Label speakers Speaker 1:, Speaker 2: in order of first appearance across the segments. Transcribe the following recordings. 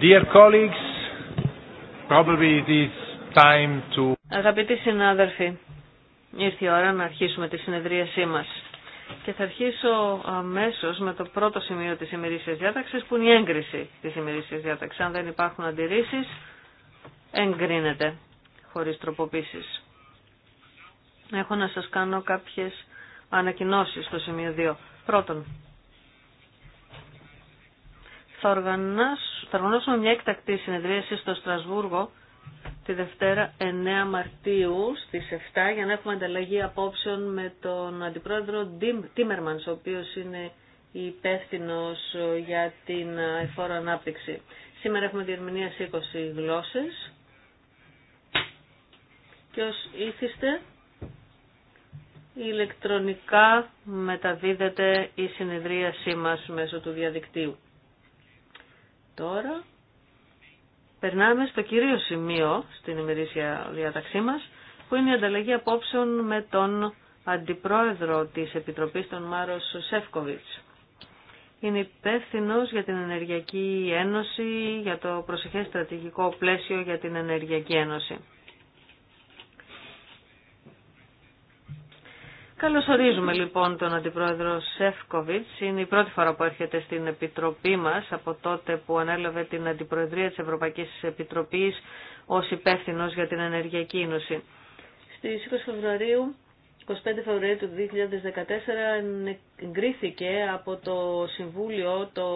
Speaker 1: Dear colleagues, probably is time to...
Speaker 2: Αγαπητοί συνάδελφοι, ήρθε η ώρα να αρχίσουμε τη συνεδρίασή μας. Και θα αρχίσω αμέσως με το πρώτο σημείο της ημερήσιας διάταξης που είναι η έγκριση της ημερήσιας διάταξης. Αν δεν υπάρχουν αντιρρήσεις, εγκρίνεται χωρίς τροποποίησης. Έχω να σας κάνω κάποιες ανακοινώσεις στο σημείο 2. Πρώτον, θα οργανώσω θα οργανώσουμε μια εκτακτή συνεδρίαση στο Στρασβούργο τη Δευτέρα 9 Μαρτίου στις 7 για να έχουμε ανταλλαγή απόψεων με τον Αντιπρόεδρο Τίμερμανς, ο οποίος είναι υπεύθυνο για την ε, εφόρο ανάπτυξη. Σήμερα έχουμε διερμηνία σε 20 γλώσσες και ως ήθιστε ηλεκτρονικά μεταδίδεται η συνεδρίασή μας μέσω του διαδικτύου τώρα περνάμε στο κυρίω σημείο στην ημερήσια διαταξή μας, που είναι η ανταλλαγή απόψεων με τον Αντιπρόεδρο της Επιτροπής, τον Μάρος Σεύκοβιτς. Είναι υπεύθυνο για την Ενεργειακή Ένωση, για το προσεχές στρατηγικό πλαίσιο για την Ενεργειακή Ένωση. Καλωσορίζουμε λοιπόν τον Αντιπρόεδρο Σεφκοβιτς. Είναι η πρώτη φορά που έρχεται στην Επιτροπή μας από τότε που ανέλαβε την Αντιπροεδρία της Ευρωπαϊκής Επιτροπής ως υπεύθυνο για την Ενεργειακή Ένωση. Στις 20 Φεβρουαρίου 25 Φεβρουαρίου του 2014 εγκρίθηκε από το Συμβούλιο το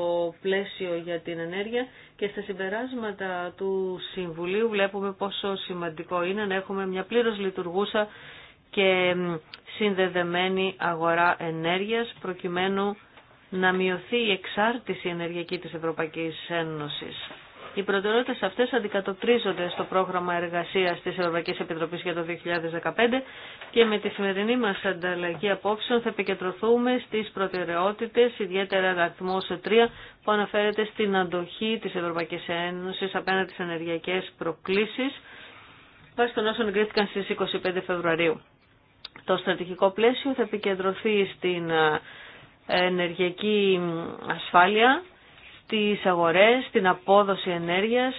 Speaker 2: πλαίσιο για την ενέργεια και στα συμπεράσματα του Συμβουλίου βλέπουμε πόσο σημαντικό είναι να έχουμε μια πλήρως λειτουργούσα και συνδεδεμένη αγορά ενέργειας προκειμένου να μειωθεί η εξάρτηση ενεργειακή της Ευρωπαϊκής Ένωσης. Οι προτεραιότητες αυτές αντικατοπτρίζονται στο πρόγραμμα εργασίας της Ευρωπαϊκής Επιτροπής για το 2015 και με τη σημερινή μας ανταλλαγή απόψεων θα επικεντρωθούμε στις προτεραιότητες, ιδιαίτερα αριθμό 3 που αναφέρεται στην αντοχή της Ευρωπαϊκής Ένωσης απέναντι στις ενεργειακές προκλήσεις βάσει των όσων εγκρίθηκαν στις 25 Φεβρουαρίου. Το στρατηγικό πλαίσιο θα επικεντρωθεί στην ε, ενεργειακή ασφάλεια, στις αγορές, στην απόδοση ενέργειας,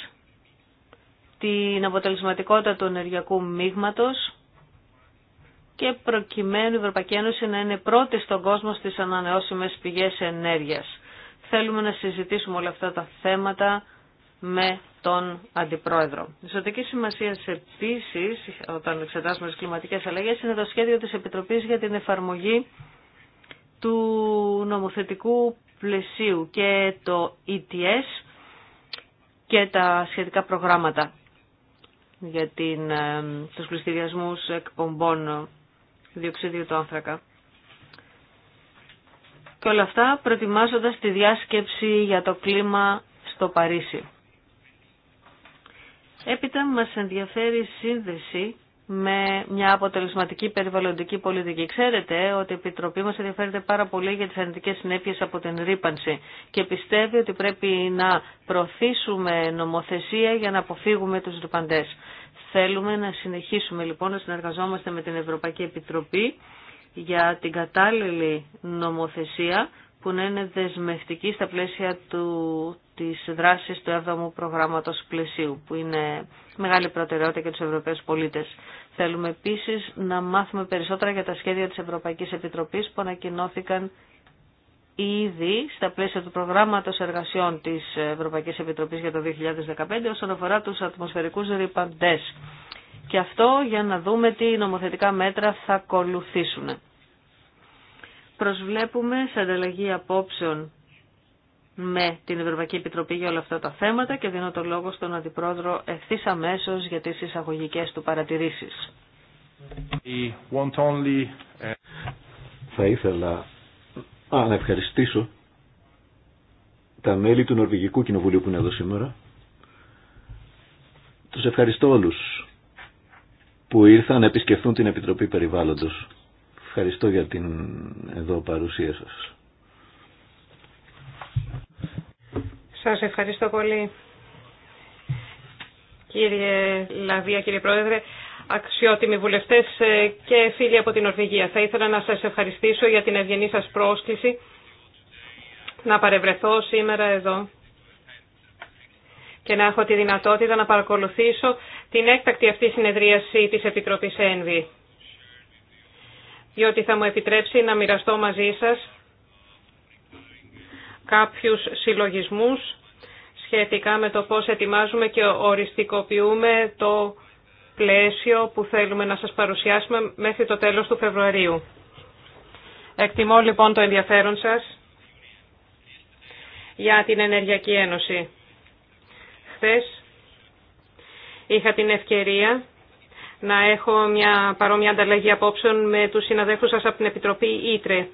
Speaker 2: την αποτελεσματικότητα του ενεργειακού μείγματος και προκειμένου η Ευρωπαϊκή Ένωση να είναι πρώτη στον κόσμο στις ανανεώσιμες πηγές ενέργειας. Θέλουμε να συζητήσουμε όλα αυτά τα θέματα με τον Αντιπρόεδρο. Ισοτική σημασία επίση, όταν εξετάσουμε τι κλιματικέ αλλαγέ, είναι το σχέδιο τη Επιτροπή για την εφαρμογή του νομοθετικού πλαισίου και το ETS και τα σχετικά προγράμματα για την, ε, τους πληστηριασμούς εκπομπών διοξίδιου του άνθρακα. Και όλα αυτά προετοιμάζοντας τη διάσκεψη για το κλίμα στο Παρίσι. Έπειτα μας ενδιαφέρει η σύνδεση με μια αποτελεσματική περιβαλλοντική πολιτική. Ξέρετε ότι η Επιτροπή μας ενδιαφέρεται πάρα πολύ για τις αρνητικές συνέπειες από την ρήπανση και πιστεύει ότι πρέπει να προωθήσουμε νομοθεσία για να αποφύγουμε τους ρηπαντές. Θέλουμε να συνεχίσουμε λοιπόν να συνεργαζόμαστε με την Ευρωπαϊκή Επιτροπή για την κατάλληλη νομοθεσία που να είναι δεσμευτική στα πλαίσια του τις δράσεις του 7ου προγράμματος πλαισίου, που είναι μεγάλη προτεραιότητα για τους Ευρωπαίους πολίτες. Θέλουμε επίσης να μάθουμε περισσότερα για τα σχέδια της Ευρωπαϊκής Επιτροπής που ανακοινώθηκαν ήδη στα πλαίσια του προγράμματος εργασιών της Ευρωπαϊκής Επιτροπής για το 2015 όσον αφορά τους ατμοσφαιρικούς ρηπαντές. Και αυτό για να δούμε τι νομοθετικά μέτρα θα ακολουθήσουν. Προσβλέπουμε σε ανταλλαγή απόψεων με την Ευρωπαϊκή Επιτροπή για όλα αυτά τα θέματα και δίνω το λόγο στον Αντιπρόεδρο ευθύ αμέσω για τι εισαγωγικέ του παρατηρήσεις. Ε,
Speaker 1: Θα ήθελα να ευχαριστήσω τα μέλη του Νορβηγικού Κοινοβουλίου που είναι εδώ σήμερα. Τους ευχαριστώ όλους που ήρθαν να επισκεφθούν την Επιτροπή Περιβάλλοντος. Ευχαριστώ για την εδώ παρουσία σας.
Speaker 3: Σας ευχαριστώ πολύ. Κύριε Λαβία, κύριε Πρόεδρε, αξιότιμοι βουλευτές ε, και φίλοι από την Ορβηγία. Θα ήθελα να σας ευχαριστήσω για την ευγενή σας πρόσκληση να παρευρεθώ σήμερα εδώ και να έχω τη δυνατότητα να παρακολουθήσω την έκτακτη αυτή συνεδρίαση της Επιτροπής ΕΝΒΗ. Διότι θα μου επιτρέψει να μοιραστώ μαζί σας κάποιους συλλογισμούς σχετικά με το πώς ετοιμάζουμε και οριστικοποιούμε το πλαίσιο που θέλουμε να σας παρουσιάσουμε μέχρι το τέλος του Φεβρουαρίου. Εκτιμώ λοιπόν το ενδιαφέρον σας για την Ενεργειακή Ένωση. Χθες είχα την ευκαιρία να έχω μια παρόμοια ανταλλαγή απόψεων με τους συναδέλφους σας από την Επιτροπή Ήτρε.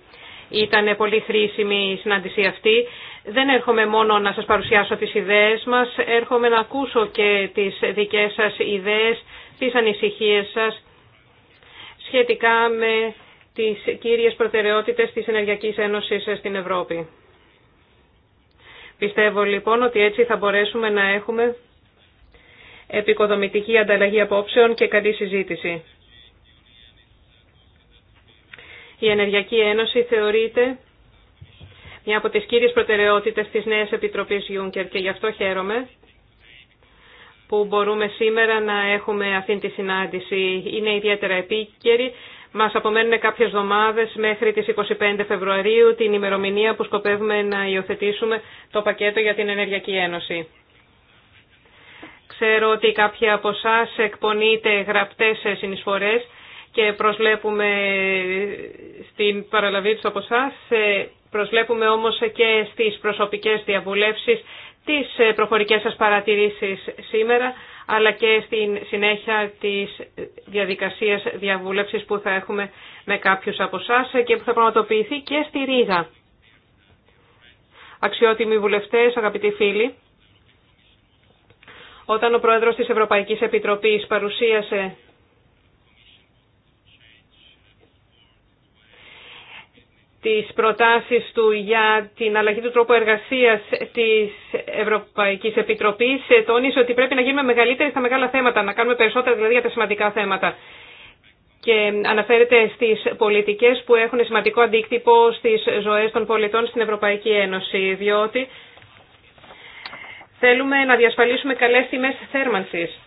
Speaker 3: Ήταν πολύ χρήσιμη η συνάντηση αυτή. Δεν έρχομαι μόνο να σας παρουσιάσω τις ιδέες μας, έρχομαι να ακούσω και τις δικές σας ιδέες, τις ανησυχίες σας σχετικά με τις κύριες προτεραιότητες της Ενεργειακής Ένωσης στην Ευρώπη. Πιστεύω λοιπόν ότι έτσι θα μπορέσουμε να έχουμε επικοδομητική ανταλλαγή απόψεων και καλή συζήτηση. Η Ενεργειακή Ένωση θεωρείται μια από τις κύριες προτεραιότητες της νέας Επιτροπής Juncker και γι' αυτό χαίρομαι που μπορούμε σήμερα να έχουμε αυτή τη συνάντηση. Είναι ιδιαίτερα επίκαιρη. Μας απομένουν κάποιες εβδομάδες μέχρι τις 25 Φεβρουαρίου, την ημερομηνία που σκοπεύουμε να υιοθετήσουμε το πακέτο για την Ενεργειακή Ένωση. Ξέρω ότι κάποιοι από εσά εκπονείτε γραπτές συνεισφορές και προσλέπουμε στην παραλαβή του από εσά. Ε, προσλέπουμε όμως και στις προσωπικές διαβουλεύσεις τις ε, προφορικές σας παρατηρήσεις σήμερα, αλλά και στην συνέχεια της διαδικασίας διαβούλευσης που θα έχουμε με κάποιους από εσά και που θα πραγματοποιηθεί και στη ρίγα. Αξιότιμοι βουλευτές, αγαπητοί φίλοι, όταν ο Πρόεδρος της Ευρωπαϊκής Επιτροπής παρουσίασε τις προτάσεις του για την αλλαγή του τρόπου εργασίας της Ευρωπαϊκής Επιτροπής τόνισε ότι πρέπει να γίνουμε μεγαλύτεροι στα μεγάλα θέματα, να κάνουμε περισσότερα δηλαδή για τα σημαντικά θέματα. Και αναφέρεται στις πολιτικές που έχουν σημαντικό αντίκτυπο στις ζωές των πολιτών στην Ευρωπαϊκή Ένωση, διότι θέλουμε να διασφαλίσουμε καλές τιμές θέρμανσης.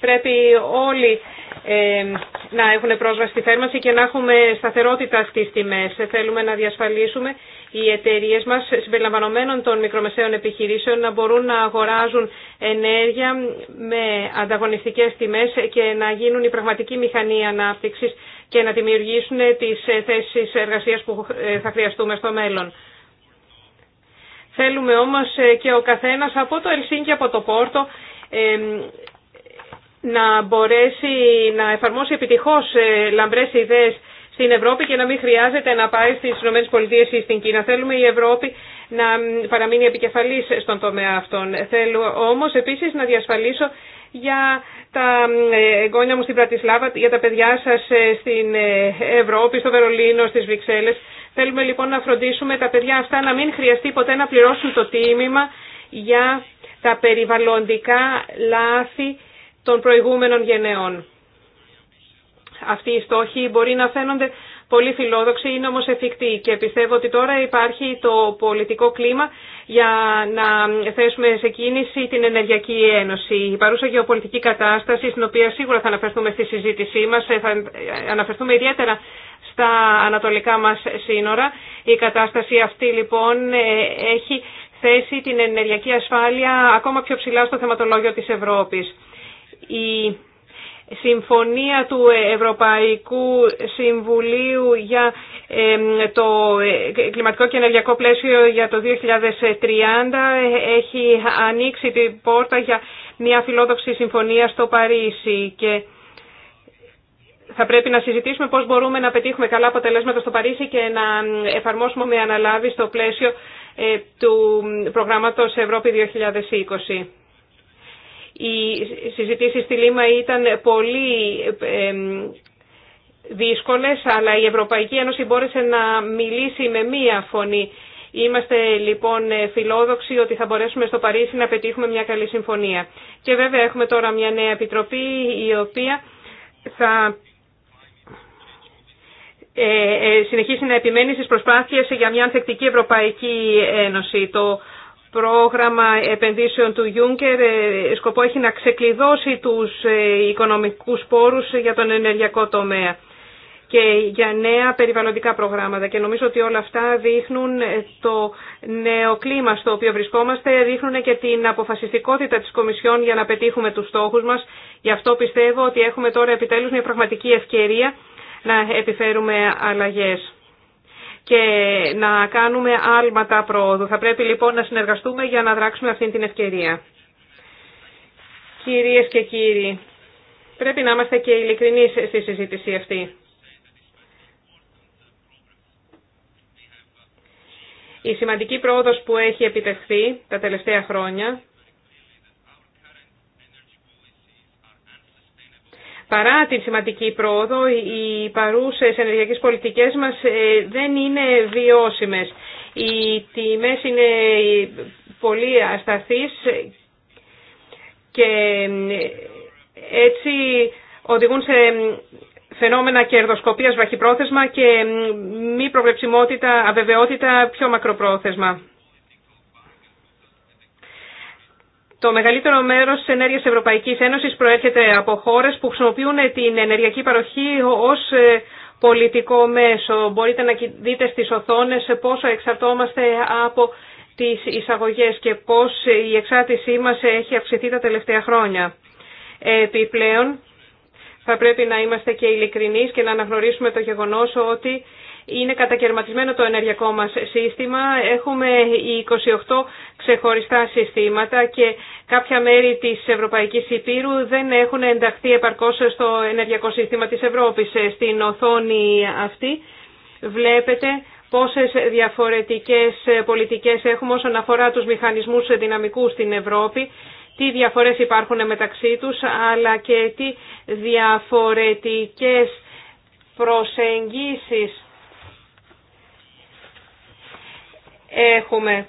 Speaker 3: Πρέπει όλοι ε, να έχουν πρόσβαση στη θέρμανση και να έχουμε σταθερότητα στις τιμές. Ε, θέλουμε να διασφαλίσουμε οι εταιρείε μας συμπεριλαμβανομένων των μικρομεσαίων επιχειρήσεων να μπορούν να αγοράζουν ενέργεια με ανταγωνιστικές τιμές και να γίνουν η πραγματική μηχανή ανάπτυξης και να δημιουργήσουν τις θέσεις εργασίας που ε, θα χρειαστούμε στο μέλλον. Θέλουμε όμως και ο καθένας από το και από το Πόρτο, να μπορέσει να εφαρμόσει επιτυχώς ε, λαμπρές ιδέες στην Ευρώπη και να μην χρειάζεται να πάει στις ΗΠΑ ή στην Κίνα. Θέλουμε η Ευρώπη να παραμείνει επικεφαλής στον τομέα αυτόν. Θέλω όμως επίσης να διασφαλίσω για τα ε, εγγόνια μου στην Πρατισλάβα, για τα παιδιά σας ε, στην Ευρώπη, στο Βερολίνο, στις Βρυξέλλες. Θέλουμε λοιπόν να φροντίσουμε τα παιδιά αυτά να μην χρειαστεί ποτέ να πληρώσουν το τίμημα για τα περιβαλλοντικά λάθη των προηγούμενων γενναίων. Αυτοί οι στόχοι μπορεί να φαίνονται πολύ φιλόδοξοι, είναι όμως εφικτοί και πιστεύω ότι τώρα υπάρχει το πολιτικό κλίμα για να θέσουμε σε κίνηση την Ενεργειακή Ένωση. Η παρούσα γεωπολιτική κατάσταση, στην οποία σίγουρα θα αναφερθούμε στη συζήτησή μας, ε, θα αναφερθούμε ιδιαίτερα στα ανατολικά μας σύνορα. Η κατάσταση αυτή λοιπόν ε, έχει θέσει την ενεργειακή ασφάλεια ακόμα πιο ψηλά στο θεματολόγιο της Ευρώπης η συμφωνία του Ευρωπαϊκού Συμβουλίου για το ε, κλιματικό και ενεργειακό πλαίσιο για το 2030 έχει ανοίξει την πόρτα για μια φιλόδοξη συμφωνία στο Παρίσι και θα πρέπει να συζητήσουμε πώς μπορούμε να πετύχουμε καλά αποτελέσματα στο Παρίσι και να εφαρμόσουμε με αναλάβει στο πλαίσιο ε, του προγράμματος Ευρώπη 2020. Οι συζητήσεις στη Λίμα ήταν πολύ δύσκολες, αλλά η Ευρωπαϊκή Ένωση μπόρεσε να μιλήσει με μία φωνή. Είμαστε λοιπόν φιλόδοξοι ότι θα μπορέσουμε στο Παρίσι να πετύχουμε μια καλή συμφωνία. Και βέβαια έχουμε τώρα μια νέα επιτροπή η οποία θα ε, ε, συνεχίσει να επιμένει στις προσπάθειες για μια ανθεκτική Ευρωπαϊκή Ένωση. Το πρόγραμμα επενδύσεων του Juncker ε, σκοπό έχει να ξεκλειδώσει τους ε, οικονομικούς πόρους για τον ενεργειακό τομέα και για νέα περιβαλλοντικά προγράμματα. Και νομίζω ότι όλα αυτά δείχνουν ε, το νέο κλίμα στο οποίο βρισκόμαστε, δείχνουν και την αποφασιστικότητα της Κομισιόν για να πετύχουμε τους στόχους μας. Γι' αυτό πιστεύω ότι έχουμε τώρα επιτέλους μια πραγματική ευκαιρία να επιφέρουμε αλλαγές και να κάνουμε άλματα πρόοδου. Θα πρέπει λοιπόν να συνεργαστούμε για να δράξουμε αυτή την ευκαιρία. Κυρίες και κύριοι, πρέπει να είμαστε και ειλικρινεί στη συζήτηση αυτή. Η σημαντική πρόοδος που έχει επιτευχθεί τα τελευταία χρόνια Παρά την σημαντική πρόοδο, οι παρούσες ενεργειακές πολιτικές μας ε, δεν είναι βιώσιμες. Οι τιμές είναι πολύ ασταθείς και ε, έτσι οδηγούν σε ε, φαινόμενα κερδοσκοπίας βαχυπρόθεσμα και μη προβλεψιμότητα, αβεβαιότητα πιο μακροπρόθεσμα. Το μεγαλύτερο μέρος τη ενέργεια Ευρωπαϊκής Ένωσης προέρχεται από χώρες που χρησιμοποιούν την ενεργειακή παροχή ως ε, πολιτικό μέσο. Μπορείτε να δείτε στι οθόνε πόσο εξαρτώμαστε από τις εισαγωγέ και πώς η εξάρτησή μας έχει αυξηθεί τα τελευταία χρόνια. Επιπλέον, θα πρέπει να είμαστε και ειλικρινεί και να αναγνωρίσουμε το γεγονό ότι είναι κατακαιρματισμένο το ενεργειακό μας σύστημα. Έχουμε 28 ξεχωριστά συστήματα και κάποια μέρη της Ευρωπαϊκής Υπήρου δεν έχουν ενταχθεί επαρκώς στο ενεργειακό σύστημα της Ευρώπης. Στην οθόνη αυτή βλέπετε πόσες διαφορετικές πολιτικές έχουμε όσον αφορά τους μηχανισμούς δυναμικού στην Ευρώπη, τι διαφορές υπάρχουν μεταξύ τους, αλλά και τι διαφορετικές προσεγγίσεις έχουμε.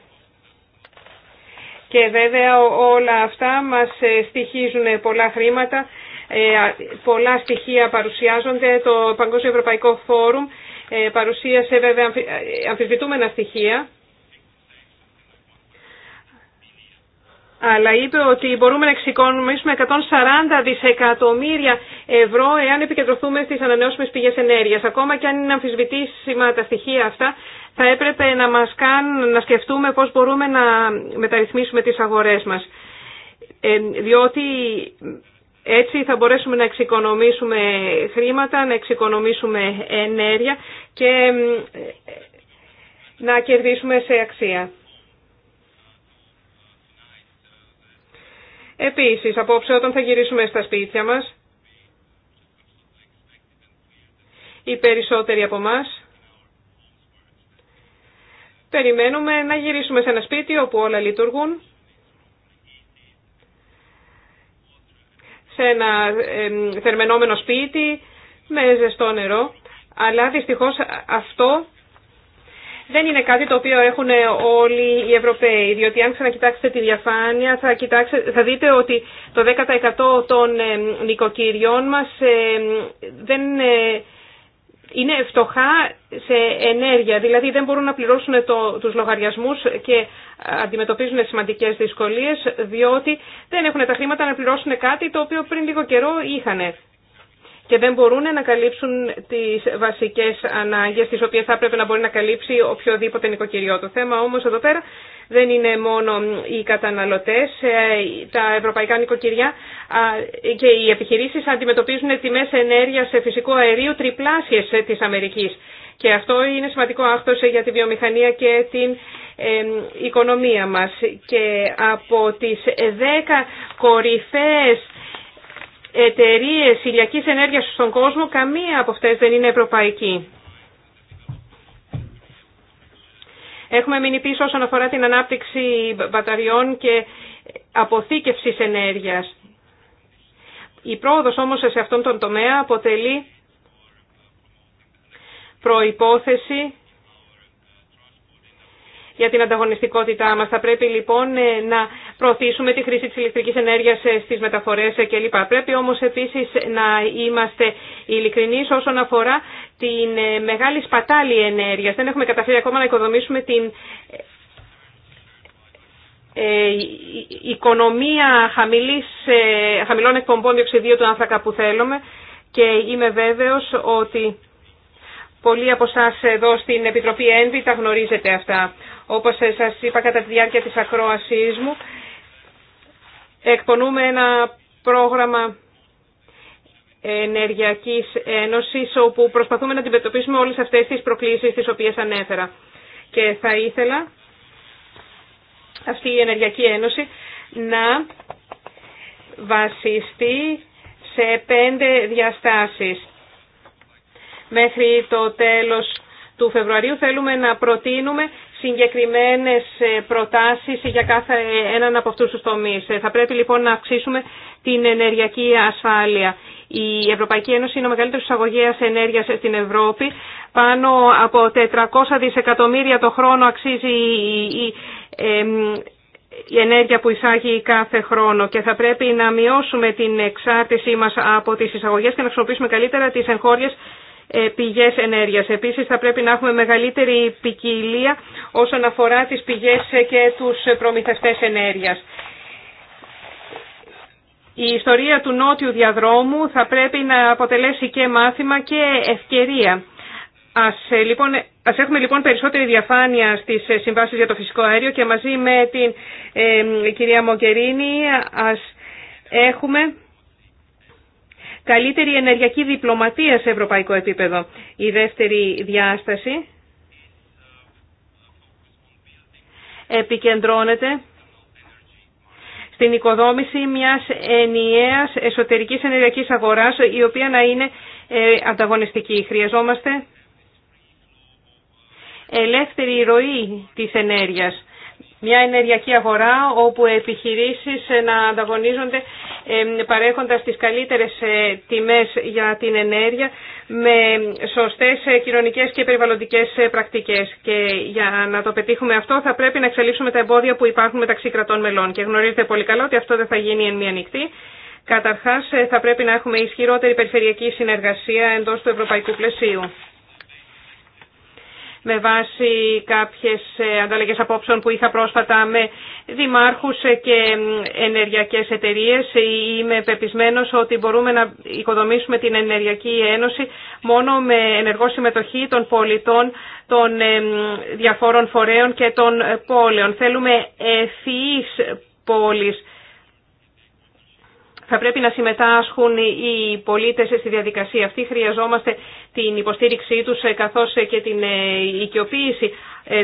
Speaker 3: Και βέβαια όλα αυτά μας ε, στοιχίζουν πολλά χρήματα, ε, πολλά στοιχεία παρουσιάζονται. Το Παγκόσμιο Ευρωπαϊκό Φόρουμ ε, παρουσίασε βέβαια αμφισβητούμενα στοιχεία. αλλά είπε ότι μπορούμε να εξοικονομήσουμε 140 δισεκατομμύρια ευρώ εάν επικεντρωθούμε στις ανανεώσιμες πηγές ενέργειας. Ακόμα και αν είναι αμφισβητήσιμα τα στοιχεία αυτά, θα έπρεπε να μας κάνουν να σκεφτούμε πώς μπορούμε να μεταρρυθμίσουμε τις αγορές μας. Ε, διότι έτσι θα μπορέσουμε να εξοικονομήσουμε χρήματα, να εξοικονομήσουμε ενέργεια και ε, να κερδίσουμε σε αξία. Επίσης, απόψε όταν θα γυρίσουμε στα σπίτια μας, οι περισσότεροι από εμά. Περιμένουμε να γυρίσουμε σε ένα σπίτι όπου όλα λειτουργούν. Σε ένα θερμενόμενο σπίτι με ζεστό νερό. Αλλά δυστυχώς αυτό δεν είναι κάτι το οποίο έχουν όλοι οι Ευρωπαίοι, διότι αν ξανακοιτάξετε τη διαφάνεια θα, θα δείτε ότι το 10% των ε, νοικοκυριών μας ε, δεν ε, είναι φτωχά σε ενέργεια, δηλαδή δεν μπορούν να πληρώσουν το, τους λογαριασμούς και αντιμετωπίζουν σημαντικές δυσκολίες διότι δεν έχουν τα χρήματα να πληρώσουν κάτι το οποίο πριν λίγο καιρό είχαν και δεν μπορούν να καλύψουν τις βασικές ανάγκες τις οποίες θα έπρεπε να μπορεί να καλύψει οποιοδήποτε νοικοκυριό. Το θέμα όμως εδώ πέρα δεν είναι μόνο οι καταναλωτές, ε, τα ευρωπαϊκά νοικοκυριά και οι επιχειρήσει αντιμετωπίζουν τιμές ενέργεια σε φυσικό αερίου τριπλάσιες τη Αμερικής. Και αυτό είναι σημαντικό άκτος για τη βιομηχανία και την οικονομία μας. Και από τις 10 κορυφαίες εταιρείε ηλιακή ενέργειας στον κόσμο, καμία από αυτές δεν είναι ευρωπαϊκή. Έχουμε μείνει πίσω όσον αφορά την ανάπτυξη μπαταριών και αποθήκευσης ενέργειας. Η πρόοδος όμως σε αυτόν τον τομέα αποτελεί προϋπόθεση για την ανταγωνιστικότητά μας. Θα πρέπει λοιπόν ε, να προωθήσουμε τη χρήση της ηλεκτρικής ενέργειας ε, στις μεταφορές ε, κλπ. Πρέπει όμως επίσης να είμαστε ειλικρινεί όσον αφορά την μεγάλη σπατάλη ενέργειας. Δεν έχουμε καταφέρει ακόμα να οικοδομήσουμε την οικονομία χαμηλής, χαμηλών εκπομπών διοξιδίου του άνθρακα που θέλουμε και είμαι βέβαιος ότι πολλοί από εσά εδώ στην Επιτροπή ΕΝΒΙ τα γνωρίζετε αυτά. Όπως ε, σας είπα κατά τη διάρκεια της ακρόασής μου, εκπονούμε ένα πρόγραμμα ενεργειακής ένωσης όπου προσπαθούμε να αντιμετωπίσουμε όλες αυτές τις προκλήσεις τις οποίες ανέφερα. Και θα ήθελα αυτή η ενεργειακή ένωση να βασιστεί σε πέντε διαστάσεις. Μέχρι το τέλος του Φεβρουαρίου θέλουμε να προτείνουμε συγκεκριμένες ε, προτάσεις για κάθε ε, έναν από αυτούς τους τομείς. Ε, θα πρέπει λοιπόν να αυξήσουμε την ενεργειακή ασφάλεια. Η Ευρωπαϊκή Ένωση είναι ο μεγαλύτερος εισαγωγέας ενέργειας στην Ευρώπη. Πάνω από 400 δισεκατομμύρια το χρόνο αξίζει η, η ενέργεια που εισάγει κάθε χρόνο και θα πρέπει να μειώσουμε την εξάρτησή μας από τις εισαγωγές και να χρησιμοποιήσουμε καλύτερα τις εγχώριες ε, πηγές ενέργειας. Επίσης θα πρέπει να έχουμε μεγαλύτερη ποικιλία όσον αφορά τις πηγές και τους προμηθευτές ενέργειας. Η ιστορία του νότιου διαδρόμου θα πρέπει να αποτελέσει και μάθημα και ευκαιρία. Ας, ε, λοιπόν, ας έχουμε λοιπόν περισσότερη διαφάνεια στις ε, συμβάσεις για το φυσικό αέριο και μαζί με την κυρία Μογκερίνη ας έχουμε καλύτερη ενεργειακή διπλωματία σε ευρωπαϊκό επίπεδο. Η δεύτερη διάσταση επικεντρώνεται στην οικοδόμηση μιας ενιαίας εσωτερικής ενεργειακής αγοράς η οποία να είναι ε, ανταγωνιστική. Χρειαζόμαστε ελεύθερη ροή της ενέργειας. Μια ενεργειακή αγορά όπου επιχειρήσεις να ανταγωνίζονται παρέχοντας τις καλύτερες ε, τιμές για την ενέργεια με σωστές ε, κοινωνικές και περιβαλλοντικές ε, πρακτικές. Και για να το πετύχουμε αυτό θα πρέπει να εξελίξουμε τα εμπόδια που υπάρχουν μεταξύ κρατών μελών. Και γνωρίζετε πολύ καλά ότι αυτό δεν θα γίνει εν μία νυχτή. Καταρχάς θα πρέπει να έχουμε ισχυρότερη περιφερειακή συνεργασία εντός του ευρωπαϊκού πλαισίου με βάση κάποιες ε, ανταλλαγές απόψεων που είχα πρόσφατα με δημάρχους ε, και ενεργειακές εταιρείες. Ε, είμαι πεπισμένος ότι μπορούμε να οικοδομήσουμε την Ενεργειακή Ένωση μόνο με ενεργό συμμετοχή των πολιτών, των διαφόρων φορέων και των πόλεων. Θέλουμε ευφυείς πόλεις θα πρέπει να συμμετάσχουν οι πολίτες στη διαδικασία αυτή. Χρειαζόμαστε την υποστήριξή τους ε, καθώς ε, και την ε, οικειοποίηση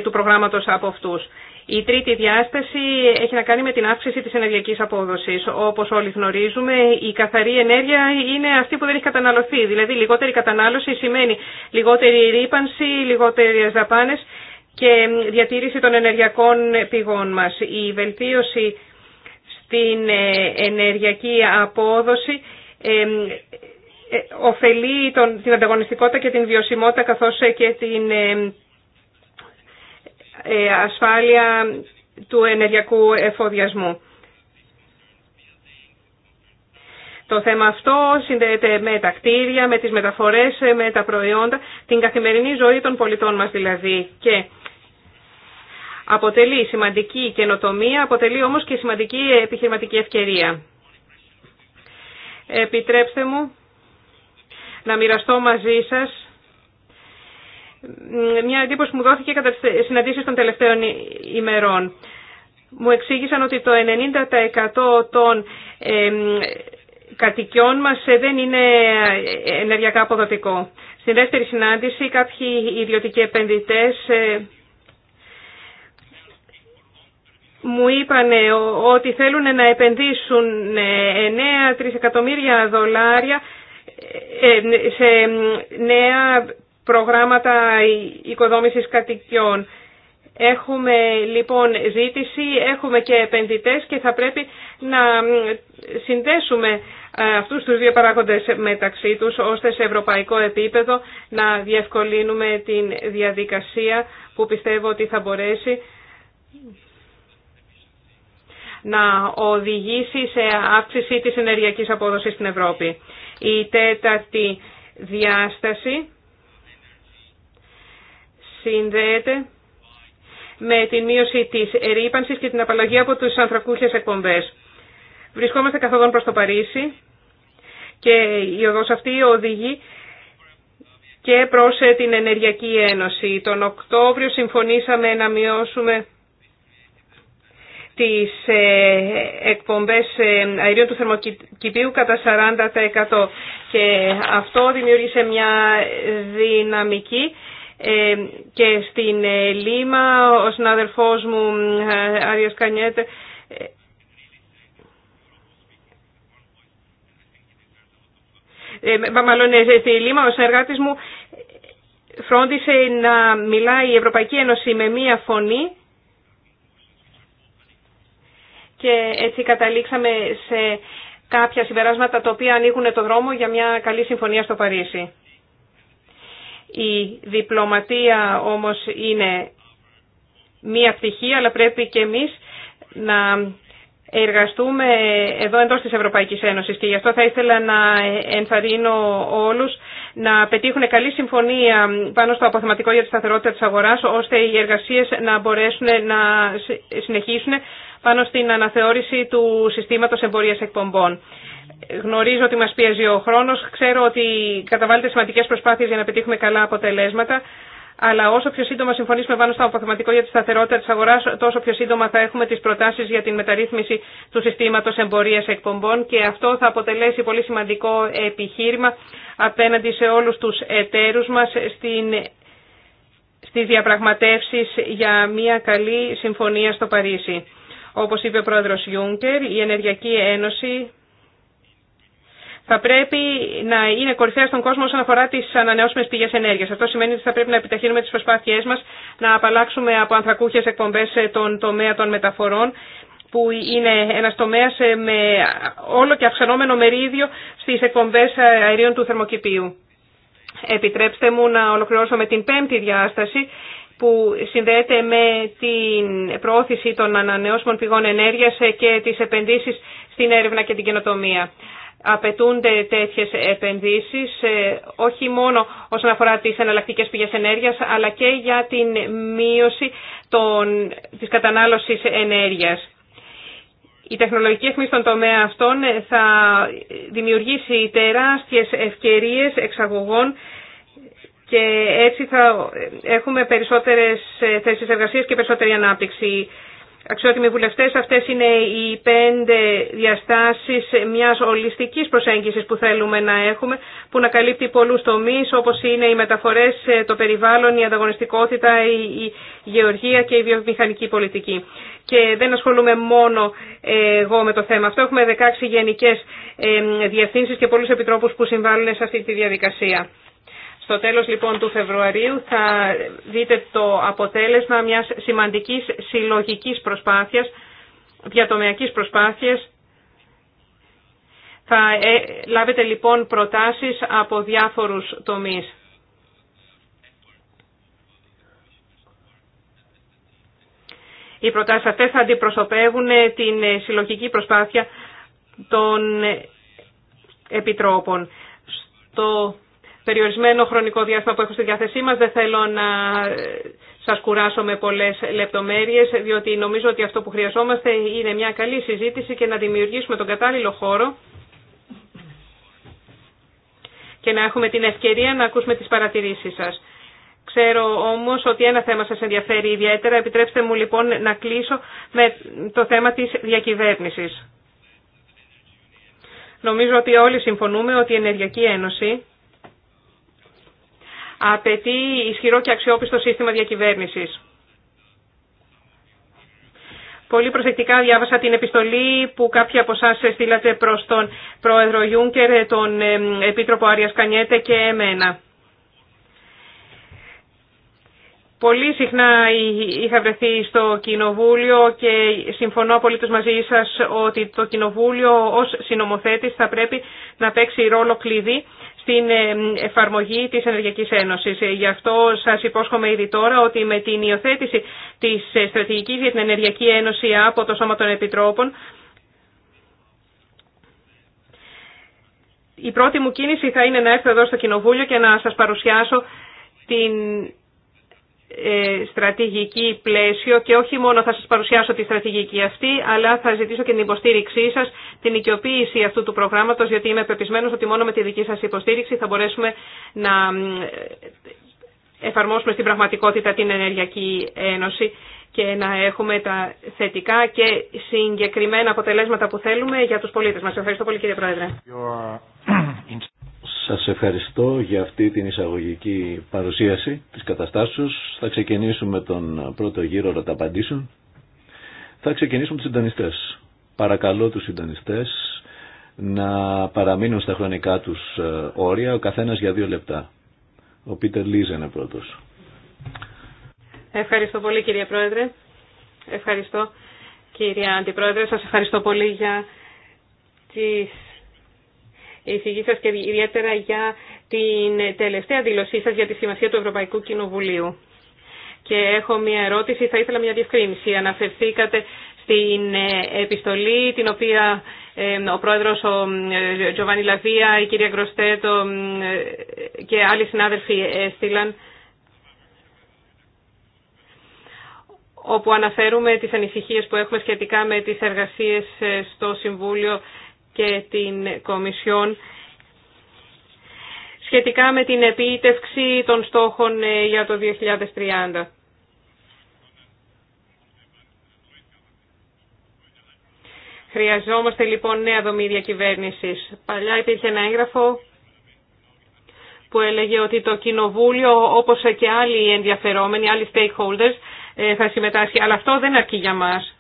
Speaker 3: του προγράμματος από αυτούς. Η τρίτη διάσταση έχει να κάνει με την αύξηση της ενεργειακής απόδοσης. Όπως όλοι γνωρίζουμε, η καθαρή ενέργεια είναι αυτή που δεν έχει καταναλωθεί. Δηλαδή, λιγότερη κατανάλωση σημαίνει λιγότερη ρήπανση, λιγότερες δαπάνες και διατήρηση των ενεργειακών πηγών μας. Η βελτίωση την ε, ενεργειακή απόδοση ε, ε, ωφελεί τον, την ανταγωνιστικότητα και την βιωσιμότητα καθώς και την ασφάλεια του ενεργειακού εφοδιασμού. Το θέμα αυτό συνδέεται με τα κτίρια, με τις μεταφορές, με τα προϊόντα, την καθημερινή ζωή των πολιτών μας δηλαδή. Και αποτελεί σημαντική καινοτομία, αποτελεί όμως και σημαντική επιχειρηματική ευκαιρία. Επιτρέψτε μου να μοιραστώ μαζί σας μια εντύπωση που μου δόθηκε κατά τις συναντήσεις των τελευταίων ημερών. Μου εξήγησαν ότι το 90% των κατοικιών μας ε, δεν είναι ενεργειακά αποδοτικό. Στην δεύτερη συνάντηση κάποιοι ιδιωτικοί επενδυτές ε, μου είπαν ότι θέλουν να επενδύσουν 9 ε, εκατομμύρια δολάρια ε, ε, σε νέα προγράμματα οικοδόμησης κατοικιών. Έχουμε λοιπόν ζήτηση, έχουμε και επενδυτές και θα πρέπει να συνδέσουμε αυτούς τους δύο παράγοντες μεταξύ τους ώστε σε ευρωπαϊκό επίπεδο να διευκολύνουμε την διαδικασία που πιστεύω ότι θα μπορέσει να οδηγήσει σε αύξηση της ενεργειακής απόδοσης στην Ευρώπη. Η τέταρτη διάσταση συνδέεται με τη μείωση της ρήπανσης και την απαλλαγή από τους ανθρακούχες εκπομπές. Βρισκόμαστε καθοδόν προς το Παρίσι και η οδός αυτή οδηγεί και προς την Ενεργειακή Ένωση. Τον Οκτώβριο συμφωνήσαμε να μειώσουμε τις ε, εκπομπές ε, αερίων του θερμοκηπίου κατά 40% και αυτό δημιούργησε μια δυναμική ε, και στην Λίμα ο συναδελφός μου Άριος Κανιέτε μάλλον στη Λίμα ο συνεργάτης μου φρόντισε να μιλάει η Ευρωπαϊκή Ένωση με μία φωνή και έτσι καταλήξαμε σε κάποια συμπεράσματα τα οποία ανοίγουν το δρόμο για μια καλή συμφωνία στο Παρίσι. Η διπλωματία όμως είναι μία πτυχή, αλλά πρέπει και εμείς να εργαστούμε εδώ εντός της Ευρωπαϊκής Ένωσης και γι' αυτό θα ήθελα να ενθαρρύνω όλους να πετύχουν καλή συμφωνία πάνω στο αποθεματικό για τη σταθερότητα της αγοράς ώστε οι εργασίες να μπορέσουν να συνεχίσουν πάνω στην αναθεώρηση του συστήματος εμπορία εκπομπών. Γνωρίζω ότι μας πιέζει ο χρόνος, ξέρω ότι καταβάλλετε σημαντικές προσπάθειες για να πετύχουμε καλά αποτελέσματα, αλλά όσο πιο σύντομα συμφωνήσουμε πάνω στο αποθεματικό για τη σταθερότητα τη αγορά, τόσο πιο σύντομα θα έχουμε τι προτάσει για την μεταρρύθμιση του συστήματο εμπορία εκπομπών και αυτό θα αποτελέσει πολύ σημαντικό επιχείρημα απέναντι σε όλου του εταίρου μα στι διαπραγματεύσει για μια καλή συμφωνία στο Παρίσι. Όπως είπε ο πρόεδρος Ιούνκερ, η Ενεργειακή Ένωση θα πρέπει να είναι κορυφαία στον κόσμο όσον αφορά τις ανανεώσιμες πηγές ενέργειας. Αυτό σημαίνει ότι θα πρέπει να επιταχύνουμε τις προσπάθειές μας να απαλλάξουμε από ανθρακούχες εκπομπές τον τομέα των μεταφορών, που είναι ένα τομέα με όλο και αυξανόμενο μερίδιο στις εκπομπές αερίων του θερμοκηπίου. Επιτρέψτε μου να ολοκληρώσω με την πέμπτη διάσταση, που συνδέεται με την προώθηση των ανανεώσιμων πηγών ενέργειας και τις επενδύσεις στην έρευνα και την καινοτομία. Απαιτούνται τέτοιες επενδύσεις ε, όχι μόνο όσον αφορά τις εναλλακτικές πηγές ενέργειας αλλά και για την μείωση των, της κατανάλωσης ενέργειας. Η τεχνολογική αιχμή στον τομέα αυτών θα δημιουργήσει τεράστιες ευκαιρίες εξαγωγών και έτσι θα έχουμε περισσότερες ε, θέσεις εργασίας και περισσότερη ανάπτυξη. Αξιότιμοι βουλευτές, αυτές είναι οι πέντε διαστάσεις μιας ολιστικής προσέγγισης που θέλουμε να έχουμε, που να καλύπτει πολλούς τομείς, όπως είναι οι μεταφορές, ε, το περιβάλλον, η ανταγωνιστικότητα, η γεωργία και η βιομηχανική πολιτική. Και δεν ασχολούμαι μόνο ε, εγώ με το θέμα αυτό. Έχουμε 16 γενικές διευθύνσεις και πολλούς επιτρόπους που συμβάλλουν σε αυτή τη διαδικασία. Στο τέλος λοιπόν του Φεβρουαρίου θα δείτε το αποτέλεσμα μιας σημαντικής συλλογικής προσπάθειας, διατομιακής προσπάθειας. Θα ε, λάβετε λοιπόν προτάσεις από διάφορους τομείς. Οι προτάσεις αυτές θα αντιπροσωπεύουν ε, την ε, συλλογική προσπάθεια των επιτρόπων. Στο περιορισμένο χρονικό διάστημα που έχω στη διάθεσή μας. Δεν θέλω να ε, σας κουράσω με πολλές λεπτομέρειες, διότι νομίζω ότι αυτό που χρειαζόμαστε είναι μια καλή συζήτηση και να δημιουργήσουμε τον κατάλληλο χώρο και να έχουμε την ευκαιρία να ακούσουμε τις παρατηρήσεις σας. Ξέρω όμως ότι ένα θέμα σας ενδιαφέρει ιδιαίτερα. Επιτρέψτε μου λοιπόν να κλείσω με το θέμα της διακυβέρνησης. Νομίζω ότι όλοι συμφωνούμε ότι η Ενεργειακή Ένωση απαιτεί ισχυρό και αξιόπιστο σύστημα διακυβέρνησης. Πολύ προσεκτικά διάβασα την επιστολή που κάποιοι από εσά στείλατε προς τον Πρόεδρο Γιούνκερ, τον ε, Επίτροπο Άρια Κανιέτε και εμένα. Πολύ συχνά είχα βρεθεί στο Κοινοβούλιο και συμφωνώ απολύτως μαζί σας ότι το Κοινοβούλιο ως συνομοθέτης θα πρέπει να παίξει ρόλο κλειδί την ε, εφαρμογή της Ενεργειακής Ένωσης. Ε, γι' αυτό σας υπόσχομαι ήδη τώρα ότι με την υιοθέτηση της ε, στρατηγικής για την Ενεργειακή Ένωση από το Σώμα των Επιτρόπων η πρώτη μου κίνηση θα είναι να έρθω εδώ στο Κοινοβούλιο και να σας παρουσιάσω την ε, στρατηγική πλαίσιο και όχι μόνο θα σας παρουσιάσω τη στρατηγική αυτή, αλλά θα ζητήσω και την υποστήριξή σας, την οικειοποίηση αυτού του προγράμματος, γιατί είμαι πεπισμένος ότι μόνο με τη δική σας υποστήριξη θα μπορέσουμε να ε, εφαρμόσουμε στην πραγματικότητα την Ενεργειακή Ένωση και να έχουμε τα θετικά και συγκεκριμένα αποτελέσματα που θέλουμε για τους πολίτες μας. Ευχαριστώ πολύ κύριε Πρόεδρε.
Speaker 1: Σας ευχαριστώ για αυτή την εισαγωγική παρουσίαση της καταστάσεως. Θα ξεκινήσουμε τον πρώτο γύρο να τα απαντήσουν. Θα ξεκινήσουμε τους συντονιστές. Παρακαλώ τους συντονιστές να παραμείνουν στα χρονικά τους ε, όρια, ο καθένας για δύο λεπτά. Ο Πίτερ Λίζεν είναι πρώτος.
Speaker 3: Ευχαριστώ πολύ κύριε Πρόεδρε. Ευχαριστώ κύριε Αντιπρόεδρε. Σας ευχαριστώ πολύ για τις εισηγή και ιδιαίτερα για την τελευταία δήλωσή σας για τη σημασία του Ευρωπαϊκού Κοινοβουλίου. Και έχω μια ερώτηση, θα ήθελα μια διευκρίνηση. Αναφερθήκατε στην ε, επιστολή την οποία ε, ο πρόεδρος ο ε, Τζοβάνι Λαβία, η κυρία Γκροστέτο και άλλοι συνάδελφοι έστειλαν όπου αναφέρουμε τις ανησυχίες που έχουμε σχετικά με τις εργασίες στο Συμβούλιο και την Κομισιόν σχετικά με την επίτευξη των στόχων ε, για το 2030. Χρειαζόμαστε λοιπόν νέα δομή διακυβέρνηση. Παλιά υπήρχε ένα έγγραφο που έλεγε ότι το Κοινοβούλιο, όπως και άλλοι ενδιαφερόμενοι, άλλοι stakeholders, ε, θα συμμετάσχει. Αλλά αυτό δεν αρκεί για μας.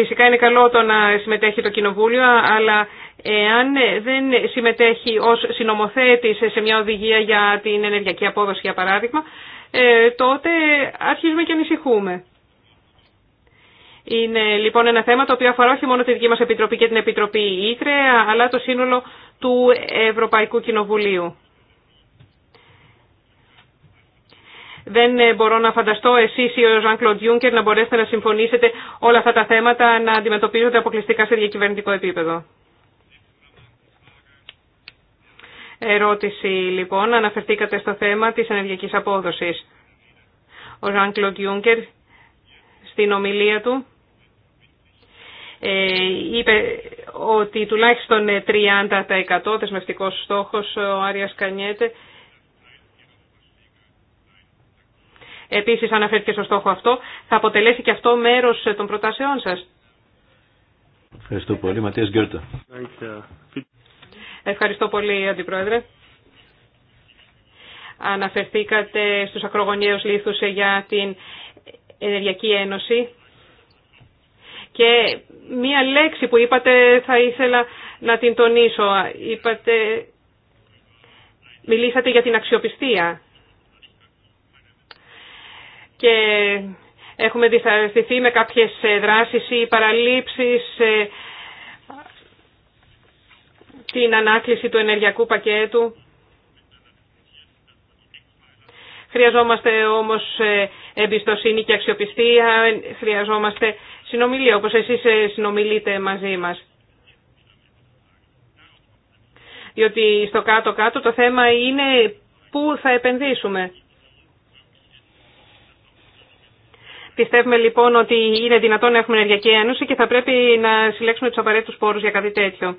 Speaker 3: Φυσικά είναι καλό το να συμμετέχει το Κοινοβούλιο, αλλά εάν δεν συμμετέχει ως συνομοθέτης σε μια οδηγία για την ενεργειακή απόδοση, για παράδειγμα, ε, τότε αρχίζουμε και ανησυχούμε. Είναι λοιπόν ένα θέμα το οποίο αφορά όχι μόνο τη δική μας Επιτροπή και την Επιτροπή Ήτρε, αλλά το σύνολο του Ευρωπαϊκού Κοινοβουλίου. Δεν ε, μπορώ να φανταστώ εσεί ή ο Ζαν Κλοντ Juncker να μπορέσετε να συμφωνήσετε όλα αυτά τα θέματα να αντιμετωπίζονται αποκλειστικά σε διακυβερνητικό επίπεδο. Ερώτηση λοιπόν, αναφερθήκατε στο θέμα της ενεργειακής απόδοσης. Ο Ζαν Κλοντ Juncker στην ομιλία του ε, είπε ότι τουλάχιστον 30% δεσμευτικός στόχος ο Άριας Κανιέτε επίσης αναφέρθηκε στο στόχο αυτό. Θα αποτελέσει και αυτό μέρος των προτάσεών σας.
Speaker 1: Ευχαριστώ πολύ. Ματία Γκέρτα.
Speaker 3: Ευχαριστώ πολύ, Αντιπρόεδρε. Αναφερθήκατε στους ακρογωνιαίους λίθους για την Ενεργειακή Ένωση. Και μία λέξη που είπατε θα ήθελα να την τονίσω. Είπατε, μιλήσατε για την αξιοπιστία και έχουμε δυσαρεστηθεί με κάποιες ε, δράσεις ή παραλήψεις, ε, την ανάκληση του ενεργειακού πακέτου. Χρειαζόμαστε όμως ε, εμπιστοσύνη και αξιοπιστία, χρειαζόμαστε συνομιλία όπως εσείς συνομιλείτε μαζί μας. Διότι στο κάτω-κάτω το θέμα είναι πού θα επενδύσουμε. Πιστεύουμε λοιπόν ότι είναι δυνατόν να έχουμε ενεργειακή ένωση και θα πρέπει να συλλέξουμε τους απαραίτητους πόρους για κάτι τέτοιο.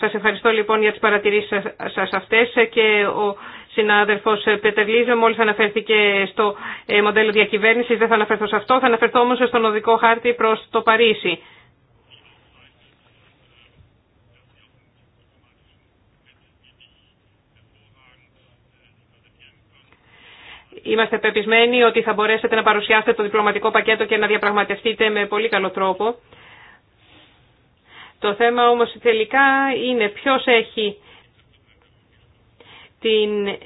Speaker 3: Σας ευχαριστώ λοιπόν για τις παρατηρήσεις σας αυτές και ο συνάδελφος Λίζε μόλις αναφέρθηκε στο ε, μοντέλο διακυβέρνησης, δεν θα αναφερθώ σε αυτό, θα αναφερθώ όμως στον οδικό χάρτη προς το Παρίσι. Είμαστε πεπισμένοι ότι θα μπορέσετε να παρουσιάσετε το διπλωματικό πακέτο και να διαπραγματευτείτε με πολύ καλό τρόπο. Το θέμα όμως τελικά είναι ποιος έχει την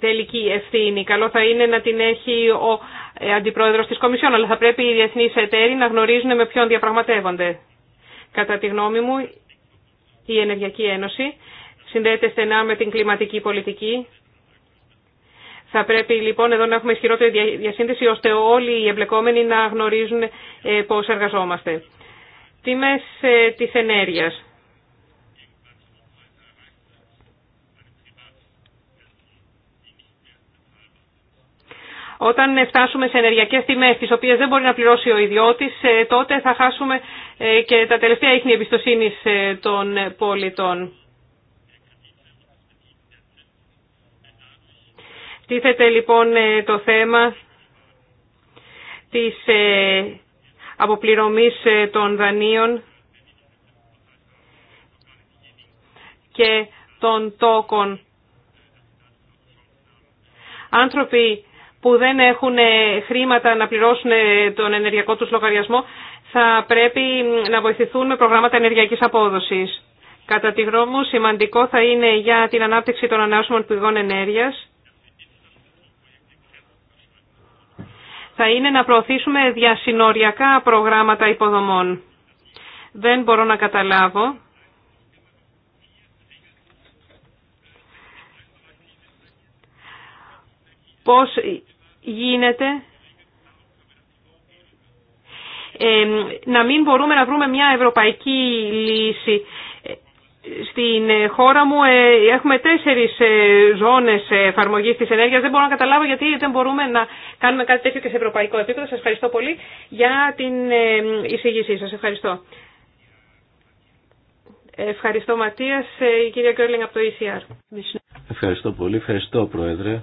Speaker 3: τελική ευθύνη. Καλό θα είναι να την έχει ο ε, αντιπρόεδρος της Κομισιόν, αλλά θα πρέπει οι διεθνείς εταίροι να γνωρίζουν με ποιον διαπραγματεύονται. Κατά τη γνώμη μου, η Ενεργειακή Ένωση συνδέεται στενά με την κλιματική πολιτική, θα πρέπει λοιπόν εδώ να έχουμε ισχυρότερη διασύνδεση ώστε όλοι οι εμπλεκόμενοι να γνωρίζουν ε, πώς εργαζόμαστε. Τιμές ε, της ενέργειας. Όταν φτάσουμε σε ενεργειακές τιμές τις οποίες δεν μπορεί να πληρώσει ο ιδιώτης, ε, τότε θα χάσουμε και τα τελευταία ίχνη εμπιστοσύνης των πολιτών. Τίθεται λοιπόν ε, το θέμα της ε, αποπληρωμής ε, των δανείων και των τόκων. Άνθρωποι που δεν έχουν χρήματα να πληρώσουν τον ενεργειακό τους λογαριασμό θα πρέπει να βοηθηθούν με προγράμματα ενεργειακής απόδοσης. Κατά τη γνώμη μου σημαντικό θα είναι για την ανάπτυξη των ανάσχομων πηγών ενέργειας θα είναι να προωθήσουμε διασυνοριακά προγράμματα υποδομών. Δεν μπορώ να καταλάβω πώς γίνεται ε, να μην μπορούμε να βρούμε μια ευρωπαϊκή λύση στην ε, χώρα μου ε, έχουμε τέσσερις ε, ζώνες εφαρμογής της ενέργειας. Δεν μπορώ να καταλάβω γιατί δεν μπορούμε να κάνουμε κάτι τέτοιο και σε ευρωπαϊκό επίπεδο. Σας ευχαριστώ πολύ για την εισήγησή σας. Ευχαριστώ. Ευχαριστώ Ματίας, η κυρία Κέρλινγκ από το ECR.
Speaker 1: Ευχαριστώ πολύ, ευχαριστώ Πρόεδρε.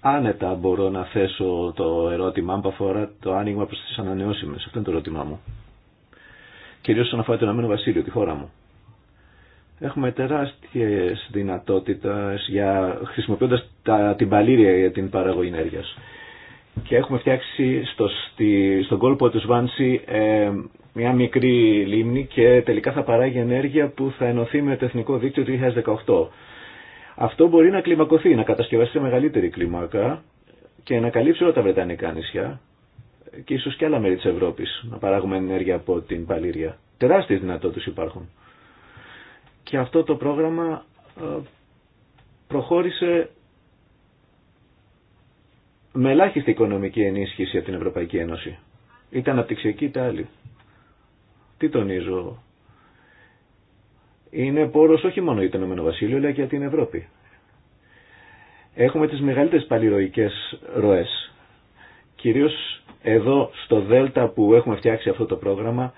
Speaker 1: Άνετα μπορώ να θέσω το ερώτημά που αφορά το άνοιγμα προς τις ανανεώσιμες. Αυτό είναι το ερώτημά μου. Κυρίως όσον αφορά το Ηνωμένο Βασίλειο, τη χώρα μου. Έχουμε τεράστιες δυνατότητες για, χρησιμοποιώντας τα, την παλήρια για την παραγωγή ενέργειας. Και έχουμε φτιάξει στο, στη, στον κόλπο του Σβάνση ε, μια μικρή λίμνη και τελικά θα παράγει ενέργεια που θα ενωθεί με το Εθνικό Δίκτυο του 2018. Αυτό μπορεί να κλιμακωθεί, να κατασκευαστεί σε μεγαλύτερη κλίμακα και να καλύψει όλα τα Βρετανικά νησιά και ίσως και άλλα μέρη της Ευρώπης να παράγουμε ενέργεια από την Παλήρια. Τεράστιες δυνατότητες υπάρχουν και αυτό το πρόγραμμα ε, προχώρησε με ελάχιστη οικονομική ενίσχυση από την Ευρωπαϊκή Ένωση. Ήταν αναπτυξιακή τα άλλη. Τι τονίζω. Είναι πόρος όχι μόνο για το Ηνωμένο Βασίλειο αλλά και για την Ευρώπη. Έχουμε τις μεγαλύτερες παλιροϊκές ροές. Κυρίως εδώ στο Δέλτα που έχουμε φτιάξει αυτό το πρόγραμμα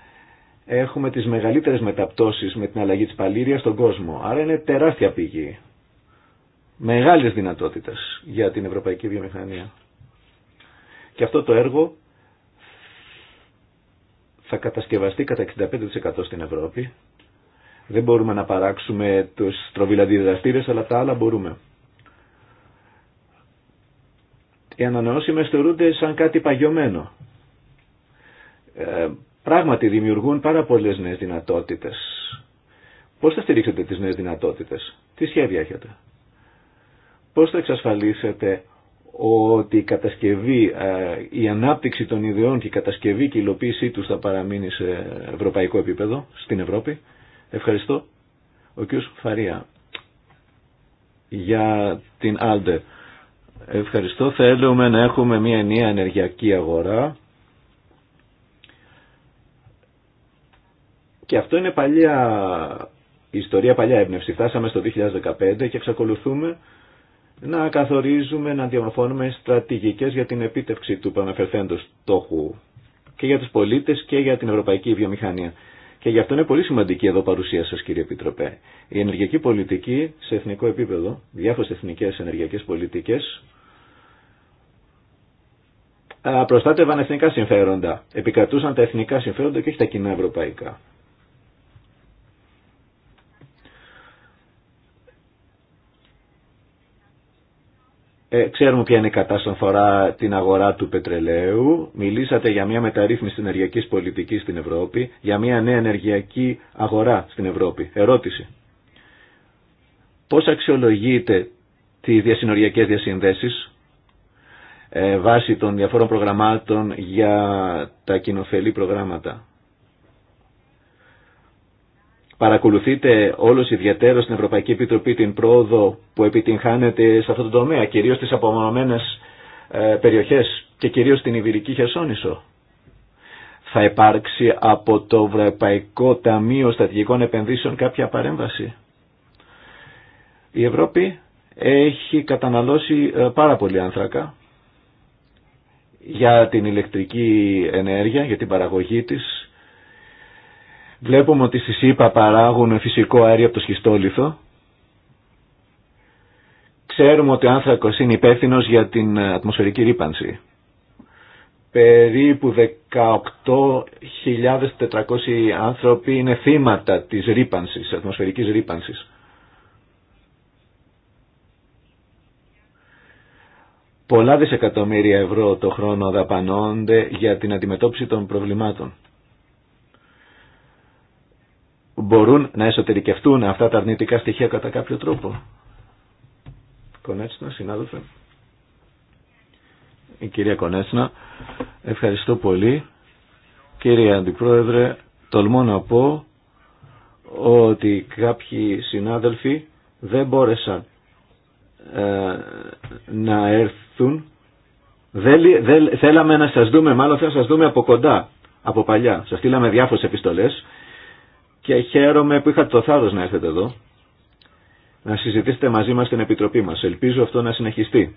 Speaker 1: έχουμε τις μεγαλύτερες μεταπτώσεις με την αλλαγή της παλήρειας στον κόσμο. Άρα είναι τεράστια πηγή. Μεγάλες δυνατότητες για την ευρωπαϊκή βιομηχανία. Και αυτό το έργο θα κατασκευαστεί κατά 65% στην Ευρώπη. Δεν μπορούμε να παράξουμε τους τροβιλαντιδραστήρες, αλλά τα άλλα μπορούμε. Οι ανανεώσιμες θεωρούνται σαν κάτι παγιωμένο. Ε, πράγματι δημιουργούν πάρα πολλές νέες δυνατότητες. Πώς θα στηρίξετε τις νέες δυνατότητες, τι σχέδια έχετε, πώς θα εξασφαλίσετε ότι η κατασκευή, ε, η ανάπτυξη των ιδεών και η κατασκευή και η υλοποίησή τους θα παραμείνει σε ευρωπαϊκό επίπεδο, στην Ευρώπη. Ευχαριστώ. Ο κ. Φαρία για την Άλτε. Ευχαριστώ. Θέλουμε να έχουμε μια νέα ενεργειακή αγορά Και αυτό είναι παλιά ιστορία, παλιά έμπνευση. Φτάσαμε στο 2015 και εξακολουθούμε να καθορίζουμε, να διαμορφώνουμε στρατηγικές για την επίτευξη του παναφερθέντος στόχου και για τους πολίτες και για την ευρωπαϊκή βιομηχανία. Και γι' αυτό είναι πολύ σημαντική εδώ παρουσία σας κύριε Επιτροπέ. Η ενεργειακή πολιτική σε εθνικό επίπεδο, διάφορες εθνικές ενεργειακές πολιτικές, προστάτευαν εθνικά συμφέροντα. Επικρατούσαν τα εθνικά συμφέροντα και όχι τα κοινά ευρωπαϊκά. Ε, ξέρουμε ποια είναι η κατάσταση αφορά την αγορά του πετρελαίου. Μιλήσατε για μια μεταρρύθμιση ενεργειακή ενεργειακής πολιτικής στην Ευρώπη, για μια νέα ενεργειακή αγορά στην Ευρώπη. Ερώτηση. Πώς αξιολογείτε τι διασυνοριακέ διασυνδέσει ε, βάσει των διαφόρων προγραμμάτων για τα κοινοφελή προγράμματα παρακολουθείτε όλος ιδιαίτερο στην Ευρωπαϊκή Επιτροπή την πρόοδο που επιτυγχάνεται σε αυτό το τομέα, κυρίως στις απομονωμένες ε, περιοχές και κυρίως στην Ιβηρική Χερσόνησο. Θα υπάρξει από το Ευρωπαϊκό Ταμείο Στατηγικών Επενδύσεων κάποια παρέμβαση. Η Ευρώπη έχει καταναλώσει ε, πάρα πολύ άνθρακα για την ηλεκτρική ενέργεια, για την παραγωγή της, Βλέπουμε ότι στη ΣΥΠΑ παράγουν φυσικό αέριο από το σχιστόλιθο. Ξέρουμε ότι ο άνθρακος είναι υπεύθυνο για την ατμοσφαιρική ρήπανση. Περίπου 18.400 άνθρωποι είναι θύματα της ρήπανσης, ατμοσφαιρικής ρήπανσης. Πολλά δισεκατομμύρια ευρώ το χρόνο δαπανώνται για την αντιμετώπιση των προβλημάτων μπορούν να εσωτερικευτούν αυτά τα αρνητικά στοιχεία κατά κάποιο τρόπο. Κονέτσινα, συνάδελφε. Η κυρία Κονέτσινα. ευχαριστώ πολύ. Κύριε Αντιπρόεδρε, τολμώ να πω ότι κάποιοι συνάδελφοι δεν μπόρεσαν ε, να έρθουν. Δεν, δεν, θέλαμε να σας δούμε, μάλλον θα σας δούμε από κοντά, από παλιά. Σας στείλαμε διάφορες επιστολές και χαίρομαι που είχατε το θάρρος να έρθετε εδώ να συζητήσετε μαζί μας την Επιτροπή μας. Ελπίζω αυτό να συνεχιστεί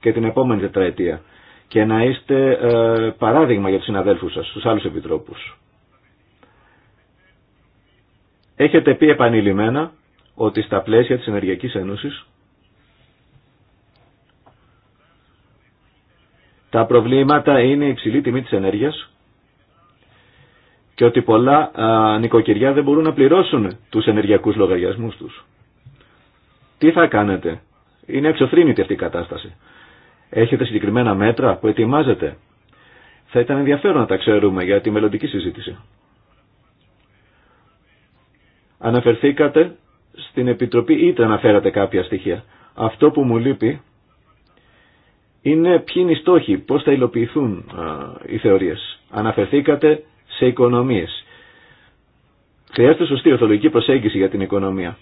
Speaker 1: και την επόμενη τετραετία και να είστε ε, παράδειγμα για τους συναδέλφους σας, τους άλλους επιτρόπους. Έχετε πει επανειλημμένα ότι στα πλαίσια της Ενεργειακής Ένωσης τα προβλήματα είναι η υψηλή τιμή της ενέργειας και ότι πολλά α, νοικοκυριά δεν μπορούν να πληρώσουν τους ενεργειακούς λογαριασμούς τους. Τι θα κάνετε. Είναι εξωθρύνητη αυτή η κατάσταση. Έχετε συγκεκριμένα μέτρα που ετοιμάζετε. Θα ήταν ενδιαφέρον να τα ξέρουμε για τη μελλοντική συζήτηση. Αναφερθήκατε στην Επιτροπή τα αναφέρατε κάποια στοιχεία. Αυτό που μου λείπει είναι ποιοι είναι οι στόχοι, πώς θα υλοποιηθούν οι θεωρίες. Αναφερθήκατε σε οικονομίες. Χρειάζεται σωστή ορθολογική προσέγγιση για την οικονομία.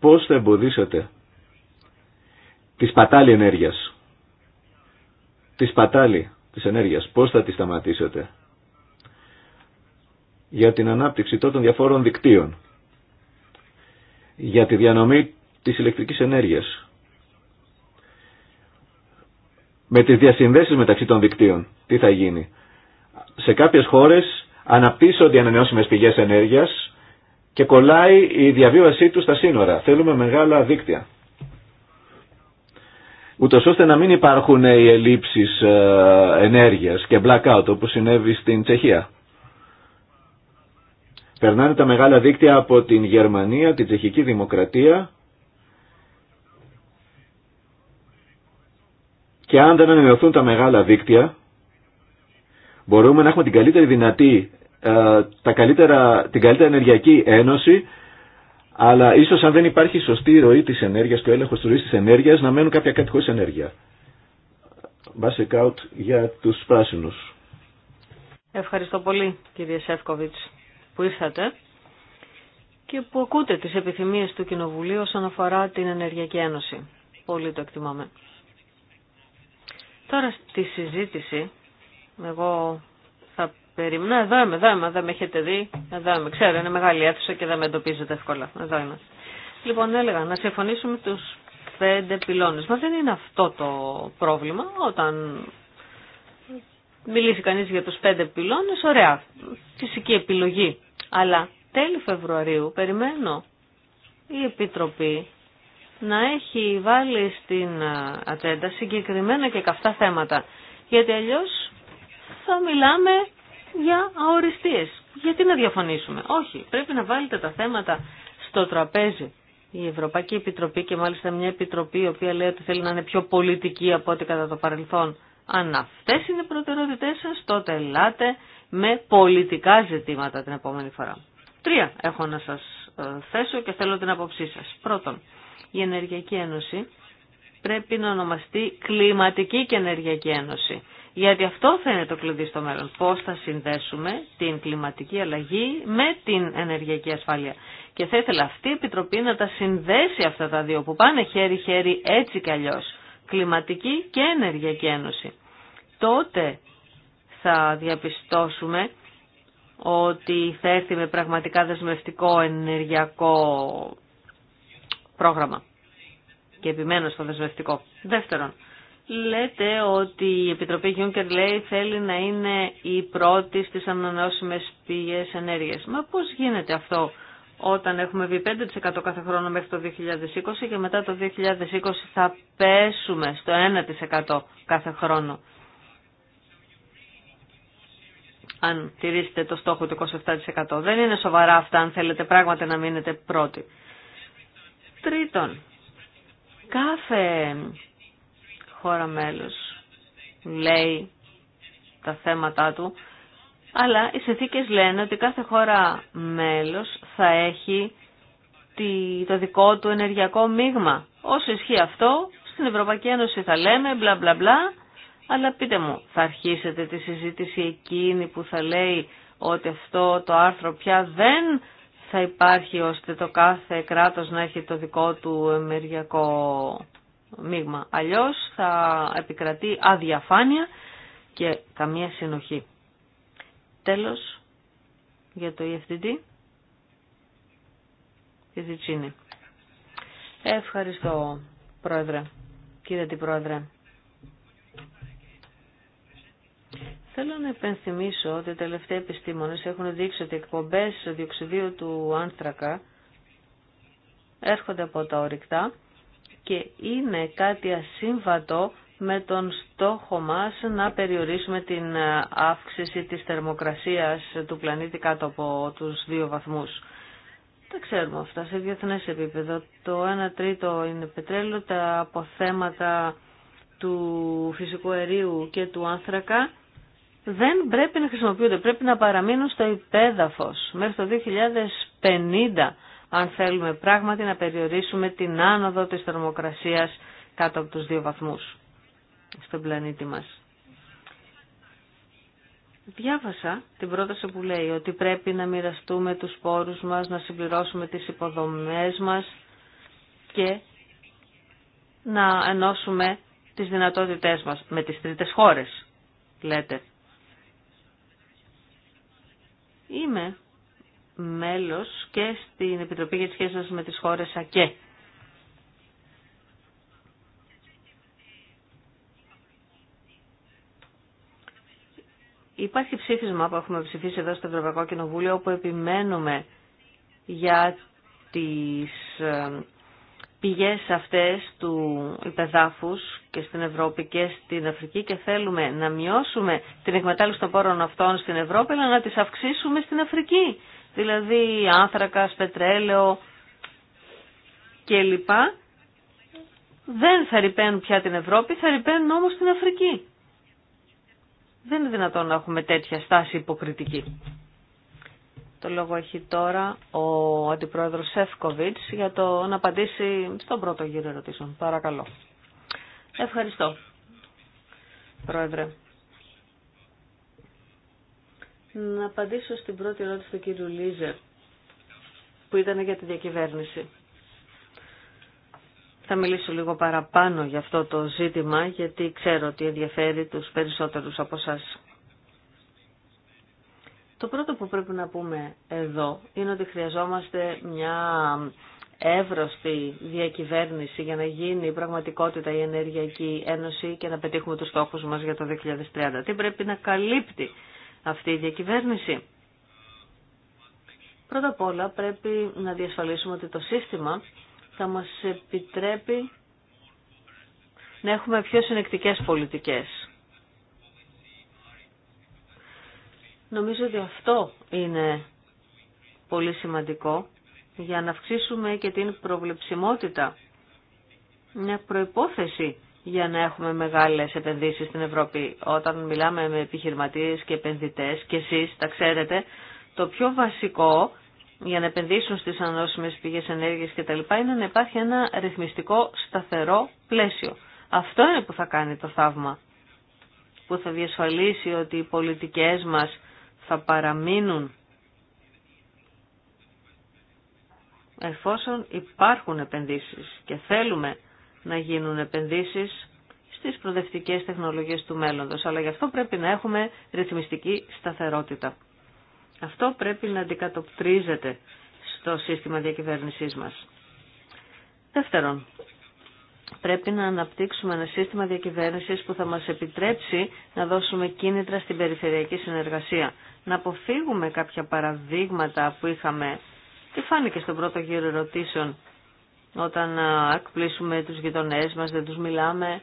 Speaker 1: Πώς θα εμποδίσετε τη σπατάλη ενέργειας. Τη σπατάλη της ενέργειας. Πώς θα τη σταματήσετε. Για την ανάπτυξη των διαφόρων δικτύων. Για τη διανομή της ηλεκτρικής ενέργειας. Με τις διασυνδέσεις μεταξύ των δικτύων. Τι θα γίνει σε κάποιες χώρες αναπτύσσονται οι ανανεώσιμες πηγές ενέργειας και κολλάει η διαβίωσή του στα σύνορα. Θέλουμε μεγάλα δίκτυα. Ούτως ώστε να μην υπάρχουν οι ελλείψεις ε, ενέργειας και blackout όπως συνέβη στην Τσεχία. Περνάνε τα μεγάλα δίκτυα από την Γερμανία, την Τσεχική Δημοκρατία και αν δεν ανανεωθούν τα μεγάλα δίκτυα μπορούμε να έχουμε την καλύτερη δυνατή, ε, τα καλύτερα, την καλύτερη ενεργειακή ένωση, αλλά ίσως αν δεν υπάρχει σωστή ροή της ενέργειας και ο έλεγχος του ροής της ενέργειας να μένουν κάποια κάτι χωρί ενέργεια. Basic για τους πράσινους.
Speaker 2: Ευχαριστώ πολύ κύριε Σεύκοβιτς που ήρθατε και που ακούτε τις επιθυμίες του Κοινοβουλίου όσον αφορά την Ενεργειακή Ένωση. Πολύ το εκτιμάμε. Τώρα στη συζήτηση εγώ θα περίμενα. Εδώ είμαι, εδώ είμαι, δεν με έχετε δει. Εδώ είμαι. Ξέρω, είναι μεγάλη αίθουσα και δεν με εντοπίζετε εύκολα. Εδώ είμαι. Λοιπόν, έλεγα να συμφωνήσουμε του πέντε πυλώνε. Μα δεν είναι αυτό το πρόβλημα. Όταν μιλήσει κανεί για του πέντε πυλώνε, ωραία. Φυσική επιλογή. Αλλά τέλη Φεβρουαρίου περιμένω η Επιτροπή να έχει βάλει στην ατζέντα συγκεκριμένα και καυτά θέματα. Γιατί αλλιώς θα μιλάμε για αοριστείες. Γιατί να διαφωνήσουμε. Όχι, πρέπει να βάλετε τα θέματα στο τραπέζι. Η Ευρωπαϊκή Επιτροπή και μάλιστα μια επιτροπή η οποία λέει ότι θέλει να είναι πιο πολιτική από ό,τι κατά το παρελθόν. Αν αυτές είναι οι προτεραιότητές σας, τότε ελάτε με πολιτικά ζητήματα την επόμενη φορά. Τρία έχω να σας ε, θέσω και θέλω την απόψή σας. Πρώτον, η Ενεργειακή Ένωση πρέπει να ονομαστεί Κλιματική και Ενεργειακή Ένωση. Γιατί αυτό θα είναι το κλειδί στο μέλλον. Πώς θα συνδέσουμε την κλιματική αλλαγή με την ενεργειακή ασφάλεια. Και θα ήθελα αυτή η Επιτροπή να τα συνδέσει αυτά τα δύο που πάνε χέρι-χέρι έτσι κι αλλιώ. Κλιματική και ενεργειακή ένωση. Τότε θα διαπιστώσουμε ότι θα έρθει με πραγματικά δεσμευτικό ενεργειακό πρόγραμμα. Και επιμένω στο δεσμευτικό. Δεύτερον, Λέτε ότι η Επιτροπή Γιούνκερ λέει θέλει να είναι η πρώτη στις ανανεώσιμες πηγές ενέργειας. Μα πώς γίνεται αυτό όταν έχουμε βγει 5% κάθε χρόνο μέχρι το 2020 και μετά το 2020 θα πέσουμε στο 1% κάθε χρόνο. Αν τηρήσετε το στόχο του 27%. Δεν είναι σοβαρά αυτά αν θέλετε πράγματα να μείνετε πρώτοι. Τρίτον, κάθε χώρα μέλος λέει τα θέματα του, αλλά οι συνθήκε λένε ότι κάθε χώρα μέλος θα έχει το δικό του ενεργειακό μείγμα. Όσο ισχύει αυτό, στην Ευρωπαϊκή Ένωση θα λέμε μπλα μπλα μπλα, αλλά πείτε μου, θα αρχίσετε τη συζήτηση εκείνη που θα λέει ότι αυτό το άρθρο πια δεν θα υπάρχει ώστε το κάθε κράτος να έχει το δικό του ενεργειακό μίγμα. Αλλιώς θα επικρατεί αδιαφάνεια και καμία συνοχή. Τέλος, για το EFTD, Τι Ευχαριστώ, Πρόεδρε, κύριε την Πρόεδρε. Θέλω να επενθυμίσω ότι οι τελευταίοι επιστήμονες έχουν δείξει ότι οι εκπομπές διοξιδίου του άνθρακα έρχονται από τα ορυκτά και είναι κάτι ασύμβατο με τον στόχο μας να περιορίσουμε την αύξηση της θερμοκρασίας του πλανήτη κάτω από τους δύο βαθμούς. Τα ξέρουμε αυτά σε διεθνές επίπεδο. Το 1 τρίτο είναι πετρέλαιο, τα αποθέματα του φυσικού αερίου και του άνθρακα δεν πρέπει να χρησιμοποιούνται, πρέπει να παραμείνουν στο υπέδαφος μέχρι το 2050 αν θέλουμε πράγματι να περιορίσουμε την άνοδο της θερμοκρασίας κάτω από τους δύο βαθμούς στον πλανήτη μας. Διάβασα την πρόταση που λέει ότι πρέπει να μοιραστούμε τους πόρους μας, να συμπληρώσουμε τις υποδομές μας και να ενώσουμε τις δυνατότητές μας με τις τρίτες χώρες, λέτε. Είμαι μέλος και στην Επιτροπή για τις σχέσεις με τις χώρες ΑΚΕ. Υπάρχει ψήφισμα που έχουμε ψηφίσει εδώ στο Ευρωπαϊκό Κοινοβούλιο όπου επιμένουμε για τις ε, πηγές αυτές του υπεδάφους και στην Ευρώπη και στην Αφρική και θέλουμε να μειώσουμε την εκμετάλλευση των πόρων αυτών στην Ευρώπη αλλά να τις αυξήσουμε στην Αφρική δηλαδή άνθρακας, πετρέλαιο κλπ. Δεν θα ρηπαίνουν πια την Ευρώπη, θα ρηπαίνουν όμως την Αφρική. Δεν είναι δυνατόν να έχουμε τέτοια στάση υποκριτική. Το λόγο έχει τώρα ο Αντιπρόεδρος Σεφκοβιτς για το να απαντήσει στον πρώτο γύρο ερωτήσεων. Παρακαλώ. Ευχαριστώ, Πρόεδρε. Να απαντήσω στην πρώτη ερώτηση του κύριου Λίζερ, που ήταν για τη διακυβέρνηση. Θα μιλήσω λίγο παραπάνω για αυτό το ζήτημα, γιατί ξέρω ότι ενδιαφέρει τους περισσότερους από εσά. Το πρώτο που πρέπει να πούμε εδώ είναι ότι χρειαζόμαστε μια εύρωστη διακυβέρνηση για να γίνει η πραγματικότητα η Ενεργειακή Ένωση και να πετύχουμε τους στόχους μας για το 2030. Τι πρέπει να καλύπτει αυτή η διακυβέρνηση. Πρώτα απ' όλα πρέπει να διασφαλίσουμε ότι το σύστημα θα μας επιτρέπει να έχουμε πιο συνεκτικές πολιτικές. Νομίζω ότι αυτό είναι πολύ σημαντικό για να αυξήσουμε και την προβλεψιμότητα. Μια προϋπόθεση για να έχουμε μεγάλες επενδύσεις στην Ευρώπη. Όταν μιλάμε με επιχειρηματίες και επενδυτές και εσείς τα ξέρετε, το πιο βασικό για να επενδύσουν στις ανώσιμες πηγές ενέργειας κτλ. είναι να υπάρχει ένα ρυθμιστικό σταθερό πλαίσιο. Αυτό είναι που θα κάνει το θαύμα, που θα διασφαλίσει ότι οι πολιτικές μας θα παραμείνουν εφόσον υπάρχουν επενδύσεις και θέλουμε να γίνουν επενδύσεις στις προοδευτικές τεχνολογίες του μέλλοντος. Αλλά γι' αυτό πρέπει να έχουμε ρυθμιστική σταθερότητα. Αυτό πρέπει να αντικατοπτρίζεται στο σύστημα διακυβέρνησής μας. Δεύτερον, πρέπει να αναπτύξουμε ένα σύστημα διακυβέρνησης που θα μας επιτρέψει να δώσουμε κίνητρα στην περιφερειακή συνεργασία. Να αποφύγουμε κάποια παραδείγματα που είχαμε και φάνηκε στον πρώτο γύρο ερωτήσεων όταν εκπλήσουμε τους γειτονές μας, δεν τους μιλάμε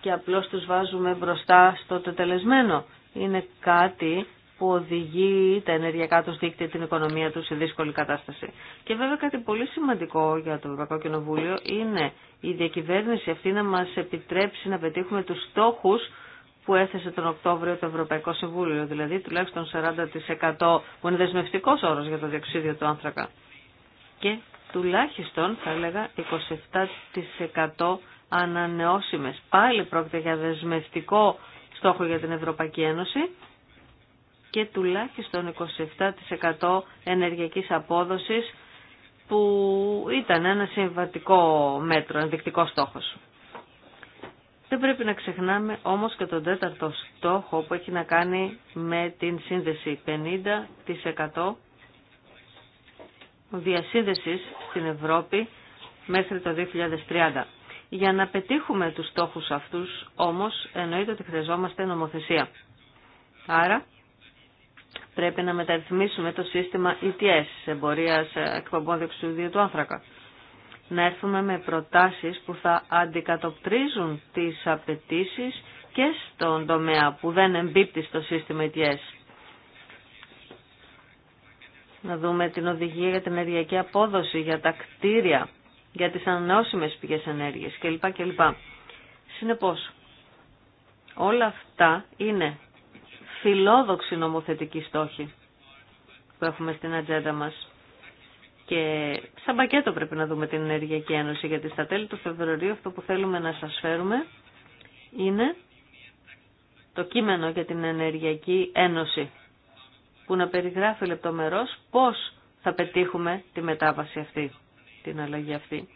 Speaker 2: και απλώς τους βάζουμε μπροστά στο τετελεσμένο. Είναι κάτι που οδηγεί τα ενεργειακά τους δίκτυα την οικονομία τους σε δύσκολη κατάσταση. Και βέβαια κάτι πολύ σημαντικό για το Ευρωπαϊκό Κοινοβούλιο είναι η διακυβέρνηση αυτή να μας επιτρέψει να πετύχουμε τους στόχους που έθεσε τον Οκτώβριο το Ευρωπαϊκό Συμβούλιο, δηλαδή τουλάχιστον 40% που είναι δεσμευτικός όρος για το διοξίδιο του άνθρακα. Και τουλάχιστον θα έλεγα 27% ανανεώσιμες. Πάλι πρόκειται για δεσμευτικό στόχο για την Ευρωπαϊκή Ένωση και τουλάχιστον 27% ενεργειακής απόδοσης που ήταν ένα συμβατικό μέτρο, ενδεικτικό στόχος. Δεν πρέπει να ξεχνάμε όμως και τον τέταρτο στόχο που έχει να κάνει με την σύνδεση 50% διασύνδεσης στην Ευρώπη μέχρι το 2030. Για να πετύχουμε τους στόχους αυτούς όμως εννοείται ότι χρειαζόμαστε νομοθεσία. Άρα πρέπει να μεταρρυθμίσουμε το σύστημα ETS, εμπορία ε, εκπομπών διοξιδίου του άνθρακα. Να έρθουμε με προτάσεις που θα αντικατοπτρίζουν τις απαιτήσει και στον τομέα που δεν εμπίπτει στο σύστημα ETS να δούμε την οδηγία για την ενεργειακή απόδοση, για τα κτίρια, για τις ανανεώσιμες πηγές ενέργειας κλπ. κλπ. Συνεπώς, όλα αυτά είναι φιλόδοξη νομοθετική στόχη που έχουμε στην ατζέντα μας. Και σαν πακέτο πρέπει να δούμε την Ενεργειακή Ένωση, γιατί στα τέλη του Φεβρουαρίου αυτό που θέλουμε να σας φέρουμε είναι το κείμενο για την Ενεργειακή Ένωση που να περιγράφει λεπτομερώς πώς θα πετύχουμε τη μετάβαση αυτή, την αλλαγή αυτή.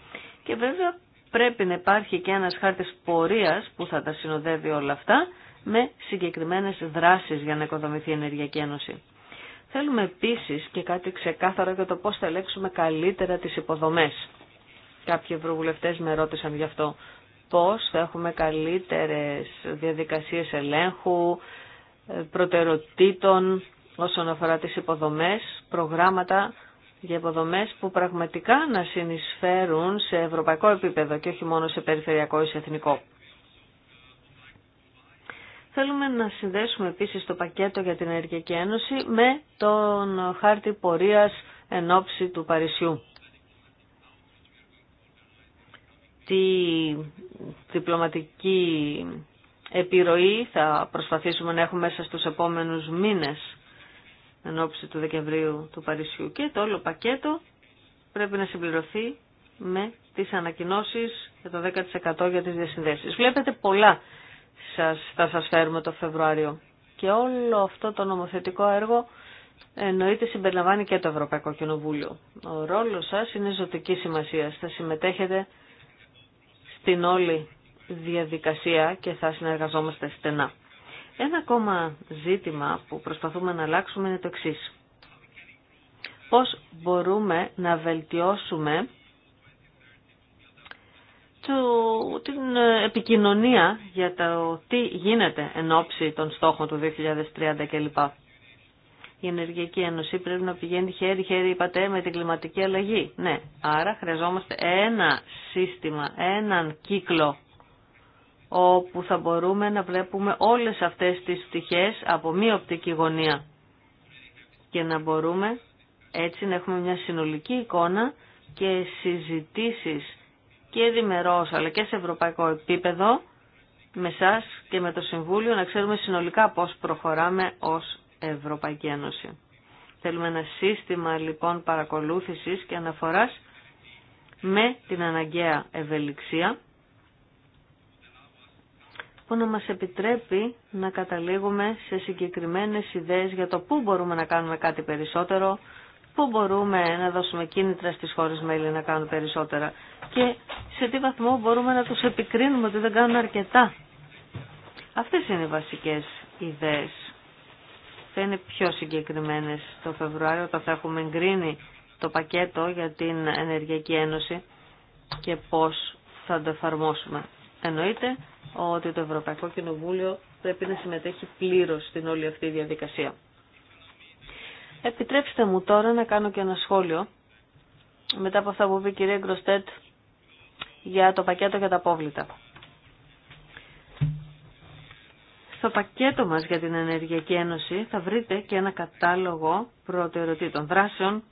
Speaker 2: Και βέβαια πρέπει να υπάρχει και ένας χάρτης πορείας που θα τα συνοδεύει όλα αυτά με συγκεκριμένες δράσεις για να οικοδομηθεί η Ενεργειακή Ένωση. Θέλουμε επίσης και κάτι ξεκάθαρο για το πώς θα ελέγξουμε καλύτερα τις υποδομές. Κάποιοι ευρωβουλευτές με ρώτησαν γι' αυτό πώς θα έχουμε καλύτερες διαδικασίες ελέγχου, ε, προτεραιοτήτων, όσον αφορά τις υποδομές, προγράμματα για υποδομές που πραγματικά να συνεισφέρουν σε ευρωπαϊκό επίπεδο και όχι μόνο σε περιφερειακό ή σε εθνικό. Θέλουμε να συνδέσουμε επίσης το πακέτο για την Ενεργειακή Ένωση με τον χάρτη πορείας εν του Παρισιού. Τι διπλωματική επιρροή θα προσπαθήσουμε να έχουμε μέσα στους επόμενους μήνες εν του Δεκεμβρίου του Παρισιού. Και το όλο πακέτο πρέπει να συμπληρωθεί με τις ανακοινώσεις για το 10% για τις διασυνδέσεις. Βλέπετε πολλά σας, θα σας φέρουμε το Φεβρουάριο. Και όλο αυτό το νομοθετικό έργο εννοείται συμπεριλαμβάνει και το Ευρωπαϊκό Κοινοβούλιο. Ο ρόλος σας είναι ζωτική σημασία. Θα συμμετέχετε στην όλη διαδικασία και θα συνεργαζόμαστε στενά. Ένα ακόμα ζήτημα που προσπαθούμε να αλλάξουμε είναι το εξή. Πώς μπορούμε να βελτιώσουμε την επικοινωνία για το τι γίνεται εν ώψη των στόχων του 2030 κλπ. Η Ενεργειακή Ένωση πρέπει να πηγαίνει χέρι-χέρι, είπατε, με την κλιματική αλλαγή. Ναι, άρα χρειαζόμαστε ένα σύστημα, έναν κύκλο όπου θα μπορούμε να βλέπουμε όλες αυτές τις πτυχές από μία οπτική γωνία και να μπορούμε έτσι να έχουμε μια συνολική εικόνα και συζητήσεις και διμερώς αλλά και σε ευρωπαϊκό επίπεδο με σας και με το Συμβούλιο να ξέρουμε συνολικά πώς προχωράμε ως Ευρωπαϊκή Ένωση. Θέλουμε ένα σύστημα λοιπόν παρακολούθησης και αναφοράς με την αναγκαία ευελιξία που να μας επιτρέπει να καταλήγουμε σε συγκεκριμένες ιδέες για το πού μπορούμε να κάνουμε κάτι περισσότερο, πού μπορούμε να δώσουμε κίνητρα στις χώρες μέλη να κάνουν περισσότερα και σε τι βαθμό μπορούμε να τους επικρίνουμε ότι δεν κάνουν αρκετά. Αυτές είναι οι βασικές ιδέες. Θα είναι πιο συγκεκριμένες το Φεβρουάριο όταν θα έχουμε εγκρίνει το πακέτο για την Ενεργειακή Ένωση και πώς θα το εφαρμόσουμε. Εννοείται ότι το Ευρωπαϊκό Κοινοβούλιο πρέπει να συμμετέχει πλήρως στην όλη αυτή διαδικασία. Επιτρέψτε μου τώρα να κάνω και ένα σχόλιο μετά από αυτά που είπε η κυρία Γκροστέτ για το πακέτο για τα απόβλητα. Στο πακέτο μας για την Ενεργειακή Ένωση θα βρείτε και ένα κατάλογο προτεραιοτήτων, δράσεων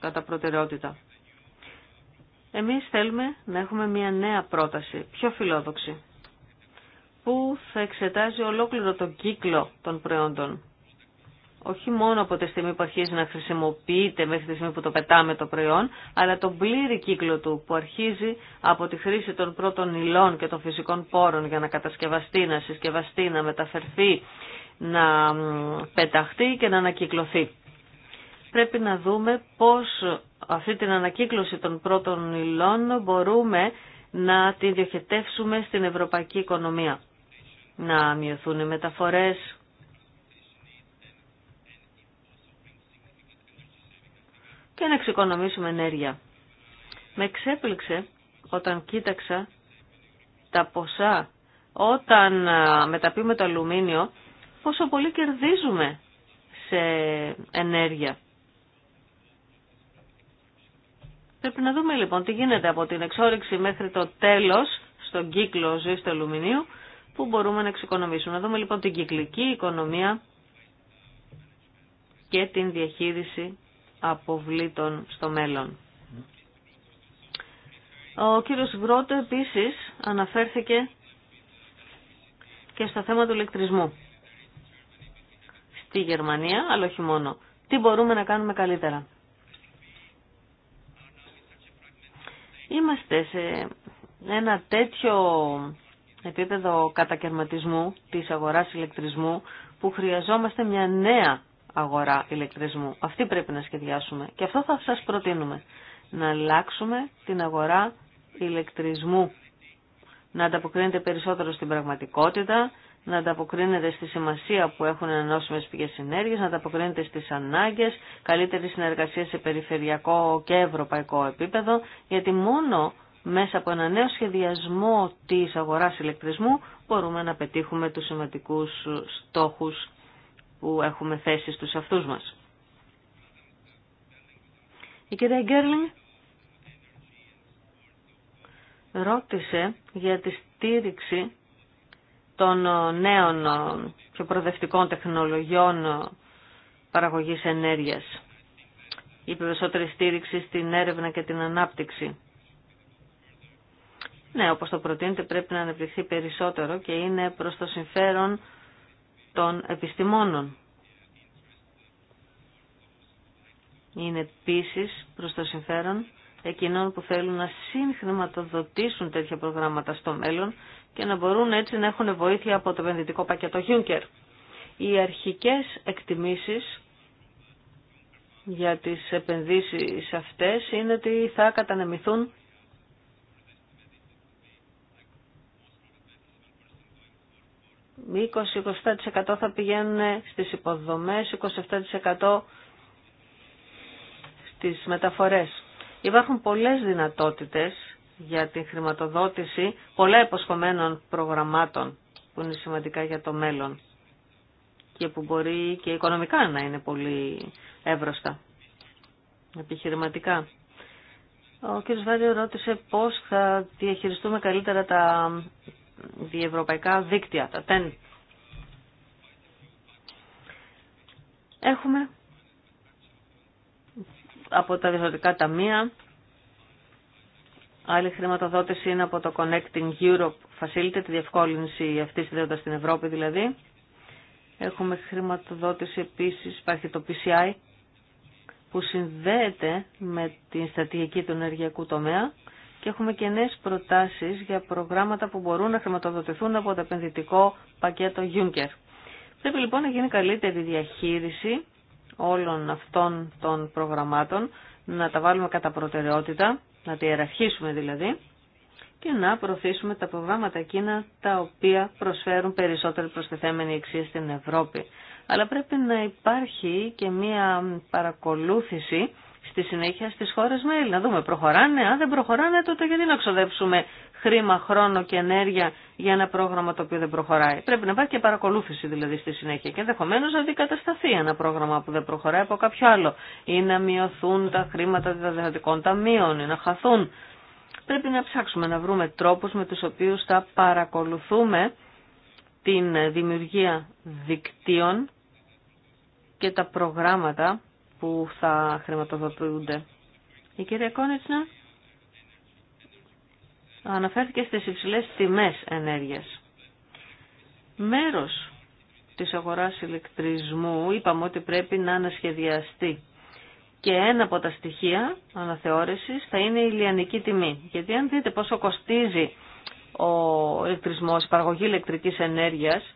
Speaker 2: κατά προτεραιότητα. Εμείς θέλουμε να έχουμε μια νέα πρόταση, πιο φιλόδοξη που θα εξετάζει ολόκληρο τον κύκλο των προϊόντων. Όχι μόνο από τη στιγμή που αρχίζει να χρησιμοποιείται μέχρι τη στιγμή που το πετάμε το προϊόν, αλλά τον πλήρη κύκλο του που αρχίζει από τη χρήση των πρώτων υλών και των φυσικών πόρων για να κατασκευαστεί, να συσκευαστεί, να μεταφερθεί, να πεταχτεί και να ανακυκλωθεί. Πρέπει να δούμε πώς αυτή την ανακύκλωση των πρώτων υλών μπορούμε να την διοχετεύσουμε στην ευρωπαϊκή οικονομία να μειωθούν οι μεταφορές. και να εξοικονομήσουμε ενέργεια. Με εξέπληξε όταν κοίταξα τα ποσά όταν μεταποιούμε το αλουμίνιο πόσο πολύ κερδίζουμε σε ενέργεια. Πρέπει να δούμε λοιπόν τι γίνεται από την εξόριξη μέχρι το τέλος στον κύκλο ζωής του αλουμινίου που μπορούμε να εξοικονομήσουμε. Να δούμε λοιπόν την κυκλική οικονομία και την διαχείριση αποβλήτων στο μέλλον. Ο κύριος Βρότο επίσης αναφέρθηκε και στο θέμα του ηλεκτρισμού στη Γερμανία, αλλά όχι μόνο. Τι μπορούμε να κάνουμε καλύτερα. Είμαστε σε ένα τέτοιο επίπεδο κατακαιρματισμού της αγοράς ηλεκτρισμού που χρειαζόμαστε μια νέα αγορά ηλεκτρισμού. Αυτή πρέπει να σχεδιάσουμε και αυτό θα σας προτείνουμε. Να αλλάξουμε την αγορά ηλεκτρισμού. Να ανταποκρίνεται περισσότερο στην πραγματικότητα, να ανταποκρίνεται στη σημασία που έχουν ενώσιμε πηγέ ενέργεια, να ανταποκρίνεται στι ανάγκε, καλύτερη συνεργασία σε περιφερειακό και ευρωπαϊκό επίπεδο, γιατί μόνο μέσα από ένα νέο σχεδιασμό της αγοράς ηλεκτρισμού μπορούμε να πετύχουμε τους σημαντικούς στόχους που έχουμε θέσει στους αυτούς μας. Η κυρία Γκέρλινγκ ρώτησε για τη στήριξη των νέων και προοδευτικών τεχνολογιών παραγωγής ενέργειας. Η περισσότερη στήριξη στην έρευνα και την ανάπτυξη. Ναι, όπως το προτείνετε πρέπει να αναπτυχθεί περισσότερο και είναι προς το συμφέρον των επιστημόνων. Είναι επίση προς το συμφέρον εκείνων που θέλουν να συγχρηματοδοτήσουν τέτοια προγράμματα στο μέλλον και να μπορούν έτσι να έχουν βοήθεια από το επενδυτικό πακέτο Juncker. Οι αρχικές εκτιμήσεις για τις επενδύσεις αυτές είναι ότι θα κατανεμηθούν 20-27% θα πηγαίνουν στις υποδομές, 27% στις μεταφορές. Υπάρχουν πολλές δυνατότητες για την χρηματοδότηση πολλά υποσχομένων προγραμμάτων που είναι σημαντικά για το μέλλον και που μπορεί και οικονομικά να είναι πολύ εύρωστα, επιχειρηματικά. Ο κ. Βάριο ρώτησε πώς θα διαχειριστούμε καλύτερα τα διευρωπαϊκά δίκτυα, τα TEN. Έχουμε από τα διευρωτικά ταμεία, άλλη χρηματοδότηση είναι από το Connecting Europe Facility, τη διευκόλυνση αυτή συνδέοντας στην Ευρώπη δηλαδή. Έχουμε χρηματοδότηση επίσης, υπάρχει το PCI, που συνδέεται με την στρατηγική του ενεργειακού τομέα και έχουμε και νέες προτάσεις για προγράμματα που μπορούν να χρηματοδοτηθούν από το επενδυτικό πακέτο Juncker. Πρέπει λοιπόν να γίνει καλύτερη διαχείριση όλων αυτών των προγραμμάτων, να τα βάλουμε κατά προτεραιότητα, να τη ιεραρχήσουμε δηλαδή και να προωθήσουμε τα προγράμματα εκείνα τα οποία προσφέρουν περισσότερη προστεθέμενη αξία στην Ευρώπη. Αλλά πρέπει να υπάρχει και μία παρακολούθηση στη συνέχεια στις χώρες μέλη. Να δούμε, προχωράνε, αν δεν προχωράνε τότε γιατί να ξοδέψουμε χρήμα, χρόνο και ενέργεια για ένα πρόγραμμα το οποίο δεν προχωράει. Πρέπει να υπάρχει και παρακολούθηση δηλαδή στη συνέχεια και ενδεχομένω να δικατασταθεί ένα πρόγραμμα που δεν προχωράει από κάποιο άλλο ή να μειωθούν τα χρήματα διδατικών ταμείων ή να χαθούν. Πρέπει να ψάξουμε να βρούμε τρόπους με τους οποίους θα παρακολουθούμε την δημιουργία δικτύων και τα προγράμματα που θα χρηματοδοτούνται. Η κυρία Κόνιτσνα αναφέρθηκε στις υψηλές τιμές ενέργειας. Μέρος της αγοράς ηλεκτρισμού είπαμε ότι πρέπει να ανασχεδιαστεί. Και ένα από τα στοιχεία αναθεώρησης θα είναι η ηλιανική τιμή. Γιατί αν δείτε πόσο κοστίζει ο ηλεκτρισμός, η παραγωγή ηλεκτρικής ενέργειας,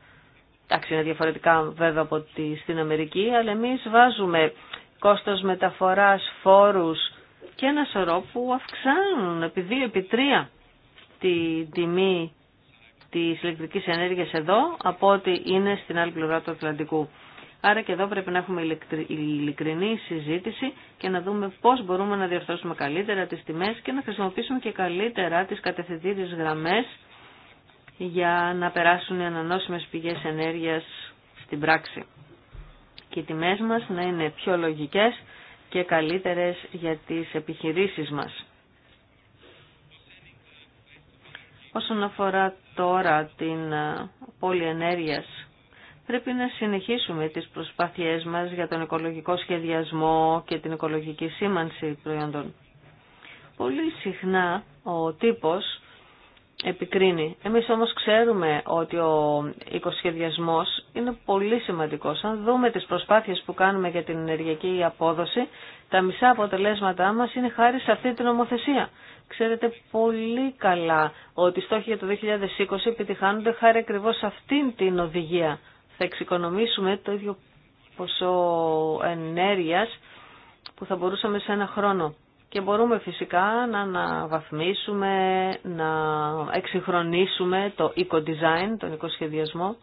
Speaker 2: εντάξει είναι διαφορετικά βέβαια από τη, στην Αμερική, αλλά εμείς βάζουμε κόστος μεταφοράς, φόρους και ένα σωρό που αυξάνουν επί δύο, επί τρία την τιμή της ηλεκτρικής ενέργειας εδώ από ό,τι είναι στην άλλη πλευρά του Ατλαντικού. Άρα και εδώ πρέπει να έχουμε ειλικρινή συζήτηση και να δούμε πώς μπορούμε να διορθώσουμε καλύτερα τις τιμές και να χρησιμοποιήσουμε και καλύτερα τις κατευθυντήριες γραμμές για να περάσουν οι ανανόσιμες πηγές ενέργειας στην πράξη και οι τιμές μας να είναι πιο λογικές και καλύτερες για τις επιχειρήσεις μας. Όσον αφορά τώρα την ε, ενέργειας πρέπει να συνεχίσουμε τις προσπάθειές μας για τον οικολογικό σχεδιασμό και την οικολογική σήμανση προϊόντων. Πολύ συχνά ο τύπος επικρίνει. Εμείς όμως ξέρουμε ότι ο οικοσχεδιασμός είναι πολύ σημαντικός. Αν δούμε τις προσπάθειες που κάνουμε για την ενεργειακή απόδοση, τα μισά αποτελέσματά μας είναι χάρη σε αυτή την νομοθεσία. Ξέρετε πολύ καλά ότι οι στόχοι για το 2020 επιτυχάνονται χάρη ακριβώ σε αυτήν την οδηγία. Θα εξοικονομήσουμε το ίδιο ποσό ενέργειας που θα μπορούσαμε σε ένα χρόνο. Και μπορούμε φυσικά να αναβαθμίσουμε, να εξυγχρονίσουμε το eco τον οικοσχεδιασμό.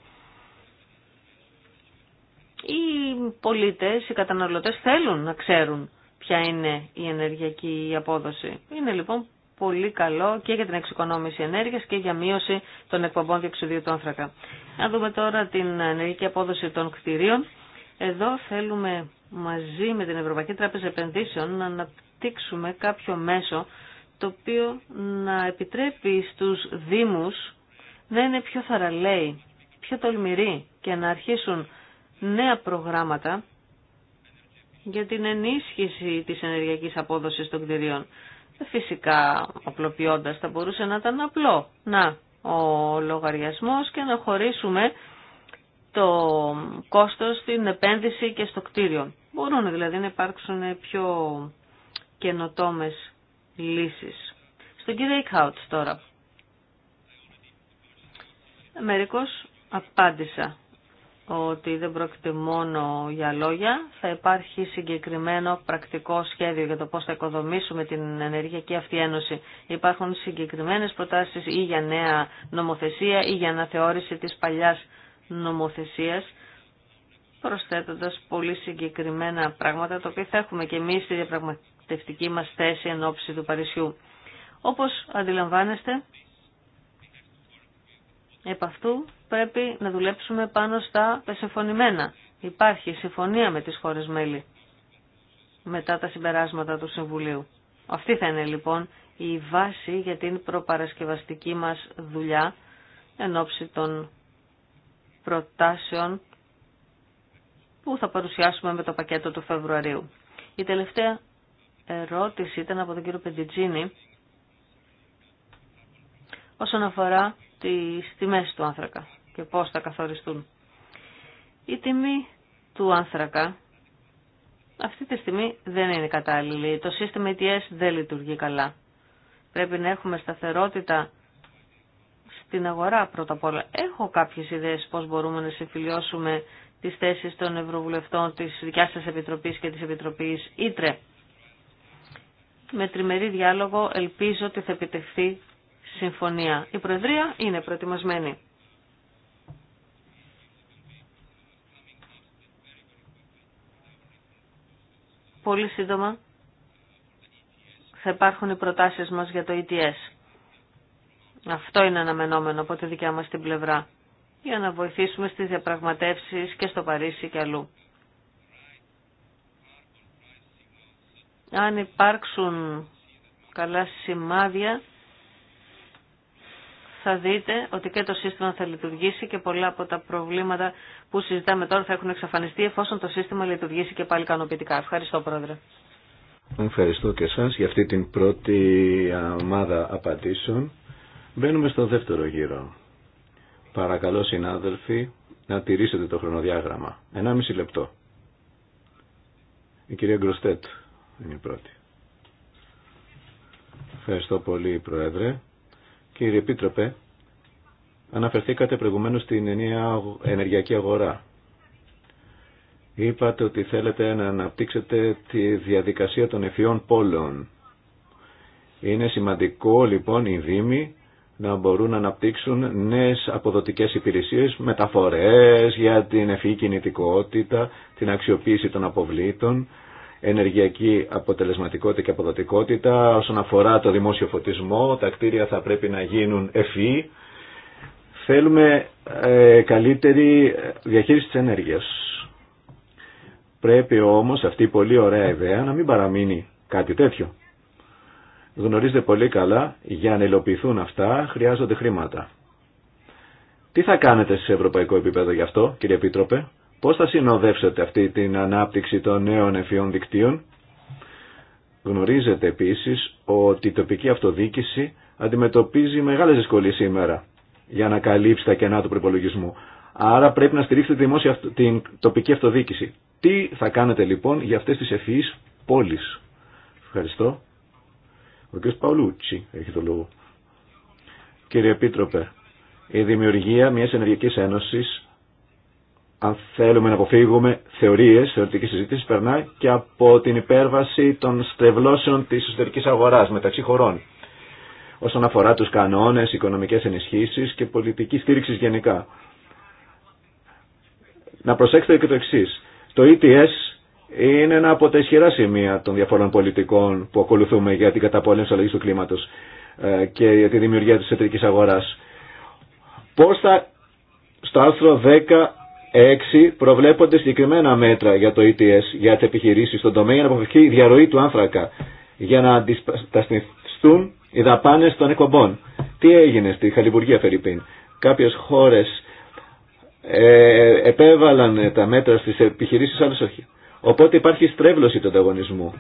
Speaker 2: Οι πολίτες, οι καταναλωτές θέλουν να ξέρουν ποια είναι η ενεργειακή απόδοση. Είναι λοιπόν πολύ καλό και για την εξοικονόμηση ενέργειας και για μείωση των εκπομπών διοξιδίου του άνθρακα. Να δούμε τώρα την ενεργειακή απόδοση των κτηρίων. Εδώ θέλουμε μαζί με την Ευρωπαϊκή Τράπεζα Επενδύσεων να αναπτύξουμε κάποιο μέσο το οποίο να επιτρέπει στους Δήμους να είναι πιο θαραλέοι, πιο τολμηροί και να αρχίσουν νέα προγράμματα για την ενίσχυση της ενεργειακής απόδοσης των κτηρίων. Φυσικά, απλοποιώντας, θα μπορούσε να ήταν απλό. Να, ο λογαριασμός και να χωρίσουμε το κόστος στην επένδυση και στο κτίριο. Μπορούν δηλαδή να υπάρξουν πιο καινοτόμες λύσεις. Στον κύριο Ικχάουτ τώρα. Μερικώς απάντησα ότι δεν πρόκειται μόνο για λόγια, θα υπάρχει συγκεκριμένο πρακτικό σχέδιο για το πώς θα οικοδομήσουμε την ενεργειακή αυτή ένωση. Υπάρχουν συγκεκριμένες προτάσεις ή για νέα νομοθεσία ή για αναθεώρηση της παλιάς νομοθεσίας, προσθέτοντας πολύ συγκεκριμένα πράγματα, τα οποία θα έχουμε και εμείς στη προπτευτική μας θέση εν ώψη του Παρισιού. Όπως αντιλαμβάνεστε, επ' αυτού πρέπει να δουλέψουμε πάνω στα πεσεφωνημένα. Υπάρχει συμφωνία με τις χώρες μέλη μετά τα συμπεράσματα του Συμβουλίου. Αυτή θα είναι λοιπόν η βάση για την προπαρασκευαστική μας δουλειά εν ώψη των προτάσεων που θα παρουσιάσουμε με το πακέτο του Φεβρουαρίου. Η τελευταία ερώτηση ήταν από τον κύριο Πεντιτζίνη όσον αφορά τις τιμές του άνθρακα και πώς θα καθοριστούν. Η τιμή του άνθρακα αυτή τη στιγμή δεν είναι κατάλληλη. Το σύστημα ETS δεν λειτουργεί καλά. Πρέπει να έχουμε σταθερότητα στην αγορά πρώτα απ' όλα. Έχω κάποιες ιδέες πώς μπορούμε να συμφιλιώσουμε τις θέσεις των Ευρωβουλευτών της δικιάς σας Επιτροπής και της Επιτροπής Ήτρε με τριμερή διάλογο ελπίζω ότι θα επιτευχθεί συμφωνία. Η Προεδρία είναι προετοιμασμένη. Πολύ σύντομα θα υπάρχουν οι προτάσεις μας για το ETS. Αυτό είναι αναμενόμενο από τη δικιά μας την πλευρά για να βοηθήσουμε στις διαπραγματεύσεις και στο Παρίσι και αλλού. αν υπάρξουν καλά σημάδια θα δείτε ότι και το σύστημα θα λειτουργήσει και πολλά από τα προβλήματα που συζητάμε τώρα θα έχουν εξαφανιστεί εφόσον το σύστημα λειτουργήσει και πάλι ικανοποιητικά. Ευχαριστώ Πρόεδρε.
Speaker 1: Ευχαριστώ και εσάς για αυτή την πρώτη ομάδα απαντήσεων. Μπαίνουμε στο δεύτερο γύρο. Παρακαλώ συνάδελφοι να τηρήσετε το χρονοδιάγραμμα. 1,5 λεπτό. Η κυρία Γκροστέτ. Είναι η πρώτη. Ευχαριστώ πολύ, Πρόεδρε. Κύριε Επίτροπε, αναφερθήκατε προηγουμένως στην ενιαία ενεργειακή αγορά. Είπατε ότι θέλετε να αναπτύξετε τη διαδικασία των εφιών πόλεων. Είναι σημαντικό λοιπόν οι Δήμοι να μπορούν να αναπτύξουν νέες αποδοτικές υπηρεσίες, μεταφορές για την ευφυή κινητικότητα, την αξιοποίηση των αποβλήτων, ενεργειακή αποτελεσματικότητα και αποδοτικότητα. Όσον αφορά το δημόσιο φωτισμό, τα κτίρια θα πρέπει να γίνουν ευφυή. E. Θέλουμε ε, καλύτερη διαχείριση της ενέργειας. Πρέπει όμως αυτή η πολύ ωραία ιδέα να μην παραμείνει κάτι τέτοιο. Γνωρίζετε πολύ καλά, για να υλοποιηθούν αυτά χρειάζονται χρήματα. Τι θα κάνετε σε ευρωπαϊκό επίπεδο γι' αυτό, κύριε Επίτροπε, Πώς θα συνοδεύσετε αυτή την ανάπτυξη των νέων ευφυών δικτύων. Γνωρίζετε επίσης ότι η τοπική αυτοδίκηση αντιμετωπίζει μεγάλες δυσκολίες σήμερα για να καλύψει τα κενά του προπολογισμού. Άρα πρέπει να στηρίξετε δημόσια, την τοπική αυτοδίκηση. Τι θα κάνετε λοιπόν για αυτές τις ευφυείς πόλεις. Ευχαριστώ. Ο κ. Παουλούτσι έχει το λόγο. Κύριε Επίτροπε, η δημιουργία μιας ενεργειακής ένωσης αν θέλουμε να αποφύγουμε θεωρίες, θεωρητική συζήτηση, περνάει και από την υπέρβαση των στρεβλώσεων της εσωτερικής αγοράς μεταξύ χωρών. Όσον αφορά τους κανόνες, οικονομικές ενισχύσεις και πολιτική στήριξη γενικά. Να προσέξετε και το εξή. Το ETS είναι ένα από τα ισχυρά σημεία των διαφορών πολιτικών που ακολουθούμε για την καταπολέμηση αλλαγή του κλίματος ε, και για τη δημιουργία της εταιρικής αγοράς. Πώς θα άρθρο Έξι, Προβλέπονται συγκεκριμένα μέτρα για το ETS, για τι επιχειρήσει στον τομέα για να αποφευχθεί η διαρροή του άνθρακα, για να αντισταθμιστούν οι δαπάνε των εκπομπών. Τι έγινε στη Χαλιβουργία, Φερρυπίν. Κάποιε χώρε ε, επέβαλαν τα μέτρα στι επιχειρήσει, άλλε όχι. Οπότε υπάρχει στρέβλωση του ανταγωνισμού.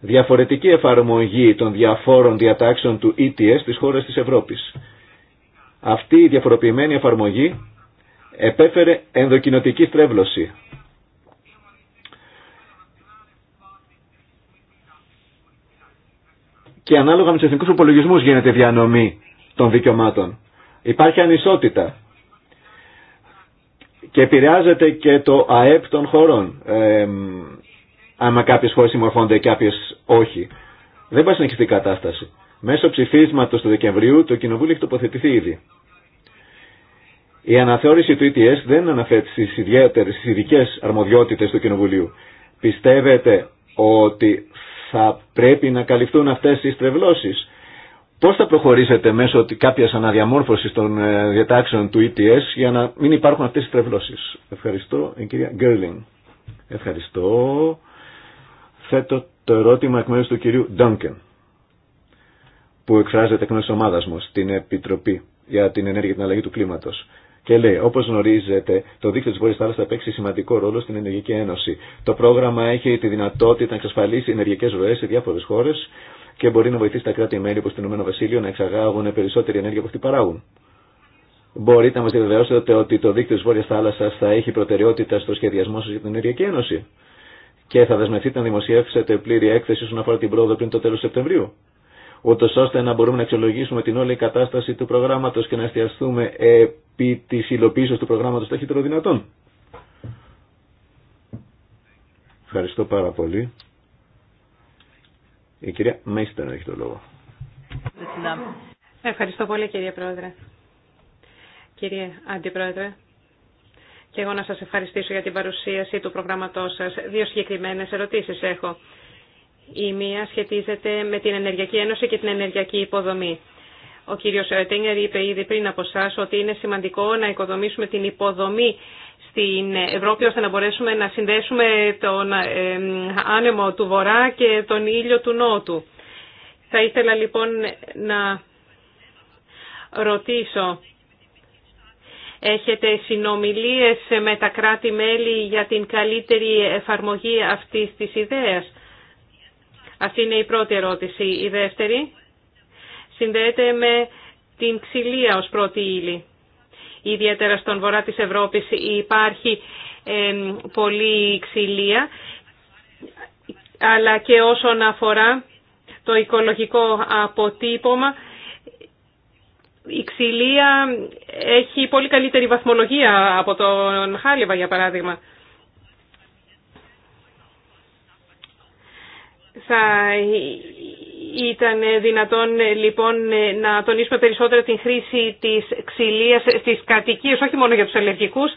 Speaker 1: Διαφορετική εφαρμογή των διαφόρων διατάξεων του ETS στι χώρε τη Ευρώπη. Αυτή η διαφοροποιημένη εφαρμογή επέφερε ενδοκινοτική στρέβλωση. Και ανάλογα με τους εθνικούς υπολογισμούς γίνεται διανομή των δικαιωμάτων. Υπάρχει ανισότητα και επηρεάζεται και το ΑΕΠ των χωρών. Ε, άμα κάποιες χώρες συμμορφώνται και κάποιες όχι. Δεν πάει η κατάσταση. Μέσω ψηφίσματος του Δεκεμβρίου το Κοινοβούλιο έχει τοποθετηθεί ήδη. Η αναθεώρηση του ETS δεν αναφέρεται στις ιδιαίτερες, στις ειδικές αρμοδιότητες του Κοινοβουλίου. Πιστεύετε ότι θα πρέπει να καλυφθούν αυτές οι στρεβλώσεις. Πώς θα προχωρήσετε μέσω κάποιας αναδιαμόρφωσης των ε, διατάξεων του ETS για να μην υπάρχουν αυτές οι στρεβλώσεις. Ευχαριστώ, η κυρία Γκέρλινγκ. Ευχαριστώ. Θέτω το ερώτημα εκ μέρους του κυρίου Ντόνκεν που εκφράζεται εκ μέρους της ομάδας μου στην Επιτροπή για την ενέργεια και την αλλαγή του κλίματος. Και λέει, όπω γνωρίζετε, το δίκτυο τη Βόρεια Θάλασσα θα παίξει σημαντικό ρόλο στην Ενεργειακή Ένωση. Το πρόγραμμα έχει τη δυνατότητα να εξασφαλίσει ενεργειακέ ροέ σε διάφορε χώρε και μπορεί να βοηθήσει τα κράτη-μέλη όπω το Ηνωμένο Βασίλειο να εξαγάγουν περισσότερη ενέργεια από αυτή παράγουν. Μπορείτε να μα διαβεβαιώσετε ότι το δίκτυο τη Βόρεια Θάλασσα θα έχει προτεραιότητα στο σχεδιασμό σα για την Ενεργειακή Ένωση και θα δεσμευτείτε να δημοσιεύσετε πλήρη έκθεση όσον αφορά την πρόοδο πριν το τέλο Σεπτεμβρίου ούτως ώστε να μπορούμε να αξιολογήσουμε την όλη κατάσταση του προγράμματος και να εστιαστούμε επί της υλοποίησης του προγράμματος ταχύτερο δυνατόν. Ευχαριστώ πάρα πολύ. Η κυρία Μέιστερ έχει το λόγο.
Speaker 3: Ευχαριστώ πολύ κύριε Πρόεδρε. Κύριε Αντιπρόεδρε, και εγώ να σας ευχαριστήσω για την παρουσίαση του προγράμματός σας. Δύο συγκεκριμένες ερωτήσεις έχω. Η μία σχετίζεται με την Ενεργειακή Ένωση και την Ενεργειακή Υποδομή. Ο κύριος Τένιερ είπε ήδη πριν από εσά ότι είναι σημαντικό να οικοδομήσουμε την υποδομή στην Ευρώπη ώστε να μπορέσουμε να συνδέσουμε τον άνεμο του Βορρά και τον ήλιο του Νότου. Θα ήθελα λοιπόν να ρωτήσω, έχετε συνομιλίες με τα κράτη-μέλη για την καλύτερη εφαρμογή αυτής της ιδέας. Αυτή είναι η πρώτη ερώτηση. Η δεύτερη συνδέεται με την ξυλία ως πρώτη ύλη. Ιδιαίτερα στον βορρά της Ευρώπης υπάρχει ε, πολλή ξυλία, αλλά και όσον αφορά το οικολογικό αποτύπωμα, η ξυλία έχει πολύ καλύτερη βαθμολογία από τον Χάλιβα, για παράδειγμα. Θα ήταν δυνατόν λοιπόν να τονίσουμε περισσότερο την χρήση της ξυλίας στις κατοικίες, όχι μόνο για τους αλλεργικούς,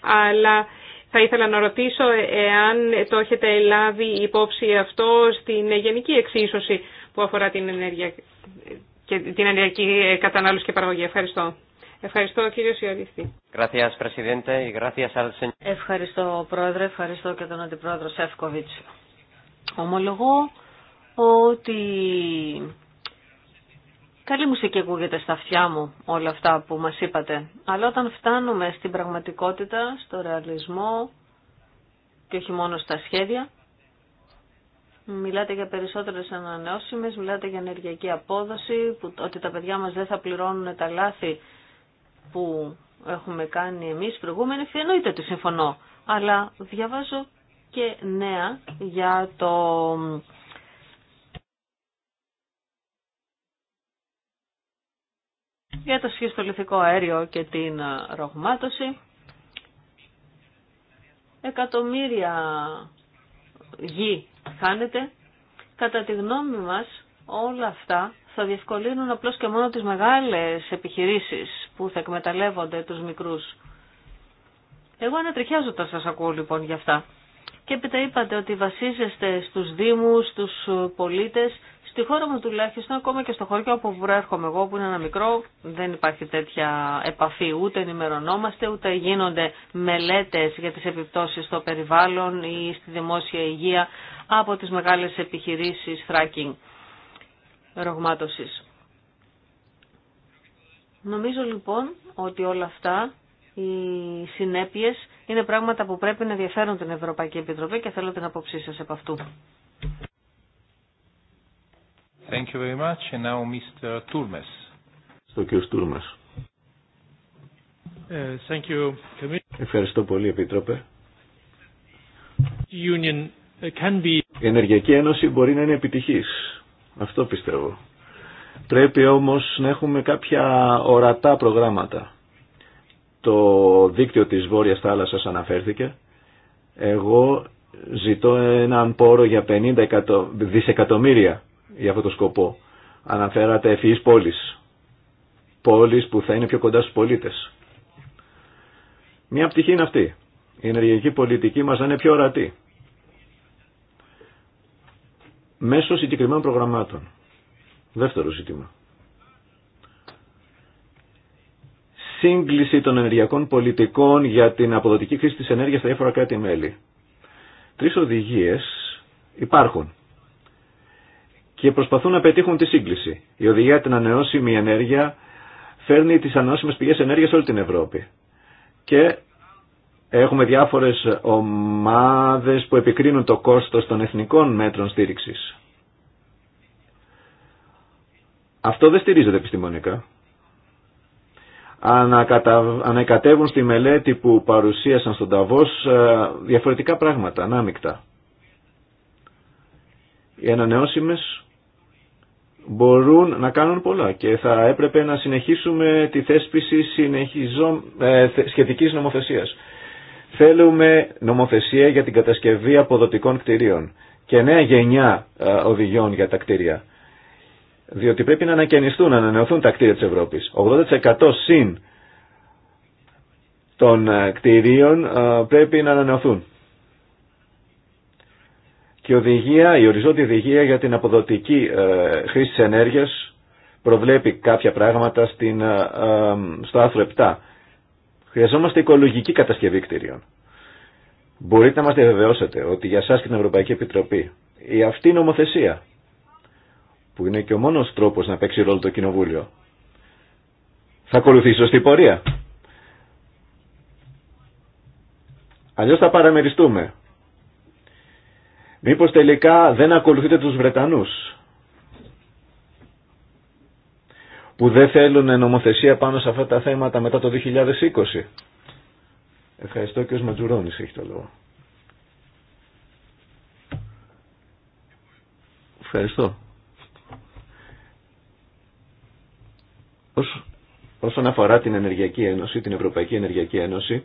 Speaker 3: αλλά θα ήθελα να ρωτήσω εάν το έχετε λάβει υπόψη αυτό στην γενική εξίσωση που αφορά την ενέργεια και την ενεργειακή κατανάλωση και παραγωγή. Ευχαριστώ. Ευχαριστώ κύριο Σιωριστή.
Speaker 2: Ευχαριστώ πρόεδρε, ευχαριστώ και τον αντιπρόεδρο Ομολογώ ότι καλή μουσική ακούγεται στα αυτιά μου όλα αυτά που μας είπατε. Αλλά όταν φτάνουμε στην πραγματικότητα, στο ρεαλισμό και όχι μόνο στα σχέδια, Μιλάτε για περισσότερες ανανεώσιμες, μιλάτε για ενεργειακή απόδοση, που, ότι τα παιδιά μας δεν θα πληρώνουν τα λάθη που έχουμε κάνει εμείς προηγούμενοι. Εννοείται ότι συμφωνώ, αλλά διαβάζω και νέα για το για το σχιστολιθικό αέριο και την ε, ρογμάτωση. Εκατομμύρια γη χάνεται. Κατά τη γνώμη μας όλα αυτά θα διευκολύνουν απλώς και μόνο τις μεγάλες επιχειρήσεις που θα εκμεταλλεύονται τους μικρούς. Εγώ ανατριχιάζω όταν σας ακούω λοιπόν για αυτά. Και έπειτα είπατε ότι βασίζεστε στους δήμους, στους πολίτες. Στη χώρα μου τουλάχιστον, ακόμα και στο χωριό από που εγώ, που είναι ένα μικρό, δεν υπάρχει τέτοια επαφή. Ούτε ενημερωνόμαστε, ούτε γίνονται μελέτες για τις επιπτώσεις στο περιβάλλον ή στη δημόσια υγεία από τις μεγάλες επιχειρήσεις fracking, ρογμάτωσης. Νομίζω λοιπόν ότι όλα αυτά οι συνέπειες είναι πράγματα που πρέπει να ενδιαφέρουν την Ευρωπαϊκή Επιτροπή και θέλω την απόψή σας επ' αυτού.
Speaker 1: Thank you very much. And now Mr. Turmes. Ε, thank you. Ευχαριστώ πολύ, Επίτροπε. Union ε, can be... Η Ενεργειακή Ένωση μπορεί να είναι επιτυχής. Αυτό πιστεύω. Πρέπει όμως να έχουμε κάποια ορατά προγράμματα το δίκτυο της Βόρειας Θάλασσας αναφέρθηκε. Εγώ ζητώ έναν πόρο για 50 δισεκατομμύρια για αυτό το σκοπό. Αναφέρατε ευφυείς πόλεις. Πόλεις που θα είναι πιο κοντά στους πολίτες. Μια πτυχή είναι αυτή. Η ενεργειακή πολιτική μας να είναι πιο ορατή. Μέσω συγκεκριμένων προγραμμάτων. Δεύτερο ζήτημα. σύγκληση των ενεργειακών πολιτικών για την αποδοτική χρήση της ενέργειας στα διάφορα κράτη-μέλη. Τρεις οδηγίες υπάρχουν και προσπαθούν να πετύχουν τη σύγκληση. Η οδηγία την ανανεώσιμη ενέργεια φέρνει τις ανανεώσιμες πηγές ενέργειας σε όλη την Ευρώπη. Και έχουμε διάφορες ομάδες που επικρίνουν το κόστος των εθνικών μέτρων στήριξης. Αυτό δεν στηρίζεται επιστημονικά ανακατεύουν στη μελέτη που παρουσίασαν στον Ταβός ε, διαφορετικά πράγματα, ανάμεικτα. Οι ανανεώσιμες μπορούν να κάνουν πολλά και θα έπρεπε να συνεχίσουμε τη θέσπιση συνεχιζό, ε, σχετικής νομοθεσίας. Θέλουμε νομοθεσία για την κατασκευή αποδοτικών κτηρίων και νέα γενιά ε, οδηγιών για τα κτίρια διότι πρέπει να ανακαινιστούν, να ανανεωθούν τα κτίρια της Ευρώπης. 80% συν των ε, κτιρίων ε, πρέπει να ανανεωθούν. Και η οριζόντια οδηγία για την αποδοτική ε, χρήση της ενέργειας προβλέπει κάποια πράγματα στην, στο άθρο 7. Χρειαζόμαστε οικολογική κατασκευή κτίριων. Μπορείτε να μας διαβεβαιώσετε ότι για σας και την Ευρωπαϊκή Επιτροπή η αυτή νομοθεσία που είναι και ο μόνος τρόπος να παίξει ρόλο το Κοινοβούλιο. Θα ακολουθήσει σωστή πορεία. Αλλιώς θα παραμεριστούμε. Μήπως τελικά δεν ακολουθείτε τους Βρετανούς που δεν θέλουν νομοθεσία πάνω σε αυτά τα θέματα μετά το 2020. Ευχαριστώ και ο Ματζουρόνης έχει το λόγο. Ευχαριστώ. όσον αφορά την Ενεργειακή Ένωση, την Ευρωπαϊκή Ενεργειακή Ένωση,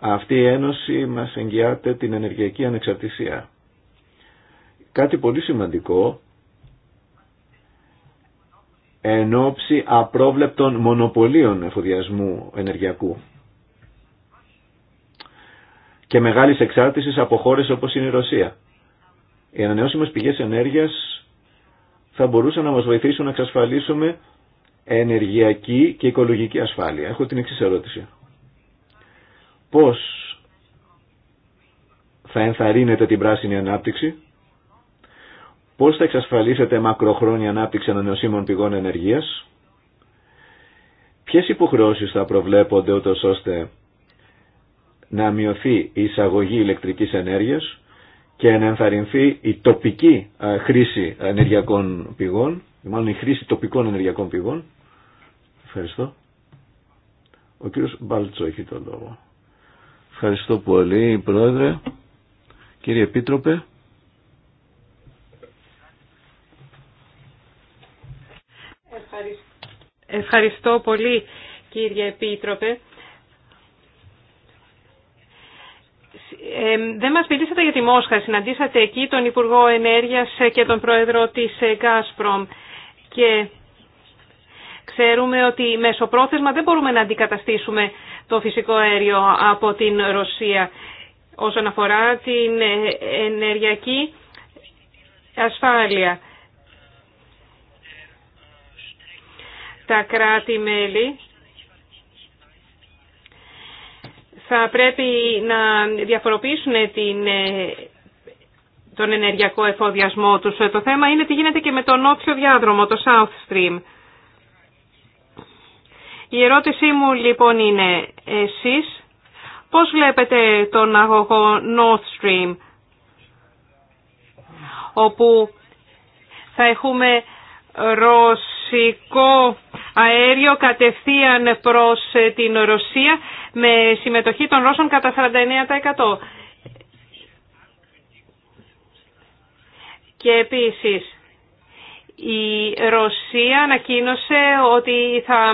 Speaker 1: αυτή η Ένωση μας εγγυάται την ενεργειακή ανεξαρτησία. Κάτι πολύ σημαντικό, εν ώψη απρόβλεπτων μονοπωλίων εφοδιασμού ενεργειακού και μεγάλης εξάρτησης από χώρες όπως είναι η Ρωσία. Οι ανανεώσιμες πηγές ενέργειας θα μπορούσαν να μας βοηθήσουν να εξασφαλίσουμε ενεργειακή και οικολογική ασφάλεια. Έχω την εξή ερώτηση. Πώς θα ενθαρρύνετε την πράσινη ανάπτυξη, πώς θα εξασφαλίσετε μακροχρόνια ανάπτυξη ανανεωσίμων πηγών ενεργείας, ποιες υποχρεώσεις θα προβλέπονται ούτως ώστε να μειωθεί η εισαγωγή ηλεκτρικής ενέργειας και να ενθαρρυνθεί η τοπική χρήση ενεργειακών πηγών, μάλλον η χρήση τοπικών ενεργειακών πηγών. Ευχαριστώ. Ο κύριος Μπάλτσο έχει τον λόγο. Ευχαριστώ πολύ, Πρόεδρε. Κύριε Επίτροπε.
Speaker 3: Ευχαριστώ πολύ, κύριε Επίτροπε. δεν μας μιλήσατε για τη Μόσχα. Συναντήσατε εκεί τον Υπουργό Ενέργειας και τον Πρόεδρο της Γκάσπρομ ε, Και ξέρουμε ότι μέσω πρόθεσμα δεν μπορούμε να αντικαταστήσουμε το φυσικό αέριο από την Ρωσία όσον αφορά την ε, ενεργειακή ασφάλεια. Τα κράτη-μέλη θα πρέπει να διαφοροποιήσουν την, ε, τον ενεργειακό εφοδιασμό τους. Το θέμα είναι τι γίνεται και με τον νότιο διάδρομο, το South Stream. Η ερώτησή μου λοιπόν είναι εσείς πώς βλέπετε τον αγωγό North Stream όπου θα έχουμε ρωσικό αέριο κατευθείαν προς ε, την Ρωσία με συμμετοχή των Ρώσων κατά 49%. Και επίσης, η Ρωσία ανακοίνωσε ότι θα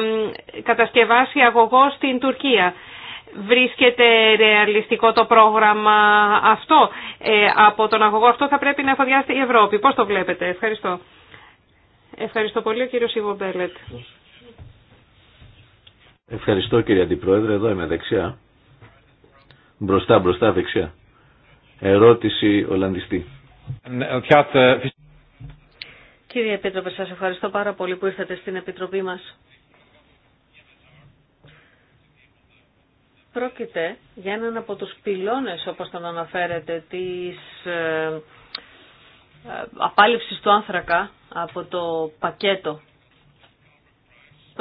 Speaker 3: κατασκευάσει αγωγό στην Τουρκία. Βρίσκεται ρεαλιστικό το πρόγραμμα αυτό. Ε, από τον αγωγό αυτό θα πρέπει να εφοδιάσει η Ευρώπη. Πώς το βλέπετε. Ευχαριστώ. Ευχαριστώ πολύ κύριο κύριος Ιβομπέλετ.
Speaker 1: Ευχαριστώ κύριε Αντιπρόεδρε, εδώ είμαι δεξιά. Μπροστά, μπροστά, δεξιά. Ερώτηση Ολλανδιστή.
Speaker 2: Κύριε Επίτροπε, σας ευχαριστώ πάρα πολύ που ήρθατε στην Επιτροπή μας. Πρόκειται για έναν από τους πυλώνες, όπως τον αναφέρετε, της ε, ε, απάλληψης του άνθρακα από το πακέτο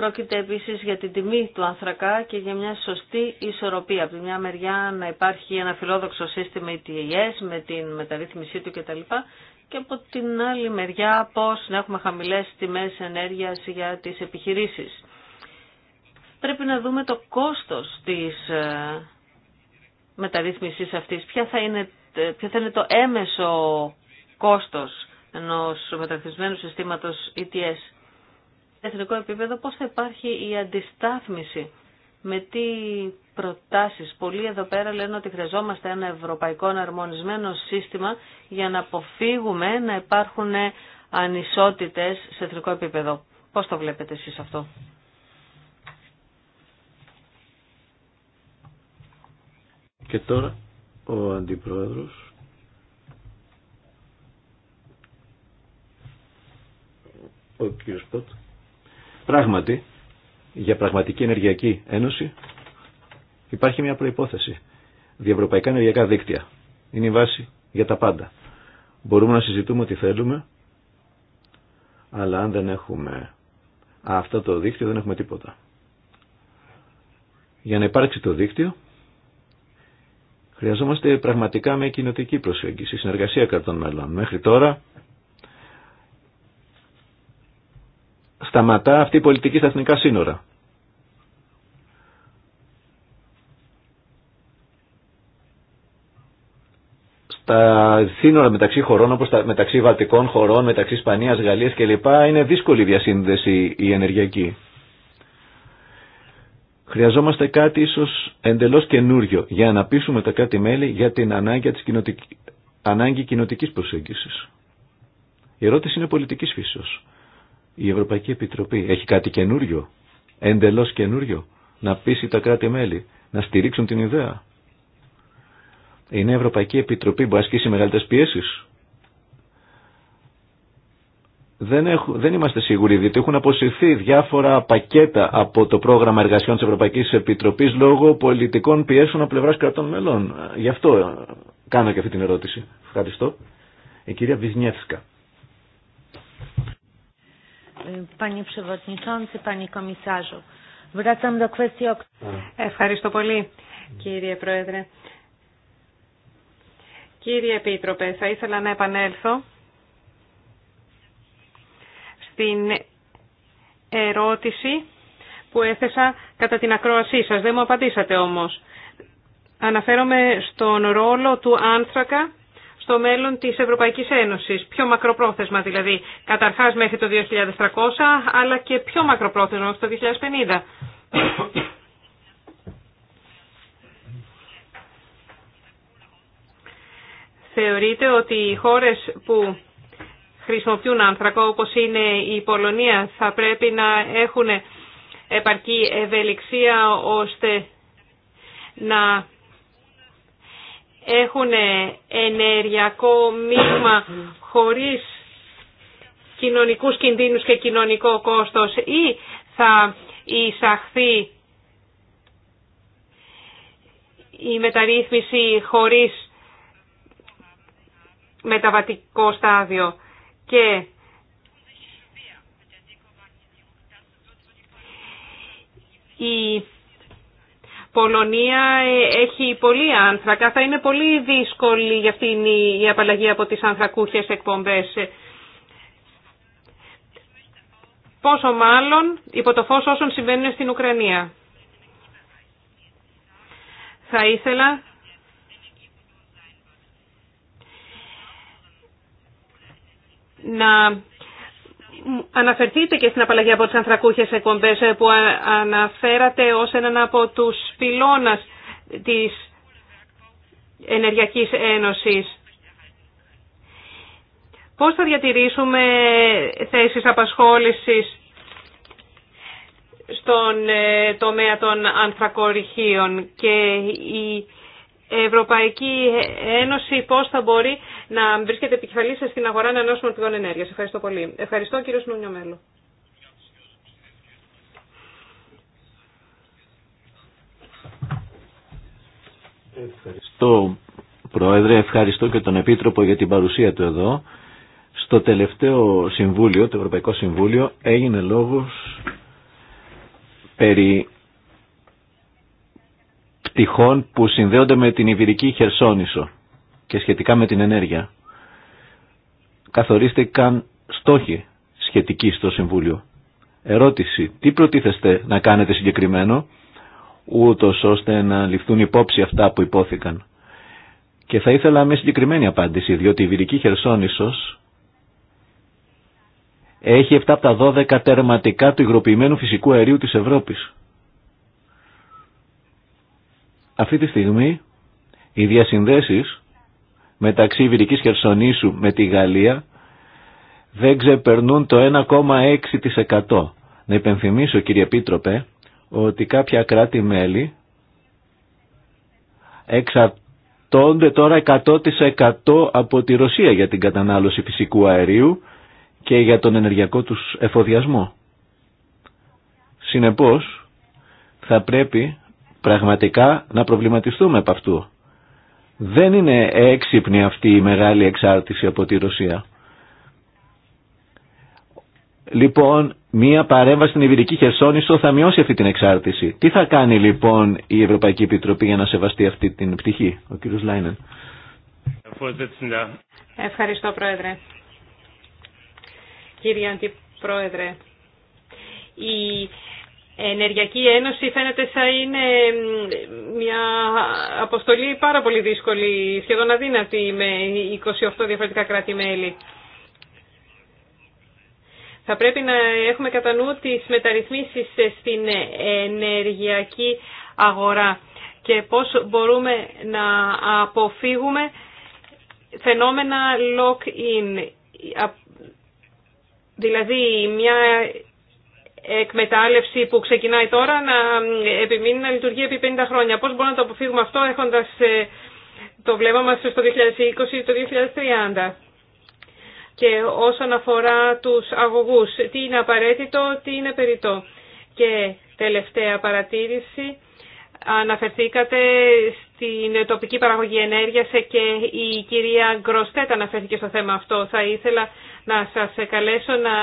Speaker 2: Πρόκειται επίσης για την τιμή του ανθρακά και για μια σωστή ισορροπία. Από τη μια μεριά να υπάρχει ένα φιλόδοξο σύστημα ETS με την μεταρρύθμισή του κτλ. Και από την άλλη μεριά πώς να έχουμε χαμηλές τιμές ενέργειας για τις επιχειρήσεις. Πρέπει να δούμε το κόστος της ε, μεταρρύθμισης αυτής. Ποια ε, θα είναι, το έμεσο κόστος ενός μεταρρυθμισμένου συστήματος ETS εθνικό επίπεδο πώς θα υπάρχει η αντιστάθμιση με τι προτάσεις. Πολλοί εδώ πέρα λένε ότι χρειαζόμαστε ένα ευρωπαϊκό αναρμονισμένο σύστημα για να αποφύγουμε να υπάρχουν ανισότητες σε εθνικό επίπεδο. Πώς το βλέπετε εσείς αυτό.
Speaker 1: Και τώρα ο Αντιπρόεδρος ο κύριος Πότ. Πράγματι, για πραγματική ενεργειακή ένωση υπάρχει μια προϋπόθεση. Διευρωπαϊκά ενεργειακά δίκτυα. Είναι η βάση για τα πάντα. Μπορούμε να συζητούμε ό,τι θέλουμε, αλλά αν δεν έχουμε αυτό το δίκτυο δεν έχουμε τίποτα. Για να υπάρξει το δίκτυο χρειαζόμαστε πραγματικά μια κοινοτική προσέγγιση, συνεργασία κρατών μελών. Μέχρι τώρα σταματά αυτή η πολιτική στα εθνικά σύνορα. Στα σύνορα μεταξύ χωρών, όπως τα, μεταξύ βαλτικών χωρών, μεταξύ Ισπανίας, Γαλλίας κλπ. είναι δύσκολη διασύνδεση η ενεργειακή. Χρειαζόμαστε κάτι ίσως εντελώς καινούριο για να πείσουμε τα κάτι μελη για την ανάγκη, της κοινοτικ... ανάγκη κοινοτικής προσέγγισης. Η ερώτηση είναι πολιτικής φύσεως η Ευρωπαϊκή Επιτροπή έχει κάτι καινούριο, εντελώς καινούριο, να πείσει τα κράτη-μέλη, να στηρίξουν την ιδέα. Η Νέα Ευρωπαϊκή Επιτροπή που ασκήσει μεγαλύτερες πιέσεις. Δεν, έχουν, δεν είμαστε σίγουροι, διότι έχουν αποσυρθεί διάφορα πακέτα από το πρόγραμμα εργασιών της Ευρωπαϊκής Επιτροπής λόγω πολιτικών πιέσεων από πλευράς κρατών μελών. Γι' αυτό κάνω και αυτή την ερώτηση. Ευχαριστώ. Η κυρία Βυζνιεύσκα.
Speaker 2: Ευχαριστώ πολύ,
Speaker 3: κύριε Πρόεδρε. Κύριε Επίτροπε, θα ήθελα να επανέλθω στην ερώτηση που έθεσα κατά την ακρόασή σας. Δεν μου απαντήσατε όμως. Αναφέρομαι στον ρόλο του άνθρακα το μέλλον της Ευρωπαϊκής Ένωσης. Πιο μακροπρόθεσμα δηλαδή, καταρχάς μέχρι το 2300, αλλά και πιο μακροπρόθεσμα στο το 2050. Θεωρείτε ότι οι χώρες που χρησιμοποιούν άνθρακο όπως είναι η Πολωνία θα πρέπει να έχουν επαρκή ευελιξία ώστε να έχουν ενεργειακό μείγμα χωρίς κοινωνικούς κινδύνους και κοινωνικό κόστος ή θα εισαχθεί η μεταρρύθμιση χωρίς μεταβατικό στάδιο και η Πολωνία ε, έχει πολύ άνθρακα. Θα είναι πολύ δύσκολη για αυτήν η απαλλαγή από τις ανθρακούχες εκπομπές. Πόσο μάλλον υπό το φως όσων συμβαίνουν στην Ουκρανία. Θα ήθελα να αναφερθείτε και στην απαλλαγή από τις ανθρακούχες εκπομπές ε, που αναφέρατε ως έναν από τους πυλώνας της Ενεργειακής Ένωσης. Πώς θα διατηρήσουμε θέσεις απασχόλησης στον ε, τομέα των ανθρακοριχείων και η Ευρωπαϊκή Ένωση πώ θα μπορεί να βρίσκεται επικεφαλής στην αγορά ανανεώσιμων πηγών ενέργεια. Ευχαριστώ πολύ. Ευχαριστώ κύριο Μέλλο.
Speaker 1: Ευχαριστώ Πρόεδρε, ευχαριστώ και τον Επίτροπο για την παρουσία του εδώ. Στο τελευταίο Συμβούλιο, το Ευρωπαϊκό Συμβούλιο, έγινε λόγος περί Τυχών που συνδέονται με την Ιβυρική Χερσόνησο και σχετικά με την ενέργεια. Καθορίστηκαν στόχοι σχετικοί στο Συμβούλιο. Ερώτηση, τι προτίθεστε να κάνετε συγκεκριμένο, ούτω ώστε να ληφθούν υπόψη αυτά που υπόθηκαν. Και θα ήθελα μια συγκεκριμένη απάντηση, διότι η Ιβυρική Χερσόνησος έχει 7 από τα 12 τερματικά του υγροποιημένου φυσικού αερίου της Ευρώπης. Αυτή τη στιγμή οι διασυνδέσεις μεταξύ Βυρικής Χερσονήσου με τη Γαλλία δεν ξεπερνούν το 1,6%. Να υπενθυμίσω κύριε Επίτροπε ότι κάποια κράτη-μέλη εξαρτώνται τώρα 100% από τη Ρωσία για την κατανάλωση φυσικού αερίου και για τον ενεργειακό τους εφοδιασμό. Συνεπώς θα πρέπει πραγματικά να προβληματιστούμε από αυτού. Δεν είναι έξυπνη αυτή η μεγάλη εξάρτηση από τη Ρωσία. Λοιπόν, μία παρέμβαση στην Ιβηρική Χερσόνησο θα μειώσει αυτή την εξάρτηση. Τι θα κάνει λοιπόν η Ευρωπαϊκή Επιτροπή για να σεβαστεί αυτή την πτυχή, ο κύριος Λάινεν.
Speaker 3: Ευχαριστώ Πρόεδρε. Κύριε Αντιπρόεδρε, η Ενεργειακή Ένωση φαίνεται θα είναι μια αποστολή πάρα πολύ δύσκολη, σχεδόν αδύνατη με 28 διαφορετικά κράτη-μέλη. Θα πρέπει να έχουμε κατά νου τις μεταρρυθμίσεις στην ενεργειακή αγορά και πώς μπορούμε να αποφύγουμε φαινόμενα lock-in, δηλαδή μια εκμετάλλευση που ξεκινάει τώρα να επιμείνει να λειτουργεί επί 50 χρόνια. Πώς μπορούμε να το αποφύγουμε αυτό έχοντας ε, το βλέμμα μας στο 2020 το 2030. Και όσον αφορά τους αγωγούς, τι είναι απαραίτητο, τι είναι περιττό. Και τελευταία παρατήρηση, αναφερθήκατε στην τοπική παραγωγή ενέργειας και η κυρία Γκροστέτα αναφέρθηκε στο θέμα αυτό. Θα ήθελα να σας καλέσω να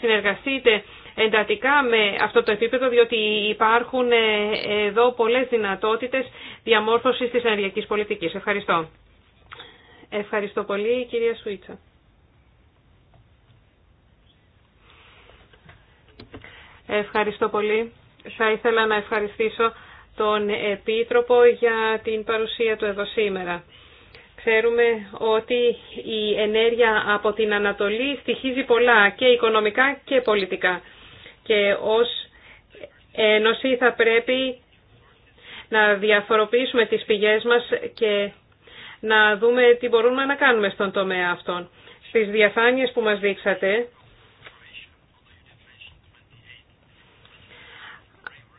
Speaker 3: συνεργαστείτε εντατικά με αυτό το επίπεδο, διότι υπάρχουν ε, εδώ πολλές δυνατότητες διαμόρφωσης της ενεργειακής πολιτικής. Ευχαριστώ. Ευχαριστώ πολύ, κυρία Σουίτσα. Ευχαριστώ πολύ. Θα ήθελα να ευχαριστήσω τον Επίτροπο για την παρουσία του εδώ σήμερα. Ξέρουμε ότι η ενέργεια από την Ανατολή στοιχίζει πολλά και οικονομικά και πολιτικά και ως Ένωση θα πρέπει να διαφοροποιήσουμε τις πηγές μας και να δούμε τι μπορούμε να κάνουμε στον τομέα αυτόν. Στις διαφάνειες που μας δείξατε,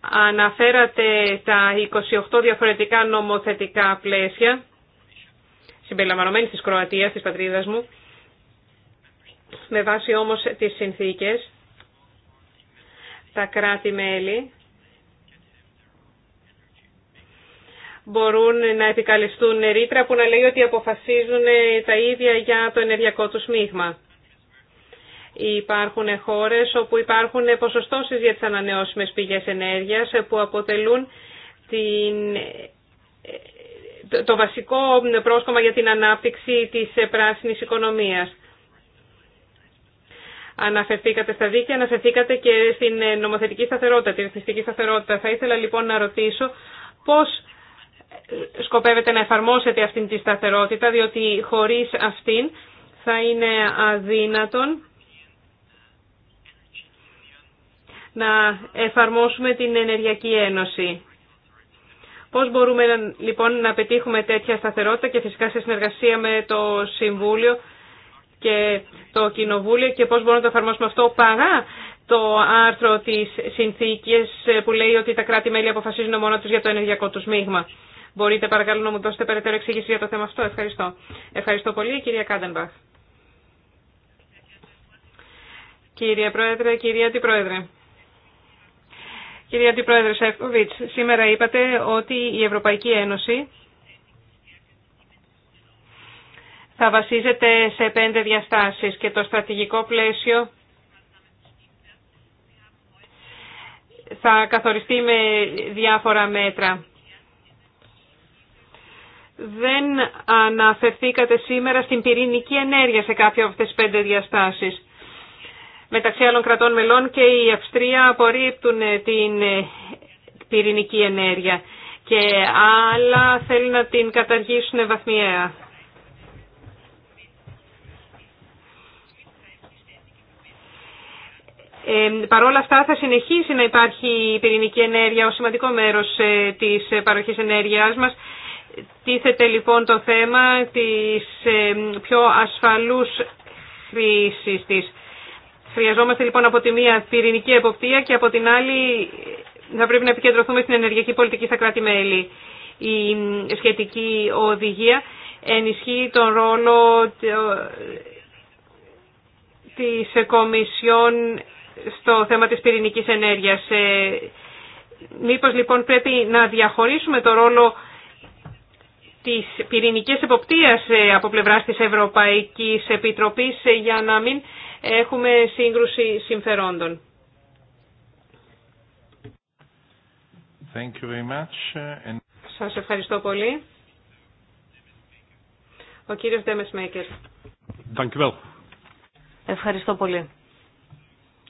Speaker 3: αναφέρατε τα 28 διαφορετικά νομοθετικά πλαίσια, συμπεριλαμβανομένης της Κροατίας, της πατρίδας μου, με βάση όμως τις συνθήκες τα κράτη-μέλη μπορούν να επικαλεστούν ρήτρα που να λέει ότι αποφασίζουν τα ίδια για το ενεργειακό τους μείγμα. Υπάρχουν χώρες όπου υπάρχουν ποσοστώσεις για τις ανανεώσιμες πηγές ενέργειας που αποτελούν την... το βασικό πρόσκομα για την ανάπτυξη της πράσινης οικονομίας αναφερθήκατε στα δίκαια, αναφερθήκατε και στην ε, νομοθετική σταθερότητα, την ρυθμιστική σταθερότητα. Θα ήθελα λοιπόν να ρωτήσω πώς ε, σκοπεύετε να εφαρμόσετε αυτήν τη σταθερότητα, διότι χωρίς αυτήν θα είναι αδύνατον να εφαρμόσουμε την Ενεργειακή Ένωση. Πώς μπορούμε λοιπόν να πετύχουμε τέτοια σταθερότητα και φυσικά σε συνεργασία με το Συμβούλιο και το Κοινοβούλιο και πώς μπορούμε να το εφαρμόσουμε αυτό παρά το άρθρο της συνθήκης που λέει ότι τα κράτη-μέλη αποφασίζουν μόνο τους για το ενεργειακό τους μείγμα. Μπορείτε παρακαλώ να μου δώσετε περαιτέρω εξήγηση για το θέμα αυτό. Ευχαριστώ. Ευχαριστώ πολύ κυρία Κάντενμπαχ. Κύριε Πρόεδρε, κυρία Αντιπρόεδρε. Κυρία Αντιπρόεδρε Σεύκοβιτς, σήμερα είπατε ότι η Ευρωπαϊκή Ένωση θα βασίζεται σε πέντε διαστάσεις και το στρατηγικό πλαίσιο θα καθοριστεί με διάφορα μέτρα. Δεν αναφερθήκατε σήμερα στην πυρηνική ενέργεια σε κάποια από αυτές τις πέντε διαστάσεις. Μεταξύ άλλων κρατών μελών και η Αυστρία απορρίπτουν την πυρηνική ενέργεια και άλλα θέλουν να την καταργήσουν βαθμιαία. Ε, Παρ' όλα αυτά θα συνεχίσει να υπάρχει η πυρηνική ενέργεια ως σημαντικό μέρος ε, της ε, παροχής ενέργειάς μας. Τίθεται λοιπόν το θέμα της ε, πιο ασφαλούς χρήσης της. Χρειαζόμαστε λοιπόν από τη μία πυρηνική εποπτεία και από την άλλη θα πρέπει να επικεντρωθούμε στην ενεργειακή πολιτική στα κράτη-μέλη. Η σχετική οδηγία ενισχύει τον ρόλο ε, της Κομισιόν στο θέμα της πυρηνικής ενέργειας. Ε, μήπως λοιπόν πρέπει να διαχωρίσουμε το ρόλο της πυρηνικής εποπτείας ε, από πλευράς της Ευρωπαϊκής Επιτροπής ε, για να μην έχουμε σύγκρουση συμφερόντων. Σας ευχαριστώ πολύ. Ο κύριος Δέμες Μέκερ.
Speaker 1: Ευχαριστώ
Speaker 2: πολύ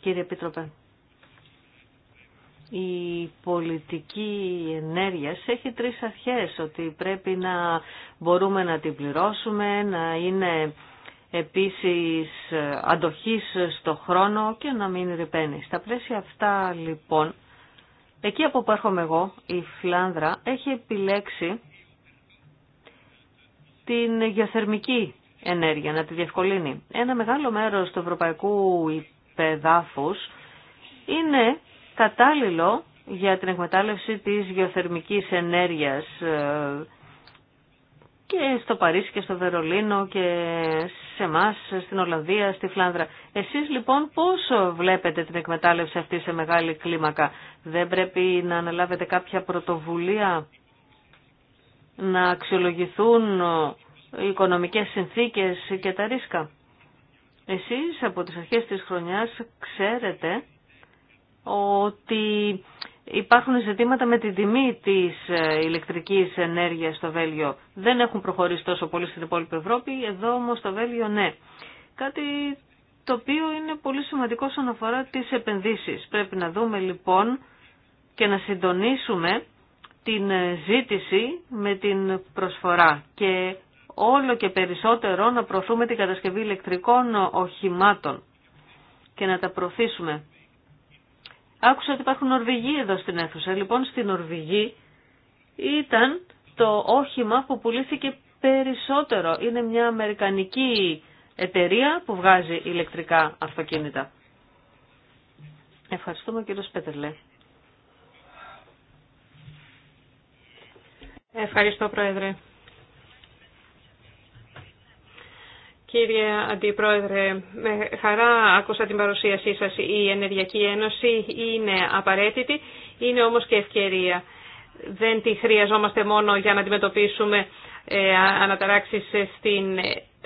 Speaker 2: κύριε Επίτροπε. Η πολιτική ενέργεια έχει τρεις αρχές, ότι πρέπει να μπορούμε να την πληρώσουμε, να είναι επίσης αντοχής στο χρόνο και να μην ρηπαίνει. Στα πλαίσια αυτά λοιπόν, εκεί από που έρχομαι εγώ, η Φλάνδρα έχει επιλέξει την γεωθερμική ενέργεια, να τη διευκολύνει. Ένα μεγάλο μέρος του ευρωπαϊκού είναι κατάλληλο για την εκμετάλλευση της γεωθερμικής ενέργειας ε, και στο Παρίσι και στο Βερολίνο και σε εμά στην Ολλανδία, στη Φλάνδρα. Εσείς λοιπόν πώς βλέπετε την εκμετάλλευση αυτή σε μεγάλη κλίμακα. Δεν πρέπει να αναλάβετε κάποια πρωτοβουλία να αξιολογηθούν οι οικονομικές συνθήκες και τα ρίσκα. Εσείς από τις αρχές της χρονιάς ξέρετε ότι υπάρχουν ζητήματα με την τιμή της ε, ηλεκτρικής ενέργειας στο Βέλγιο. Δεν έχουν προχωρήσει τόσο πολύ στην υπόλοιπη Ευρώπη, εδώ όμως στο Βέλγιο ναι. Κάτι το οποίο είναι πολύ σημαντικό όσον αφορά τις επενδύσεις. Πρέπει να δούμε λοιπόν και να συντονίσουμε την ε, ζήτηση με την προσφορά και όλο και περισσότερο να προωθούμε την κατασκευή ηλεκτρικών οχημάτων και να τα προωθήσουμε. Άκουσα ότι υπάρχουν Νορβηγοί εδώ στην αίθουσα. Λοιπόν, στην Νορβηγή ήταν το όχημα που πουλήθηκε περισσότερο. Είναι μια αμερικανική εταιρεία που βγάζει ηλεκτρικά αυτοκίνητα. Ευχαριστούμε κύριο Σπέτερλε.
Speaker 3: Ευχαριστώ Πρόεδρε. Κύριε Αντιπρόεδρε, με χαρά άκουσα την παρουσίασή σας. Η Ενεργειακή Ένωση είναι απαραίτητη, είναι όμως και ευκαιρία. Δεν τη χρειαζόμαστε μόνο για να αντιμετωπίσουμε ε, αναταράξεις στην,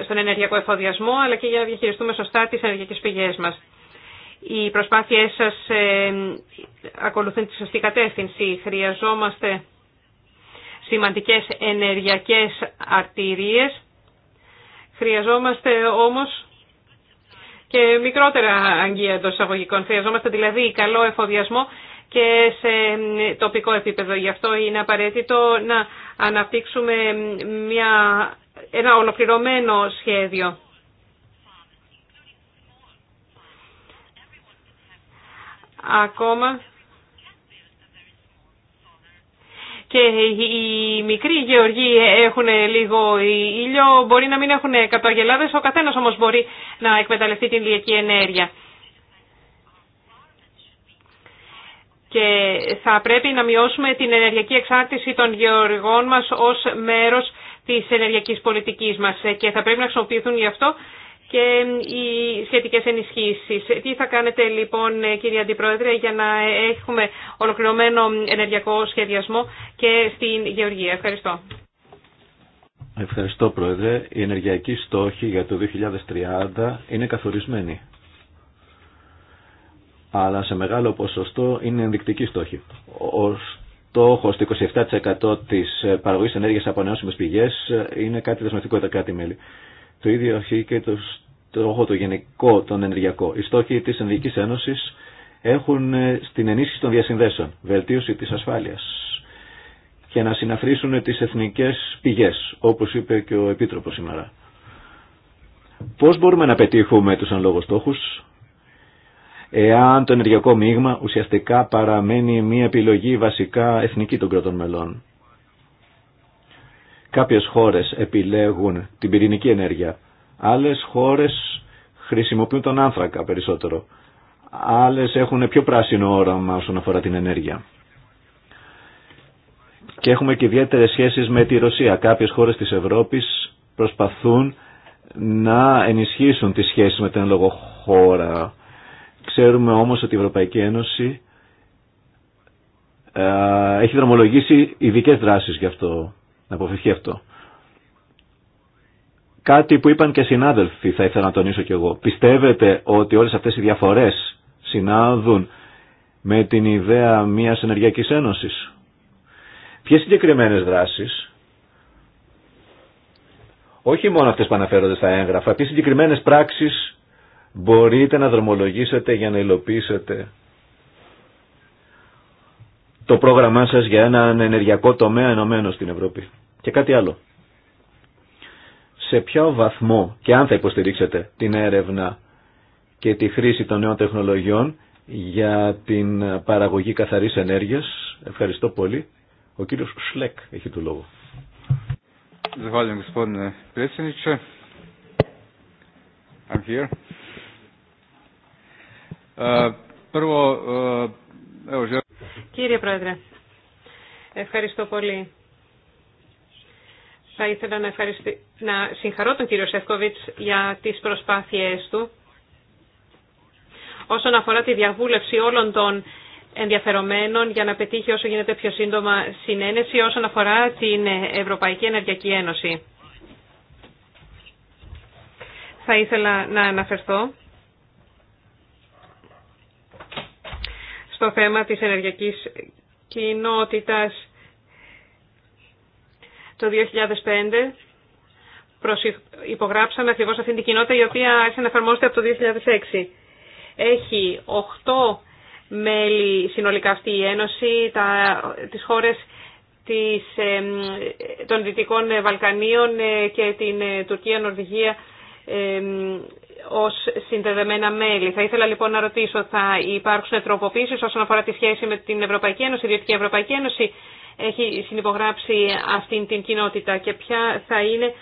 Speaker 3: στον ενεργειακό εφοδιασμό, αλλά και για να διαχειριστούμε σωστά τις ενεργειακές πηγές μας. Οι προσπάθειές σας ε, ακολουθούν τη σωστή κατεύθυνση. Χρειαζόμαστε σημαντικές ενεργειακές αρτηρίες Χρειαζόμαστε όμως και μικρότερα αγγεία εντό εισαγωγικών. Χρειαζόμαστε δηλαδή καλό εφοδιασμό και σε τοπικό επίπεδο. Γι' αυτό είναι απαραίτητο να αναπτύξουμε μια, ένα ολοκληρωμένο σχέδιο. Ακόμα και οι μικροί γεωργοί έχουν λίγο ήλιο, μπορεί να μην έχουν κατοαγελάδες, ο καθένας όμως μπορεί να εκμεταλλευτεί την ηλιακή ενέργεια. Και θα πρέπει να μειώσουμε την ενεργειακή εξάρτηση των γεωργών μας ως μέρος της ενεργειακής πολιτικής μας και θα πρέπει να χρησιμοποιηθούν γι' αυτό και οι σχετικές ενισχύσεις. Τι θα κάνετε λοιπόν κύριε Αντιπρόεδρε για να έχουμε ολοκληρωμένο ενεργειακό σχεδιασμό και στην Γεωργία. Ευχαριστώ.
Speaker 1: Ευχαριστώ Πρόεδρε. Οι ενεργειακοί στόχοι για το 2030 είναι καθορισμένοι. Αλλά σε μεγάλο ποσοστό είναι ενδεικτικοί στόχοι. Ο στόχος του 27% της παραγωγής ενέργειας από ανανεώσιμες πηγές είναι κάτι δεσμευτικό για τα κράτη-μέλη. Το ίδιο έχει και το στόχο το γενικό, τον ενεργειακό. Οι στόχοι της Ενδικής Ένωσης έχουν ε, στην ενίσχυση των διασυνδέσεων, βελτίωση της ασφάλειας και να συναφρήσουν τις εθνικές πηγές, όπως είπε και ο Επίτροπος σήμερα. Πώς μπορούμε να πετύχουμε τους ανλόγους στόχους, εάν το ενεργειακό μείγμα ουσιαστικά παραμένει μια επιλογή βασικά εθνική των κρατών μελών. Κάποιες χώρες επιλέγουν την πυρηνική ενέργεια. Άλλες χώρες χρησιμοποιούν τον άνθρακα περισσότερο. Άλλες έχουν πιο πράσινο όραμα όσον αφορά την ενέργεια. Και έχουμε και ιδιαίτερες σχέσεις με τη Ρωσία. Κάποιες χώρες της Ευρώπης προσπαθούν να ενισχύσουν τις σχέσεις με την χώρα. Ξέρουμε όμως ότι η Ευρωπαϊκή Ένωση ε, έχει δρομολογήσει ειδικέ δράσεις γι' αυτό να αυτό. Κάτι που είπαν και συνάδελφοι θα ήθελα να τονίσω κι εγώ. Πιστεύετε ότι όλες αυτές οι διαφορές συνάδουν με την ιδέα μιας ενεργειακής ένωσης. Ποιες συγκεκριμένε δράσεις, όχι μόνο αυτές που αναφέρονται στα έγγραφα, ποιες συγκεκριμένε πράξεις μπορείτε να δρομολογήσετε για να υλοποιήσετε το πρόγραμμά σας για έναν ενεργειακό τομέα ενωμένο στην Ευρώπη. Και κάτι άλλο. Σε ποιο βαθμό και αν θα υποστηρίξετε την έρευνα και τη χρήση των νέων τεχνολογιών για την παραγωγή καθαρής ενέργειας. Ευχαριστώ πολύ. Ο κύριος Σλέκ έχει το λόγο. Uh, uh,
Speaker 3: Κύριε Πρόεδρε, ευχαριστώ πολύ. Θα ήθελα να, να συγχαρώ τον κύριο Σεύκοβιτς για τις προσπάθειές του όσον αφορά τη διαβούλευση όλων των ενδιαφερομένων για να πετύχει όσο γίνεται πιο σύντομα συνένεση όσον αφορά την Ευρωπαϊκή Ενεργειακή Ένωση. Θα ήθελα να αναφερθώ στο θέμα της ενεργειακής κοινότητας το 2005 υπογράψαμε ακριβώς αυτήν την κοινότητα η οποία άρχισε να εφαρμόζεται από το 2006. Έχει 8 μέλη συνολικά αυτή η Ένωση, τα, τις χώρες της, των Δυτικών Βαλκανίων ε, και την ε, Τουρκία, Νορβηγία ε, ως συνδεδεμένα μέλη. Θα ήθελα λοιπόν να ρωτήσω, θα υπάρξουν τροποποίησεις όσον αφορά τη σχέση με την Ευρωπαϊκή Ένωση, Ευρωπαϊκή Ένωση έχει συνυπογράψει αυτήν την κοινότητα και ποια θα είναι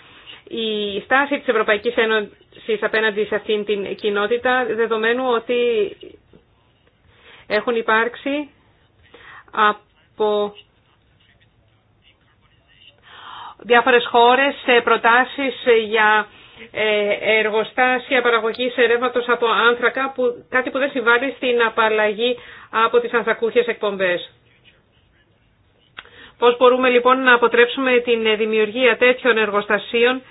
Speaker 3: η στάση της Ευρωπαϊκής Ένωσης απέναντι σε αυτήν την κοινότητα, δεδομένου ότι έχουν υπάρξει από διάφορες χώρες προτάσεις για ε, εργοστάσια παραγωγής ρεύματος από άνθρακα, που, κάτι που δεν συμβάλλει στην απαλλαγή από τις ανθρακούχες εκπομπές. Πώς μπορούμε λοιπόν να αποτρέψουμε την δημιουργία τέτοιων εργοστασίων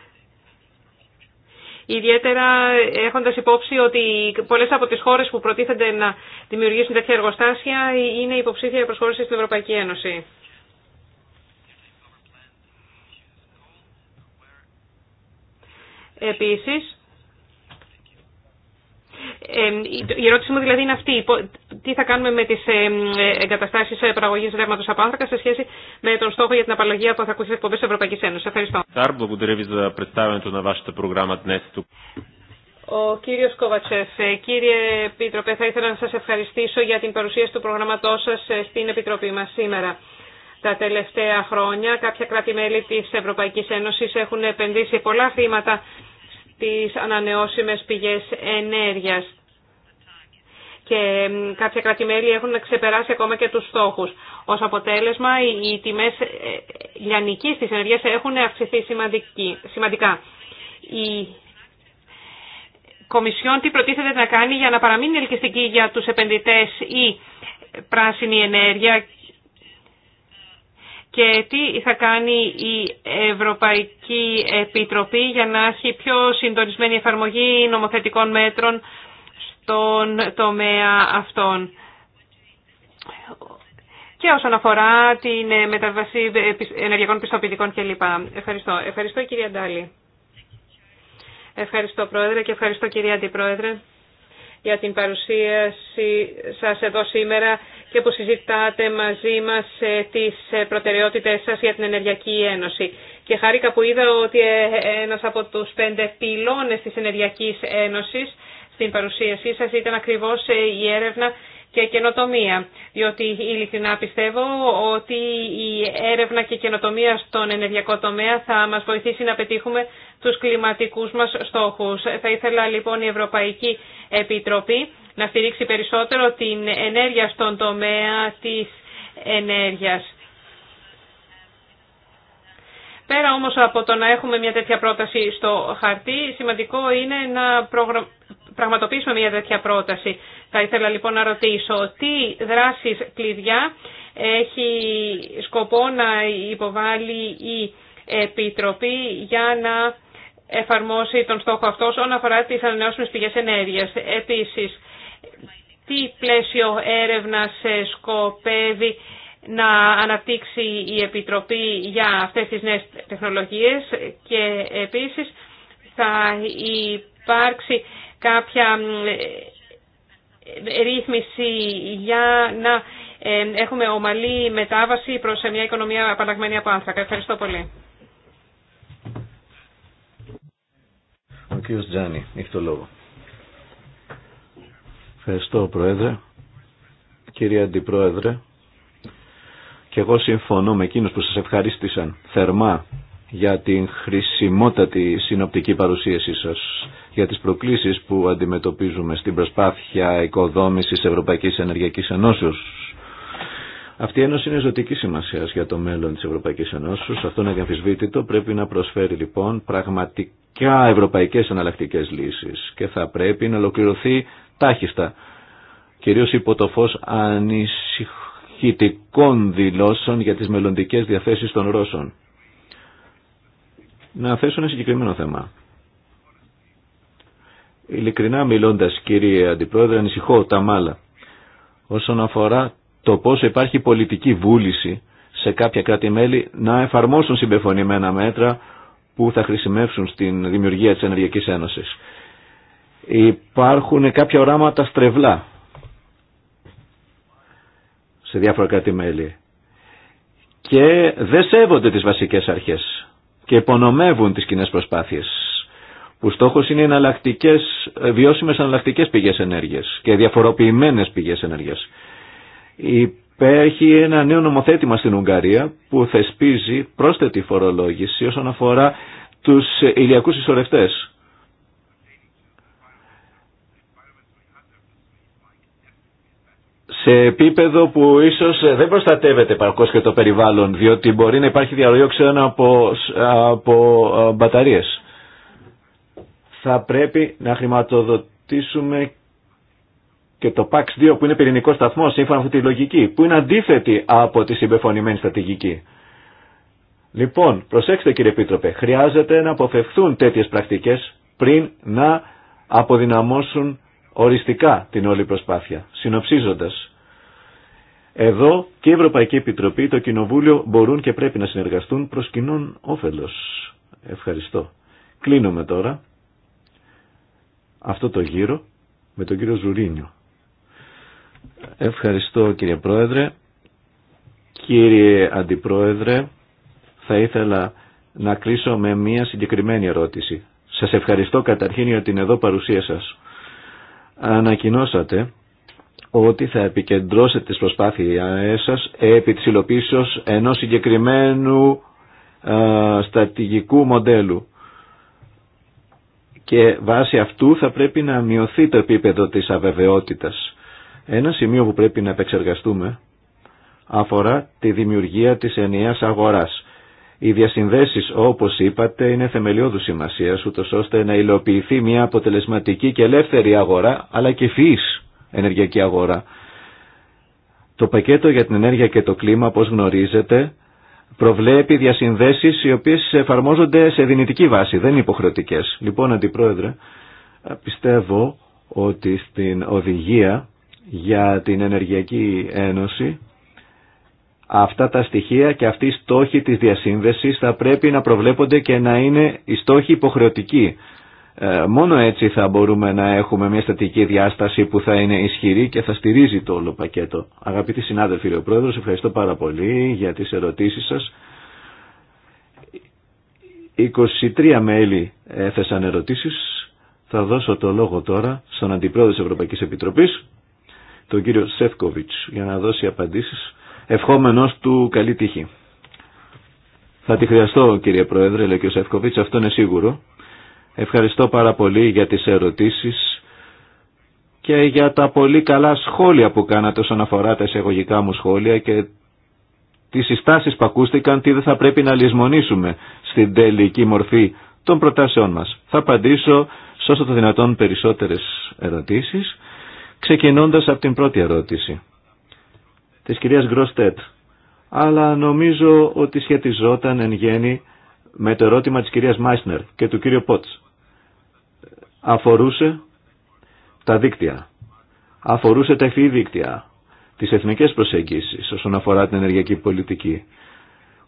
Speaker 3: Ιδιαίτερα έχοντας υπόψη ότι πολλές από τις χώρες που προτίθενται να δημιουργήσουν τέτοια εργοστάσια είναι υποψήφια προσχώρηση στην Ευρωπαϊκή Ένωση. Επίσης, η ερώτησή μου δηλαδή είναι αυτή. Τι θα κάνουμε με τι εγκαταστάσει ε, παραγωγή ρεύματο από άνθρακα σε σχέση με τον στόχο για την απαλλαγή από θα ακούσει εκπομπέ τη Ευρωπαϊκή Ένωση. Ευχαριστώ. Ε, Ο κύριο Κόβατσεφ, ε, κύριε Επίτροπε, θα ήθελα να σα ευχαριστήσω για την παρουσίαση του προγράμματο σα στην Επιτροπή μα σήμερα. Τα τελευταία χρόνια κάποια κράτη-μέλη της Ευρωπαϊκής Ένωσης έχουν επενδύσει πολλά χρήματα τις ανανεώσιμες πηγές ενέργειας. Και κάποια κρατημέλη έχουν ξεπεράσει ακόμα και τους στόχους. Ως αποτέλεσμα, οι τιμές ε, λιανικής της ενέργειας έχουν αυξηθεί σημαντικά. Η Κομισιόν τι προτίθεται να κάνει για να παραμείνει ελκυστική για τους επενδυτές η πράσινη ενέργεια και τι θα κάνει η Ευρωπαϊκή Επιτροπή για να έχει πιο συντονισμένη εφαρμογή νομοθετικών μέτρων στον τομέα αυτών. Και όσον αφορά την μεταβασή ενεργειακών πιστοποιητικών κλπ. Ευχαριστώ. Ευχαριστώ κυρία Ντάλη. Ευχαριστώ Πρόεδρε και ευχαριστώ κυρία Αντιπρόεδρε για την παρουσίαση σας εδώ σήμερα και που συζητάτε μαζί μας ε, τις ε, προτεραιότητες σας για την Ενεργειακή Ένωση. Και χάρηκα που είδα ότι ε, ένας από τους πέντε πυλώνες της Ενεργειακής Ένωσης στην παρουσίασή σας ήταν ακριβώς η έρευνα και καινοτομία. Διότι ειλικρινά πιστεύω ότι η έρευνα και καινοτομία στον ενεργειακό τομέα θα μας βοηθήσει να πετύχουμε τους κλιματικούς μας στόχους. Θα ήθελα λοιπόν η Ευρωπαϊκή Επιτροπή να στηρίξει περισσότερο την ενέργεια στον τομέα της ενέργειας. Πέρα όμως από το να έχουμε μια τέτοια πρόταση στο χαρτί, σημαντικό είναι να πραγματοποιήσουμε μια τέτοια πρόταση. Θα ήθελα λοιπόν να ρωτήσω τι δράσεις κλειδιά έχει σκοπό να υποβάλει η Επιτροπή για να εφαρμόσει τον στόχο αυτό όσον αφορά τις ανανεώσιμες πηγές ενέργειας. Επίσης, τι πλαίσιο έρευνας σκοπεύει να αναπτύξει η Επιτροπή για αυτές τις νέες τεχνολογίες και επίσης θα υπάρξει κάποια ρύθμιση για να ε, έχουμε ομαλή μετάβαση προς μια οικονομία απαλλαγμένη από άνθρακα. Ευχαριστώ πολύ.
Speaker 1: Ο κύριος Τζάνι, έχει το λόγο. Ευχαριστώ, Πρόεδρε. Κύριε Αντιπρόεδρε, και εγώ συμφωνώ με εκείνους που σας ευχαρίστησαν θερμά για την χρησιμότατη συνοπτική παρουσίασή σας για τις προκλήσεις που αντιμετωπίζουμε στην προσπάθεια οικοδόμησης Ευρωπαϊκής Ενεργειακής Ενώσεως. Αυτή η Ένωση είναι ζωτική σημασία για το μέλλον της Ευρωπαϊκής Ενώσεω. Αυτό είναι διαμφισβήτητο. Πρέπει να προσφέρει λοιπόν πραγματικά ευρωπαϊκές εναλλακτικέ λύσεις και θα πρέπει να ολοκληρωθεί τάχιστα. κυρίως υπό το φως ανησυχητικών δηλώσεων για τις μελλοντικέ διαθέσεις των Ρώσων. Να θέσω ένα συγκεκριμένο θέμα. Ειλικρινά μιλώντας κύριε Αντιπρόεδρε ανησυχώ τα μάλα όσον αφορά το πόσο υπάρχει πολιτική βούληση σε κάποια κράτη-μέλη να εφαρμόσουν συμπεφωνημένα μέτρα που θα χρησιμεύσουν στην δημιουργία της Ενεργειακής Ένωσης. Υπάρχουν κάποια οράματα στρεβλά σε διάφορα κράτη-μέλη και δεν σέβονται τις βασικές αρχές και υπονομεύουν τις κοινέ προσπάθειες που στόχος είναι εναλλακτικές, ε, βιώσιμες εναλλακτικές πηγές ενέργειας και διαφοροποιημένες πηγές ενέργειας. Υπάρχει ένα νέο νομοθέτημα στην Ουγγαρία που θεσπίζει πρόσθετη φορολόγηση όσον αφορά τους ηλιακούς ισορρευτές. σε επίπεδο που ίσως ε, δεν προστατεύεται παρακώς και το περιβάλλον, διότι μπορεί να υπάρχει διαρροή από, από ε, μπαταρίες θα πρέπει να χρηματοδοτήσουμε και το PAX 2 που είναι πυρηνικό σταθμό σύμφωνα με αυτή τη λογική, που είναι αντίθετη από τη συμπεφωνημένη στρατηγική. Λοιπόν, προσέξτε κύριε Επίτροπε, χρειάζεται να αποφευθούν τέτοιες πρακτικές πριν να αποδυναμώσουν οριστικά την όλη προσπάθεια. Συνοψίζοντας, εδώ και η Ευρωπαϊκή Επιτροπή, το Κοινοβούλιο μπορούν και πρέπει να συνεργαστούν προς κοινών όφελος. Ευχαριστώ. Κλείνουμε τώρα αυτό το γύρο με τον κύριο Ζουρίνιο. Ευχαριστώ κύριε Πρόεδρε. Κύριε Αντιπρόεδρε, θα ήθελα να κλείσω με μία συγκεκριμένη ερώτηση. Σας ευχαριστώ καταρχήν για την εδώ παρουσία σας. Ανακοινώσατε ότι θα επικεντρώσετε τις προσπάθειές σας επί της υλοποίησης ενός συγκεκριμένου στρατηγικού μοντέλου και βάσει αυτού θα πρέπει να μειωθεί το επίπεδο της αβεβαιότητας. Ένα σημείο που πρέπει να επεξεργαστούμε αφορά τη δημιουργία της ενιαίας αγοράς. Οι διασυνδέσεις, όπως είπατε, είναι θεμελιώδους σημασία ούτως ώστε να υλοποιηθεί μια αποτελεσματική και ελεύθερη αγορά, αλλά και φυής ενεργειακή αγορά. Το πακέτο για την ενέργεια και το κλίμα, όπως γνωρίζετε, προβλέπει διασυνδέσεις οι οποίες εφαρμόζονται σε δυνητική βάση, δεν είναι υποχρεωτικές. Λοιπόν, Αντιπρόεδρε, πιστεύω ότι στην οδηγία για την Ενεργειακή Ένωση αυτά τα στοιχεία και αυτή η στόχη της διασύνδεσης θα πρέπει να προβλέπονται και να είναι η στόχη υποχρεωτική. Ε, μόνο έτσι θα μπορούμε να έχουμε μια στατική διάσταση που θα είναι ισχυρή και θα στηρίζει το όλο πακέτο. Αγαπητοί συνάδελφοι, ο Πρόεδρος, ευχαριστώ πάρα πολύ για τις ερωτήσεις σας. 23 μέλη έθεσαν ερωτήσεις. Θα δώσω το λόγο τώρα στον Αντιπρόεδρο της Ευρωπαϊκής Επιτροπής, τον κύριο Σεφκοβιτς, για να δώσει απαντήσεις, ευχόμενος του καλή τύχη. Θα τη χρειαστώ κύριε Πρόεδρε, λέει και ο Σεφκοβιτς, αυτό είναι σίγουρο Ευχαριστώ πάρα πολύ για τις ερωτήσεις και για τα πολύ καλά σχόλια που κάνατε όσον αφορά τα εισαγωγικά μου σχόλια και τις συστάσεις που ακούστηκαν τι δεν θα πρέπει να λησμονήσουμε στην τελική μορφή των προτάσεών μας. Θα απαντήσω σε όσο το δυνατόν περισσότερες ερωτήσεις, ξεκινώντας από την πρώτη ερώτηση της κυρίας Γκροστέτ. Αλλά νομίζω ότι σχετιζόταν εν γέννη με το ερώτημα της κυρίας Μάισνερ και του κύριου Πότς αφορούσε τα δίκτυα, αφορούσε τα ευφυή δίκτυα, τις εθνικές προσεγγίσεις όσον αφορά την ενεργειακή πολιτική.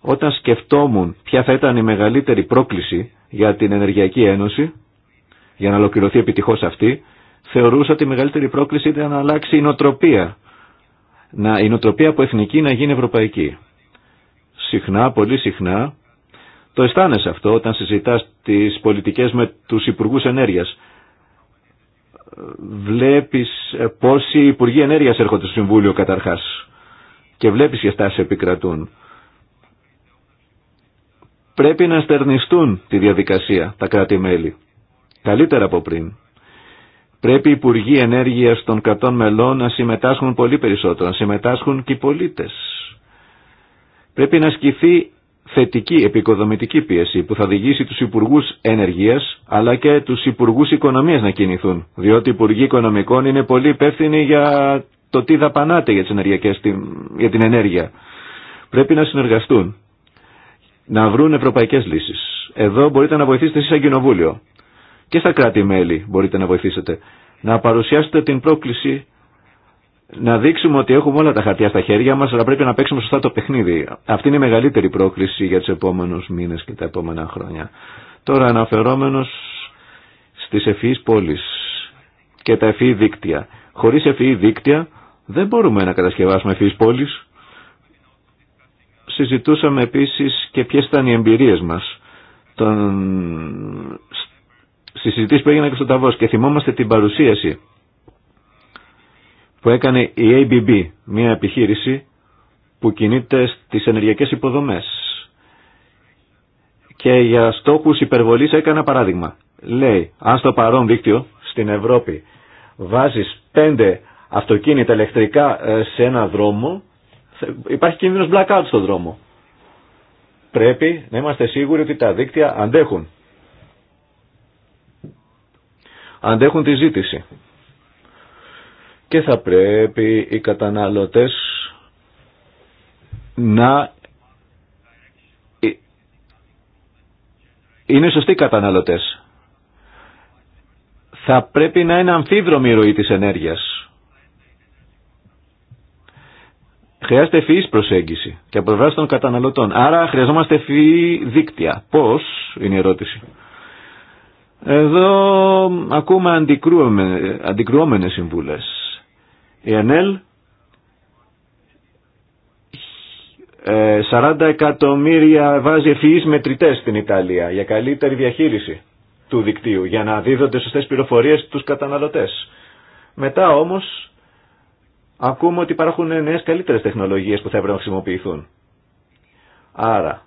Speaker 1: Όταν σκεφτόμουν ποια θα ήταν η μεγαλύτερη πρόκληση για την Ενεργειακή Ένωση, για να ολοκληρωθεί επιτυχώς αυτή, θεωρούσα ότι η μεγαλύτερη πρόκληση ήταν να αλλάξει η νοοτροπία. Να, η νοοτροπία από εθνική να γίνει ευρωπαϊκή. Συχνά, πολύ συχνά, το αισθάνεσαι αυτό όταν συζητάς τις πολιτικές με τους Υπουργούς Ενέργειας. Βλέπεις πόσοι Υπουργοί Ενέργειας έρχονται στο Συμβούλιο καταρχάς και βλέπεις ποιες σε επικρατούν. Πρέπει να στερνιστούν τη διαδικασία τα κράτη-μέλη. Καλύτερα από πριν. Πρέπει οι Υπουργοί Ενέργειας των κρατών μελών να συμμετάσχουν πολύ περισσότερο, να συμμετάσχουν και οι πολίτες. Πρέπει να ασκηθεί θετική επικοδομητική πίεση που θα οδηγήσει τους Υπουργούς Ενεργείας αλλά και τους Υπουργούς Οικονομίας να κινηθούν. Διότι οι Υπουργοί Οικονομικών είναι πολύ υπεύθυνοι για το τι δαπανάτε για, τις ενεργειακές, για την ενέργεια. Πρέπει να συνεργαστούν, να βρουν ευρωπαϊκές λύσεις. Εδώ μπορείτε να βοηθήσετε εσείς σαν κοινοβούλιο. Και στα κράτη-μέλη μπορείτε να βοηθήσετε. Να παρουσιάσετε την πρόκληση να δείξουμε ότι έχουμε όλα τα χαρτιά στα χέρια μας, αλλά πρέπει να παίξουμε σωστά το παιχνίδι. Αυτή είναι η μεγαλύτερη πρόκληση για τους επόμενους μήνες και τα επόμενα χρόνια. Τώρα αναφερόμενος στις ευφυείς πόλεις και τα ευφυή δίκτυα. Χωρίς ευφυή δίκτυα δεν μπορούμε να κατασκευάσουμε ευφυείς πόλεις. Συζητούσαμε επίσης και ποιες ήταν οι εμπειρίες μας των... στις συζητήσεις που έγιναν και στο Ταβός και θυμόμαστε την παρουσίαση που έκανε η ABB, μια επιχείρηση που κινείται στις ενεργειακές υποδομές. Και για στόχους υπερβολής έκανα παράδειγμα. Λέει, αν στο παρόν δίκτυο στην Ευρώπη βάζεις πέντε αυτοκίνητα ηλεκτρικά ε, σε ένα δρόμο, υπάρχει κίνδυνος blackout στον δρόμο. Πρέπει να είμαστε σίγουροι ότι τα δίκτυα αντέχουν. Αντέχουν τη ζήτηση και θα πρέπει οι καταναλωτές να ε, είναι σωστοί καταναλωτές. Θα πρέπει να είναι αμφίδρομη η ροή της ενέργειας. Χρειάζεται ευφυής προσέγγιση και από των καταναλωτών. Άρα χρειαζόμαστε ευφυή δίκτυα. Πώς είναι η ερώτηση. Εδώ ακούμε αντικρουόμενες συμβούλες. Η ΕΝΕΛ 40 εκατομμύρια βάζει ευφυείς μετρητές στην Ιταλία για καλύτερη διαχείριση του δικτύου, για να δίδονται σωστές πληροφορίες στους καταναλωτές. Μετά όμως ακούμε ότι υπάρχουν νέες καλύτερες τεχνολογίες που θα έπρεπε να χρησιμοποιηθούν. Άρα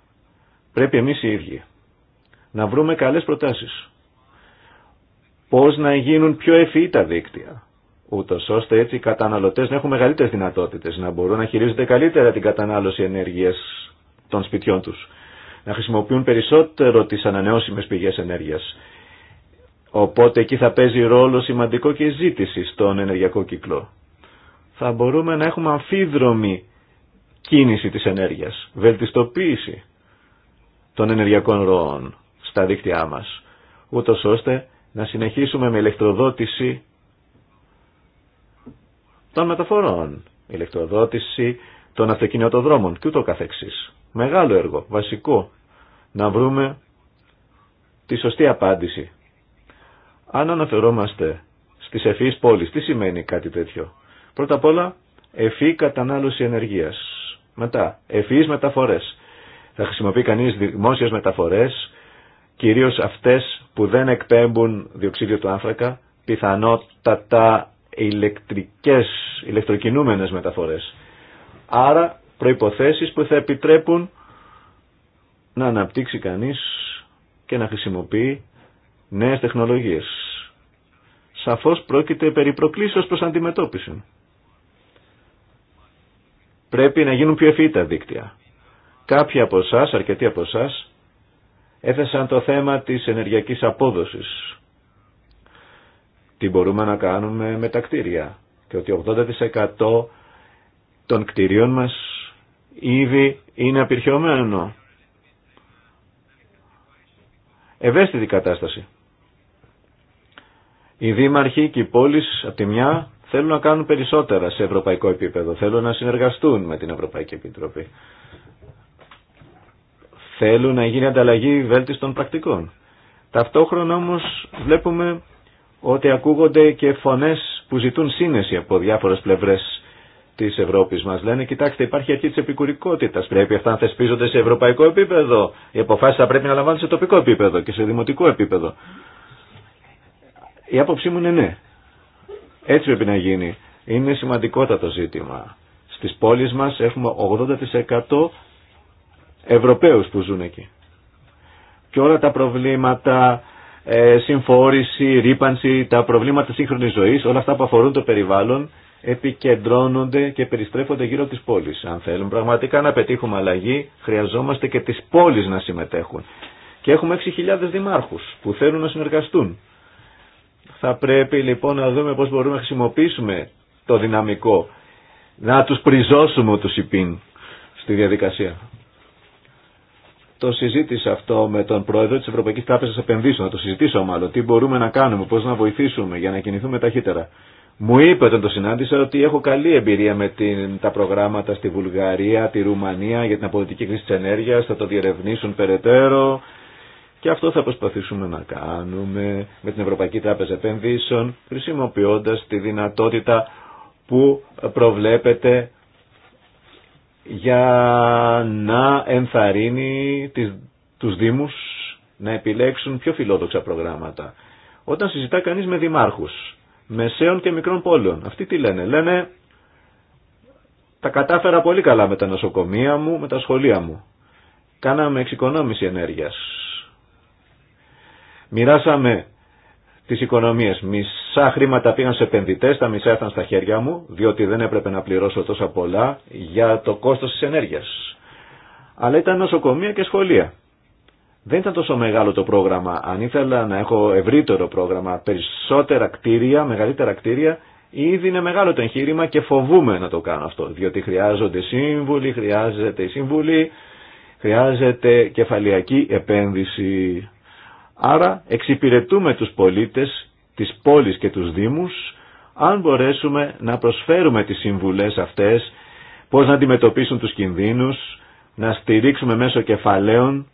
Speaker 1: πρέπει εμείς οι ίδιοι να βρούμε καλές προτάσεις. Πώς να γίνουν πιο ευφυεί τα δίκτυα ούτω ώστε έτσι οι καταναλωτέ να έχουν μεγαλύτερε δυνατότητε, να μπορούν να χειρίζονται καλύτερα την κατανάλωση ενέργεια των σπιτιών του, να χρησιμοποιούν περισσότερο τι ανανεώσιμε πηγέ ενέργεια. Οπότε εκεί θα παίζει ρόλο σημαντικό και η ζήτηση στον ενεργειακό κύκλο. Θα μπορούμε να έχουμε αμφίδρομη κίνηση της ενέργειας, βελτιστοποίηση των ενεργειακών ροών στα δίκτυά μας, ούτως ώστε να συνεχίσουμε με ηλεκτροδότηση των μεταφορών, ηλεκτροδότηση των αυτοκινητοδρόμων και ούτω καθεξής. Μεγάλο έργο, βασικό, να βρούμε τη σωστή απάντηση. Αν αναφερόμαστε στις ευφυείς πόλεις, τι σημαίνει κάτι τέτοιο. Πρώτα απ' όλα, ευφυή κατανάλωση ενεργείας. Μετά, ευφυείς μεταφορές. Θα χρησιμοποιεί κανείς δημόσιες μεταφορές, κυρίως αυτές που δεν εκπέμπουν διοξίδιο του άνθρακα, πιθανότατα ηλεκτρικές, ηλεκτροκινούμενες μεταφορές. Άρα προϋποθέσεις που θα επιτρέπουν να αναπτύξει κανείς και να χρησιμοποιεί νέες τεχνολογίες. Σαφώς πρόκειται περί προκλήσεως προς αντιμετώπιση. Πρέπει να γίνουν πιο ευφύη τα δίκτυα. Κάποιοι από εσά, αρκετοί από εσά, έθεσαν το θέμα της ενεργειακής απόδοσης τι μπορούμε να κάνουμε με τα κτίρια και ότι 80% των κτίριων μας ήδη είναι απειρχιωμένο. Ευαίσθητη κατάσταση. Οι δήμαρχοι και οι πόλεις από τη μια θέλουν να κάνουν περισσότερα σε ευρωπαϊκό επίπεδο, θέλουν να συνεργαστούν με την Ευρωπαϊκή Επιτροπή. Θέλουν να γίνει ανταλλαγή βέλτιστων πρακτικών. Ταυτόχρονα όμως βλέπουμε ότι ακούγονται και φωνές που ζητούν σύνεση από διάφορες πλευρές της Ευρώπης μας. Λένε, κοιτάξτε, υπάρχει αρχή της επικουρικότητας. Πρέπει αυτά να θεσπίζονται σε ευρωπαϊκό επίπεδο. Οι αποφάσεις θα πρέπει να λαμβάνονται σε τοπικό επίπεδο και σε δημοτικό επίπεδο. Η άποψή μου είναι ναι. Έτσι πρέπει να γίνει. Είναι σημαντικότατο ζήτημα. Στις πόλεις μας έχουμε 80% Ευρωπαίους που ζουν εκεί. Και όλα τα προβλήματα ε, συμφόρηση, ρήπανση, τα προβλήματα σύγχρονης ζωής, όλα αυτά που αφορούν το περιβάλλον επικεντρώνονται και περιστρέφονται γύρω από τις πόλεις. Αν θέλουμε πραγματικά να πετύχουμε αλλαγή, χρειαζόμαστε και τις πόλεις να συμμετέχουν. Και έχουμε 6.000 δημάρχους που θέλουν να συνεργαστούν. Θα πρέπει λοιπόν να δούμε πώς μπορούμε να χρησιμοποιήσουμε το δυναμικό, να τους πριζώσουμε τους υπήν στη διαδικασία. Το συζήτησα αυτό με τον πρόεδρο τη Ευρωπαϊκή Τράπεζα Επενδύσεων. Να το συζητήσω μάλλον. Τι μπορούμε να κάνουμε, πώ να βοηθήσουμε για να κινηθούμε ταχύτερα. Μου είπε όταν το συνάντησα ότι έχω καλή εμπειρία με την, τα προγράμματα στη Βουλγαρία, τη Ρουμανία για την αποδοτική κρίση τη ενέργεια. Θα το διερευνήσουν περαιτέρω. Και αυτό θα προσπαθήσουμε να κάνουμε με την Ευρωπαϊκή Τράπεζα Επενδύσεων, χρησιμοποιώντα τη δυνατότητα που προβλέπεται για να ενθαρρύνει τις, τους Δήμους να επιλέξουν πιο φιλόδοξα προγράμματα. Όταν συζητά κανείς με δημάρχους, μεσαίων και μικρών πόλεων, αυτοί τι λένε. Λένε τα κατάφερα πολύ καλά με τα νοσοκομεία μου, με τα σχολεία μου. Κάναμε εξοικονόμηση ενέργειας. Μοιράσαμε Τις οικονομίες. Μισά χρήματα πήγαν σε επενδυτές, τα μισά ήταν στα χέρια μου, διότι δεν έπρεπε να πληρώσω τόσα πολλά για το κόστος της ενέργειας. Αλλά ήταν νοσοκομεία και σχολεία. Δεν ήταν τόσο μεγάλο το πρόγραμμα. Αν ήθελα να έχω ευρύτερο πρόγραμμα, περισσότερα κτίρια, μεγαλύτερα κτίρια, ήδη είναι μεγάλο το εγχείρημα και φοβούμαι να το κάνω αυτό. Διότι χρειάζονται σύμβουλοι, χρειάζεται η σύμβουλη, χρειάζεται κεφαλιακή επένδυση. Άρα εξυπηρετούμε τους πολίτες τις πόλεις και τους δήμους αν μπορέσουμε να προσφέρουμε τις συμβουλές αυτές πώς να αντιμετωπίσουν τους κινδύνους, να στηρίξουμε μέσω κεφαλαίων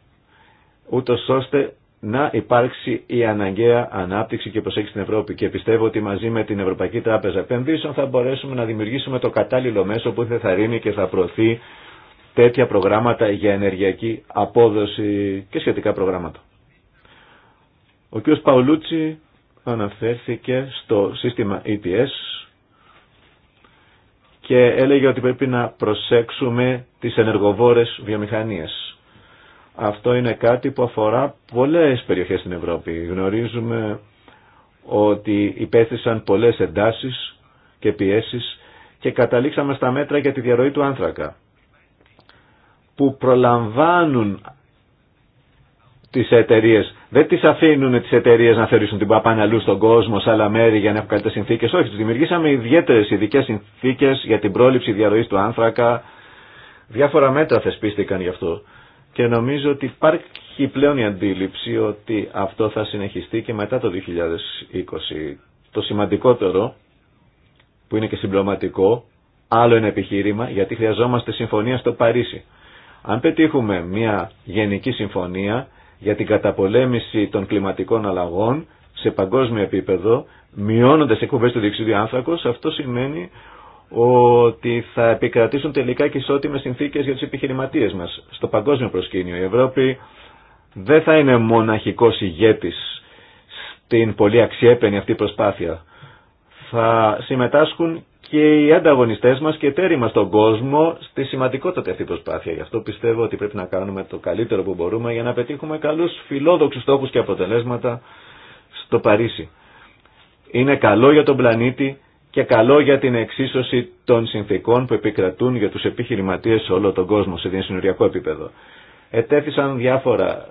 Speaker 1: ούτω ώστε να υπάρξει η αναγκαία ανάπτυξη και προσέγγιση στην Ευρώπη. Και πιστεύω ότι μαζί με την Ευρωπαϊκή Τράπεζα Επενδύσεων θα μπορέσουμε να δημιουργήσουμε το κατάλληλο μέσο που θα ρίνει και θα προωθεί τέτοια προγράμματα για ενεργειακή απόδοση και σχετικά προγράμματα. Ο κ. Παουλούτσι αναφέρθηκε στο σύστημα ETS και έλεγε ότι πρέπει να προσέξουμε τις ενεργοβόρες βιομηχανίες. Αυτό είναι κάτι που αφορά πολλές περιοχές στην Ευρώπη. Γνωρίζουμε ότι υπέστησαν πολλές εντάσεις και πιέσεις και καταλήξαμε στα μέτρα για τη διαρροή του άνθρακα που προλαμβάνουν τις εταιρείε. Δεν τις αφήνουν τις εταιρείε να θεωρήσουν την παπάνε αλλού στον κόσμο, σε άλλα μέρη για να έχουν καλύτερες συνθήκες. Όχι, τις δημιουργήσαμε ιδιαίτερες ειδικέ συνθήκες για την πρόληψη διαρροής του άνθρακα. Διάφορα μέτρα θεσπίστηκαν γι' αυτό. Και νομίζω ότι υπάρχει πλέον η αντίληψη ότι αυτό θα συνεχιστεί και μετά το 2020. Το σημαντικότερο, που είναι και συμπληρωματικό, άλλο ένα επιχείρημα, γιατί χρειαζόμαστε συμφωνία στο Παρίσι. Αν πετύχουμε μια γενική συμφωνία, για την καταπολέμηση των κλιματικών αλλαγών σε παγκόσμιο επίπεδο, μειώνοντας εκπομπές του διεξουδίου άνθρακος, αυτό σημαίνει ότι θα επικρατήσουν τελικά και ισότιμες συνθήκες για τις επιχειρηματίες μας στο παγκόσμιο προσκήνιο. Η Ευρώπη δεν θα είναι μοναχικός ηγέτης στην πολύ αξιέπαινη αυτή προσπάθεια. Θα συμμετάσχουν και οι ανταγωνιστές μας και οι εταίροι στον κόσμο στη σημαντικότητα αυτή προσπάθεια. Γι' αυτό πιστεύω ότι πρέπει να κάνουμε το καλύτερο που μπορούμε για να πετύχουμε καλούς φιλόδοξους στόχους και αποτελέσματα στο Παρίσι. Είναι καλό για τον πλανήτη και καλό για την εξίσωση των συνθήκων που επικρατούν για τους επιχειρηματίες σε όλο τον κόσμο σε διασυνοριακό επίπεδο. Ετέθησαν διάφορα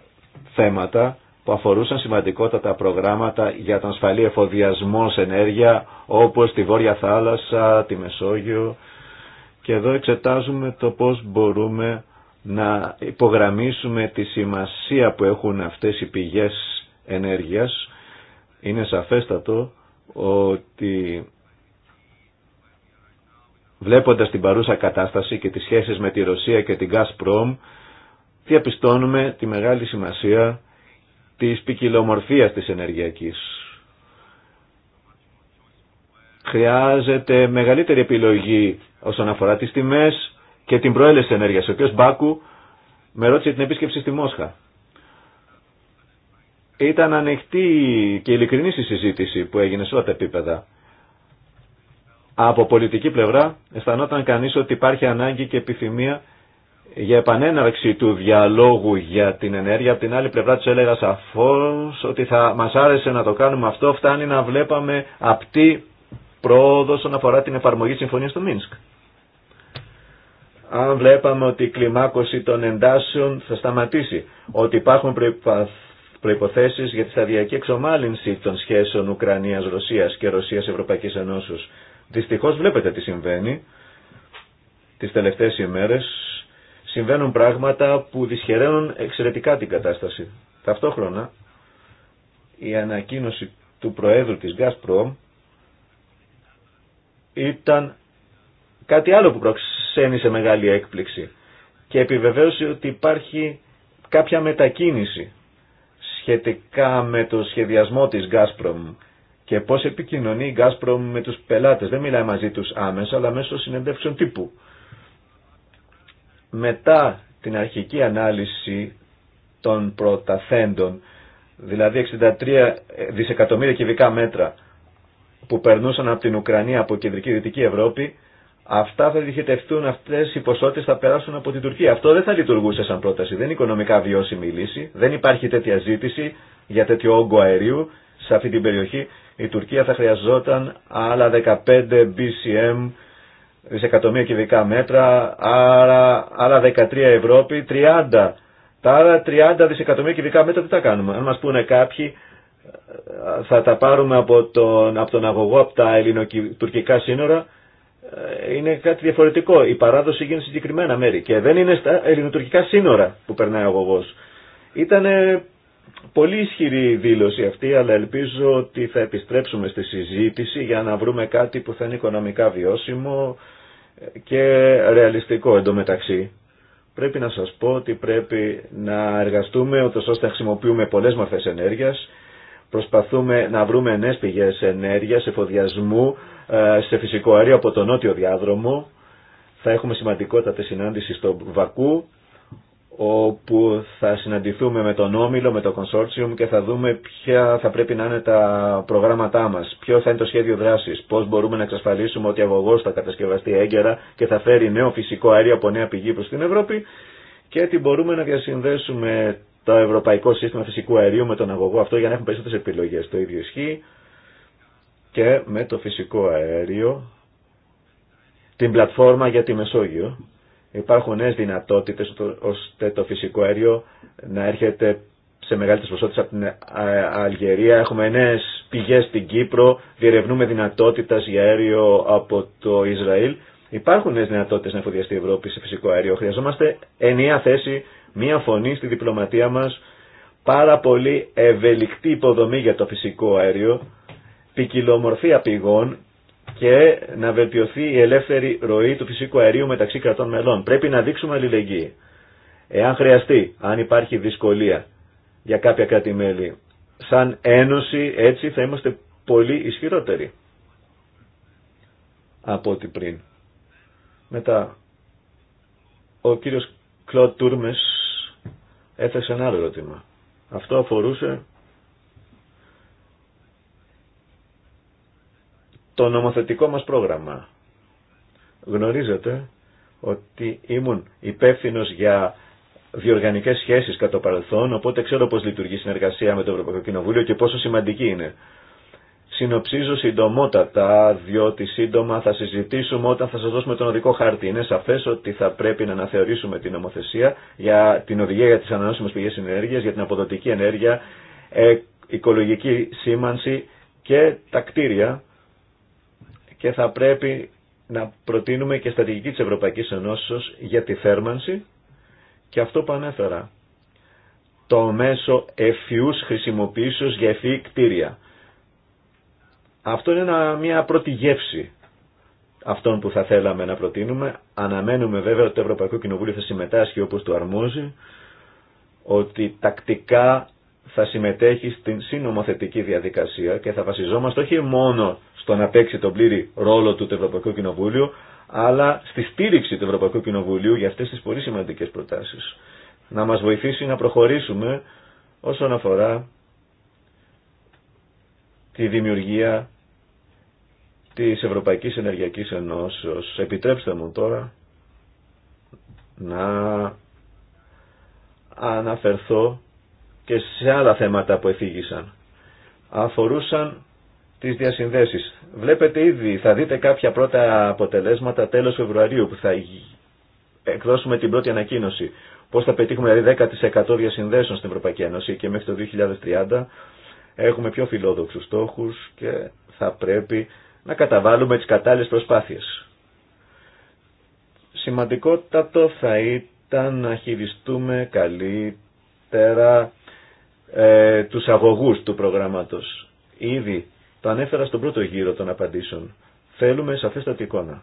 Speaker 1: θέματα που αφορούσαν σημαντικότατα προγράμματα για τον ασφαλή εφοδιασμό σε ενέργεια όπως τη Βόρεια Θάλασσα, τη Μεσόγειο και εδώ εξετάζουμε το πώς μπορούμε να υπογραμμίσουμε τη σημασία που έχουν αυτές οι πηγές ενέργειας. Είναι σαφέστατο ότι βλέποντας την παρούσα κατάσταση και τις σχέσεις με τη Ρωσία και την Gazprom διαπιστώνουμε τη μεγάλη σημασία της ποικιλομορφία της ενεργειακής. Χρειάζεται μεγαλύτερη επιλογή όσον αφορά τις τιμές και την προέλευση της ενέργειας. Ο κ. Μπάκου με ρώτησε την επίσκεψη στη Μόσχα. Ήταν ανοιχτή και ειλικρινή η συζήτηση που έγινε σε όλα τα επίπεδα. Από πολιτική πλευρά αισθανόταν κανείς ότι υπάρχει ανάγκη και επιθυμία για επανέναρξη του διαλόγου για την ενέργεια. Από την άλλη πλευρά του έλεγα σαφώς ότι θα μας άρεσε να το κάνουμε αυτό. Φτάνει να βλέπαμε απτή πρόοδο όσον αφορά την εφαρμογή συμφωνίας του Μίνσκ. Αν βλέπαμε ότι η κλιμάκωση των εντάσεων θα σταματήσει, ότι υπάρχουν προϋποθέσεις για τη σταδιακή εξομάλυνση των σχέσεων Ουκρανίας-Ρωσίας και Ρωσίας-Ευρωπαϊκής Ενώσεως. Δυστυχώς βλέπετε τι συμβαίνει τις τελευταίες ημέρες Συμβαίνουν πράγματα που δυσχεραίνουν εξαιρετικά την κατάσταση. Ταυτόχρονα η ανακοίνωση του Προέδρου της Gazprom ήταν κάτι άλλο που προξένησε μεγάλη έκπληξη και επιβεβαίωσε ότι υπάρχει κάποια μετακίνηση σχετικά με το σχεδιασμό της Gazprom και πώς επικοινωνεί η Gazprom με τους πελάτες. Δεν μιλάει μαζί τους άμεσα, αλλά μέσω συνεντεύξεων τύπου μετά την αρχική ανάλυση των προταθέντων, δηλαδή 63 δισεκατομμύρια κυβικά μέτρα που περνούσαν από την Ουκρανία από κεντρική δυτική Ευρώπη, αυτά θα διχετευτούν, αυτές οι ποσότητες θα περάσουν από την Τουρκία. Αυτό δεν θα λειτουργούσε σαν πρόταση, δεν είναι οικονομικά βιώσιμη λύση, δεν υπάρχει τέτοια ζήτηση για τέτοιο όγκο αερίου σε αυτή την περιοχή. Η Τουρκία θα χρειαζόταν άλλα 15 BCM δισεκατομμύρια κυβικά μέτρα, άρα, άρα 13 Ευρώπη, 30. Τα άλλα 30 δισεκατομμύρια κυβικά μέτρα τι θα κάνουμε. Αν μας πούνε κάποιοι θα τα πάρουμε από τον, από τον αγωγό, από τα ελληνοτουρκικά σύνορα, είναι κάτι διαφορετικό. Η παράδοση γίνεται συγκεκριμένα μέρη και δεν είναι στα ελληνοτουρκικά σύνορα που περνάει ο αγωγός. Ήταν πολύ ισχυρή η δήλωση αυτή, αλλά ελπίζω ότι θα επιστρέψουμε στη συζήτηση για να βρούμε κάτι που θα είναι οικονομικά βιώσιμο, και ρεαλιστικό εντωμεταξύ. Πρέπει να σας πω ότι πρέπει να εργαστούμε ώστε να χρησιμοποιούμε πολλές μορφές ενέργειας, προσπαθούμε να βρούμε νέες πηγές ενέργειας, εφοδιασμού ε, σε φυσικό αέριο από τον νότιο διάδρομο. Θα έχουμε σημαντικότατη συνάντηση στο Βακού όπου θα συναντηθούμε με τον Όμιλο, με το Consortium και θα δούμε ποια θα πρέπει να είναι τα προγράμματά μας, ποιο θα είναι το σχέδιο δράσης, πώς μπορούμε να εξασφαλίσουμε ότι ο αγωγός θα κατασκευαστεί έγκαιρα και θα φέρει νέο φυσικό αέριο από νέα πηγή προς την Ευρώπη και τι μπορούμε να διασυνδέσουμε το ευρωπαϊκό σύστημα φυσικού αερίου με τον αγωγό αυτό για να έχουμε περισσότερες επιλογές. Το ίδιο ισχύει και με το φυσικό αέριο, την πλατφόρμα για τη Μεσόγειο υπάρχουν νέες δυνατότητες ώστε το φυσικό αέριο να έρχεται σε μεγαλύτερες ποσότητες από την Αλγερία. Έχουμε νέες πηγές στην Κύπρο, διερευνούμε δυνατότητες για αέριο από το Ισραήλ. Υπάρχουν νέες δυνατότητες να εφοδιαστεί η Ευρώπη σε φυσικό αέριο. Χρειαζόμαστε ενιαία θέση, μία φωνή στη διπλωματία μας, πάρα πολύ ευελικτή υποδομή για το φυσικό αέριο, ποικιλομορφία πηγών και να βελτιωθεί η ελεύθερη ροή του φυσικού αερίου μεταξύ κρατών μελών. Πρέπει να δείξουμε αλληλεγγύη. Εάν χρειαστεί, αν υπάρχει δυσκολία για κάποια κράτη-μέλη, σαν ένωση έτσι θα είμαστε πολύ ισχυρότεροι από ό,τι πριν. Μετά, ο κύριος Κλοντ Τούρμες έθεσε ένα άλλο ερώτημα. Αυτό αφορούσε το νομοθετικό μας πρόγραμμα. Γνωρίζετε ότι ήμουν υπεύθυνο για διοργανικές σχέσεις κατά το παρελθόν, οπότε ξέρω πώς λειτουργεί η συνεργασία με το Ευρωπαϊκό Κοινοβούλιο και πόσο σημαντική είναι. Συνοψίζω συντομότατα, διότι σύντομα θα συζητήσουμε όταν θα σας δώσουμε τον οδικό χάρτη. Είναι σαφές ότι θα πρέπει να αναθεωρήσουμε την νομοθεσία για την οδηγία για τις ανανόσιμες πηγές ενέργειας, για την αποδοτική ενέργεια, ε, οικολογική σήμανση και τα κτίρια και θα πρέπει να προτείνουμε και στρατηγική της Ευρωπαϊκής Ενώσεως για τη θέρμανση και αυτό που ανέφερα. Το μέσο εφιούς χρησιμοποιήσεως για ευφυή κτίρια. Αυτό είναι μια πρώτη γεύση αυτών που θα θέλαμε να προτείνουμε. Αναμένουμε βέβαια ότι το Ευρωπαϊκό Κοινοβούλιο θα συμμετάσχει όπως του αρμόζει, ότι τακτικά θα συμμετέχει στην συνομοθετική διαδικασία και θα βασιζόμαστε όχι μόνο στο να παίξει τον πλήρη ρόλο του Ευρωπαϊκού Ευρωπαϊκό Κοινοβούλιο, αλλά στη στήριξη του Ευρωπαϊκού Κοινοβουλίου για αυτές τις πολύ σημαντικές προτάσεις. Να μας βοηθήσει να προχωρήσουμε όσον αφορά τη δημιουργία της Ευρωπαϊκής Ενεργειακής Ενώσεως. Επιτρέψτε μου τώρα να αναφερθώ και σε άλλα θέματα που εφήγησαν. Αφορούσαν τις διασυνδέσεις. Βλέπετε ήδη, θα δείτε κάποια πρώτα αποτελέσματα τέλος Φεβρουαρίου που θα εκδώσουμε την πρώτη ανακοίνωση. Πώς θα πετύχουμε δηλαδή 10% διασυνδέσεων στην Ευρωπαϊκή Ένωση και μέχρι το 2030 έχουμε πιο φιλόδοξους στόχους και θα πρέπει να καταβάλουμε τις κατάλληλες προσπάθειες. Σημαντικότατο θα ήταν να χειριστούμε καλύτερα ε, τους αγωγούς του προγράμματος. Ήδη το ανέφερα στον πρώτο γύρο των απαντήσεων. Θέλουμε σαφέστατη εικόνα.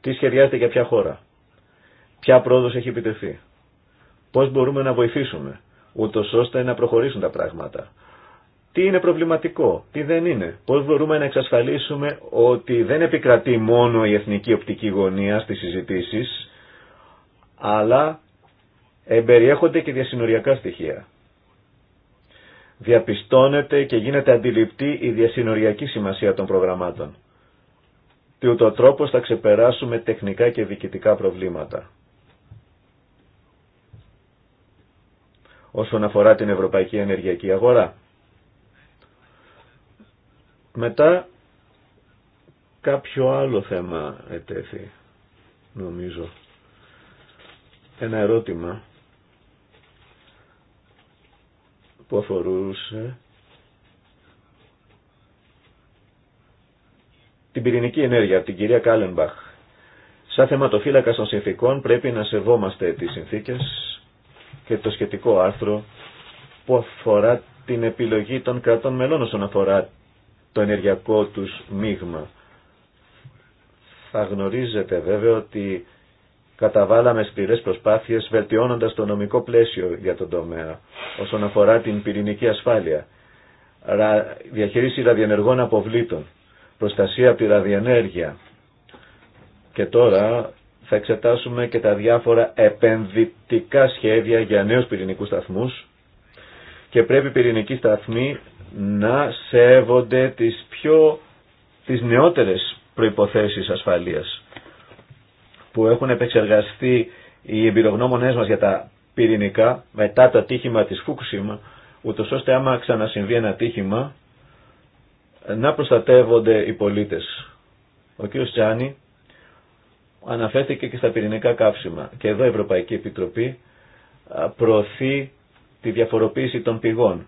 Speaker 1: Τι σχεδιάζεται για ποια χώρα. Ποια πρόοδος έχει επιτεθεί. Πώς μπορούμε να βοηθήσουμε, ούτω ώστε να προχωρήσουν τα πράγματα. Τι είναι προβληματικό, τι δεν είναι. Πώς μπορούμε να εξασφαλίσουμε ότι δεν επικρατεί μόνο η εθνική οπτική γωνία στις συζητήσεις, αλλά εμπεριέχονται και διασυνοριακά στοιχεία διαπιστώνεται και γίνεται αντιληπτή η διασυνοριακή σημασία των προγραμμάτων. Τι ούτω τρόπος θα ξεπεράσουμε τεχνικά και διοικητικά προβλήματα. Όσον αφορά την ευρωπαϊκή ενεργειακή αγορά. Μετά κάποιο άλλο θέμα ετέθη, νομίζω. Ένα ερώτημα που αφορούσε την πυρηνική ενέργεια από την κυρία Κάλενμπαχ. Σαν θεματοφύλακα των συνθήκων πρέπει να σεβόμαστε τις συνθήκες και το σχετικό άρθρο που αφορά την επιλογή των κρατών μελών όσον αφορά το ενεργειακό τους μείγμα. Θα γνωρίζετε βέβαια ότι καταβάλαμε σκληρές προσπάθειες βελτιώνοντας το νομικό πλαίσιο για τον τομέα όσον αφορά την πυρηνική ασφάλεια, διαχείριση ραδιενεργών αποβλήτων, προστασία από τη ραδιενέργεια και τώρα θα εξετάσουμε και τα διάφορα επενδυτικά σχέδια για νέους πυρηνικούς σταθμούς και πρέπει οι πυρηνικοί σταθμοί να σέβονται τις πιο τις νεότερες προϋποθέσεις ασφαλείας που έχουν επεξεργαστεί οι εμπειρογνώμονές μας για τα πυρηνικά μετά το ατύχημα της Φούκουσιμα, ούτως ώστε άμα ξανασυμβεί ένα ατύχημα να προστατεύονται οι πολίτες. Ο κ. Τζάνι αναφέρθηκε και στα πυρηνικά καύσιμα και εδώ η Ευρωπαϊκή Επιτροπή προωθεί τη διαφοροποίηση των πηγών.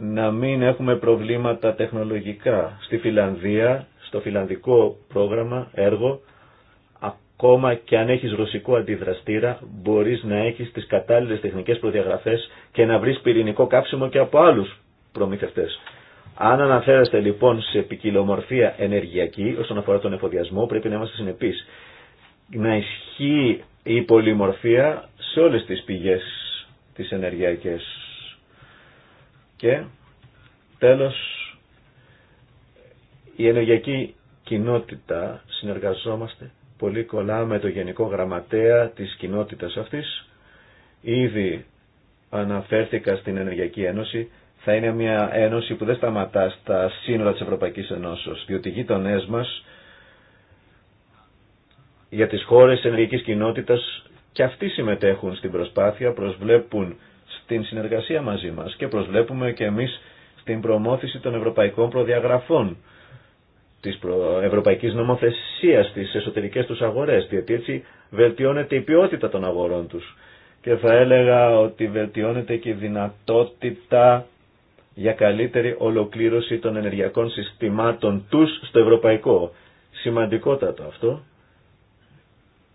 Speaker 1: Να μην έχουμε προβλήματα τεχνολογικά. Στη Φιλανδία, στο φιλανδικό πρόγραμμα, έργο, ακόμα και αν έχεις ρωσικό αντιδραστήρα μπορείς να έχεις τις κατάλληλες τεχνικές προδιαγραφές και να βρεις πυρηνικό κάψιμο και από άλλους προμηθευτές. Αν αναφέρεστε λοιπόν σε ποικιλομορφία ενεργειακή όσον αφορά τον εφοδιασμό πρέπει να είμαστε συνεπείς. Να ισχύει η πολυμορφία σε όλες τις πηγές τις ενεργειακές. Και τέλος η ενεργειακή κοινότητα συνεργαζόμαστε πολύ κολλά με το Γενικό Γραμματέα της κοινότητας αυτής. Ήδη αναφέρθηκα στην Ενεργειακή Ένωση. Θα είναι μια ένωση που δεν σταματά στα σύνορα της Ευρωπαϊκής Ενώσεως, διότι οι γείτονές μας για τις χώρες της ενεργειακής κοινότητας και αυτοί συμμετέχουν στην προσπάθεια, προσβλέπουν στην συνεργασία μαζί μας και προσβλέπουμε και εμείς στην προμόθηση των ευρωπαϊκών προδιαγραφών της ευρωπαϊκής νομοθεσίας στις εσωτερικές τους αγορές, γιατί έτσι βελτιώνεται η ποιότητα των αγορών τους. Και θα έλεγα ότι βελτιώνεται και η δυνατότητα για καλύτερη ολοκλήρωση των ενεργειακών συστημάτων τους στο ευρωπαϊκό. Σημαντικότατο αυτό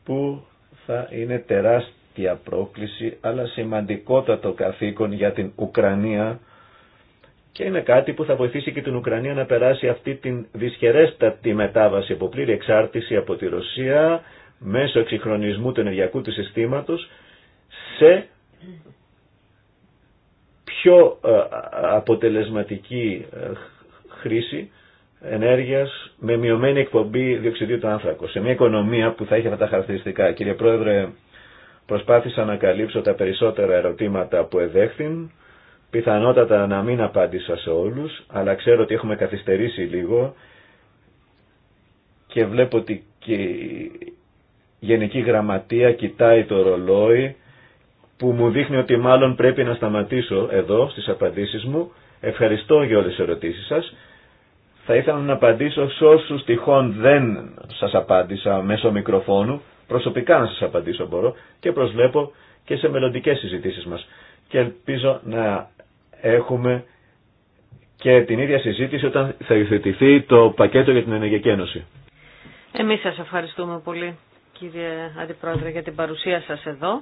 Speaker 1: που θα είναι τεράστια πρόκληση αλλά σημαντικότατο καθήκον για την Ουκρανία και είναι κάτι που θα βοηθήσει και την Ουκρανία να περάσει αυτή την δυσχερέστατη μετάβαση από πλήρη εξάρτηση από τη Ρωσία μέσω εξυγχρονισμού του ενεργειακού του συστήματος σε πιο ε, αποτελεσματική ε, χρήση ενέργειας με μειωμένη εκπομπή διοξιδίου του άνθρακο, Σε μια οικονομία που θα έχει αυτά τα χαρακτηριστικά. Κύριε Πρόεδρε, προσπάθησα να καλύψω τα περισσότερα ερωτήματα που εδέχθην Πιθανότατα να μην απάντησα σε όλους, αλλά ξέρω ότι έχουμε καθυστερήσει λίγο και βλέπω ότι και η Γενική Γραμματεία κοιτάει το ρολόι που μου δείχνει ότι μάλλον πρέπει να σταματήσω εδώ στις απαντήσεις μου. Ευχαριστώ για όλες τις ερωτήσεις σας. Θα ήθελα να απαντήσω σε όσου τυχόν δεν σας απάντησα μέσω μικροφόνου. Προσωπικά να σας απαντήσω μπορώ και προσβλέπω και σε μελλοντικέ συζητήσεις μας. Και ελπίζω να έχουμε και την ίδια συζήτηση όταν θα υιοθετηθεί το πακέτο για την Ενεργειακή Ένωση.
Speaker 2: Εμείς σας ευχαριστούμε πολύ κύριε Αντιπρόεδρε για την παρουσία σας εδώ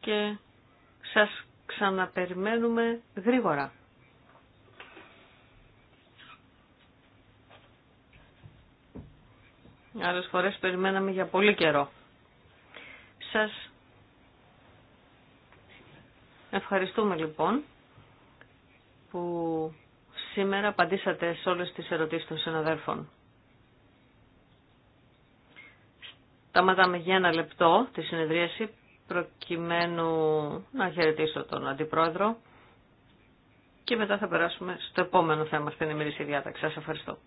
Speaker 2: και σας ξαναπεριμένουμε γρήγορα. Άλλες φορές περιμέναμε για πολύ καιρό. Σας Ευχαριστούμε λοιπόν που σήμερα απαντήσατε σε όλες τις ερωτήσεις των συναδέλφων. Ταματάμε για ένα λεπτό τη συνεδρίαση προκειμένου να χαιρετήσω τον Αντιπρόεδρο και μετά θα περάσουμε στο επόμενο θέμα στην ημερήσια διάταξη. Σας ευχαριστώ.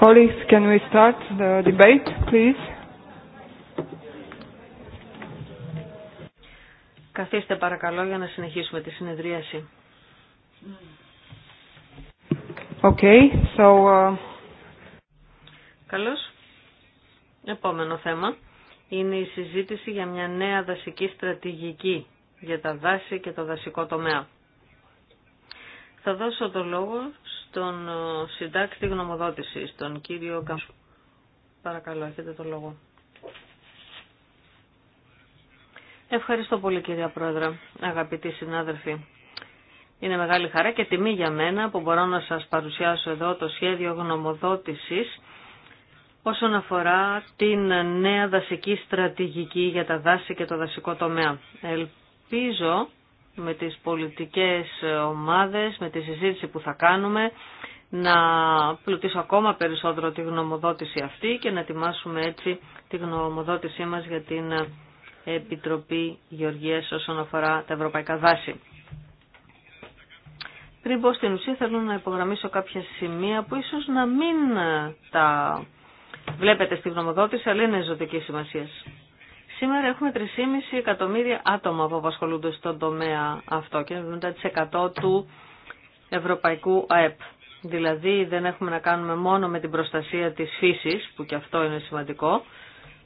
Speaker 3: Colleagues,
Speaker 2: Καθίστε παρακαλώ για να συνεχίσουμε τη συνεδρίαση.
Speaker 3: Okay, so... Uh...
Speaker 2: Καλώς. Επόμενο θέμα είναι η συζήτηση για μια νέα δασική στρατηγική για τα δάση και το δασικό τομέα. Θα δώσω το λόγο στον ε, συντάκτη γνωμοδότησης, τον κύριο Καμπού. Παρακαλώ, έχετε το λόγο. Ευχαριστώ πολύ κυρία Πρόεδρε, αγαπητοί συνάδελφοι. Είναι μεγάλη χαρά και τιμή για μένα που μπορώ να σας παρουσιάσω εδώ το σχέδιο γνωμοδότησης όσον αφορά την νέα δασική στρατηγική για τα δάση και το δασικό τομέα. Ελπίζω με τις πολιτικές ομάδες, με τη συζήτηση που θα κάνουμε, να πλουτίσω ακόμα περισσότερο τη γνωμοδότηση αυτή και να ετοιμάσουμε έτσι τη γνωμοδότησή μας για την Επιτροπή Γεωργίας όσον αφορά τα ευρωπαϊκά δάση. Πριν πω στην ουσία θέλω να υπογραμμίσω κάποια σημεία που ίσως να μην τα βλέπετε στη γνωμοδότηση, αλλά είναι ζωτική σημασία. Σήμερα έχουμε 3,5 εκατομμύρια άτομα που απασχολούνται στον τομέα αυτό και 70% του ευρωπαϊκού ΑΕΠ. Δηλαδή δεν έχουμε να κάνουμε μόνο με την προστασία της φύσης, που και αυτό είναι σημαντικό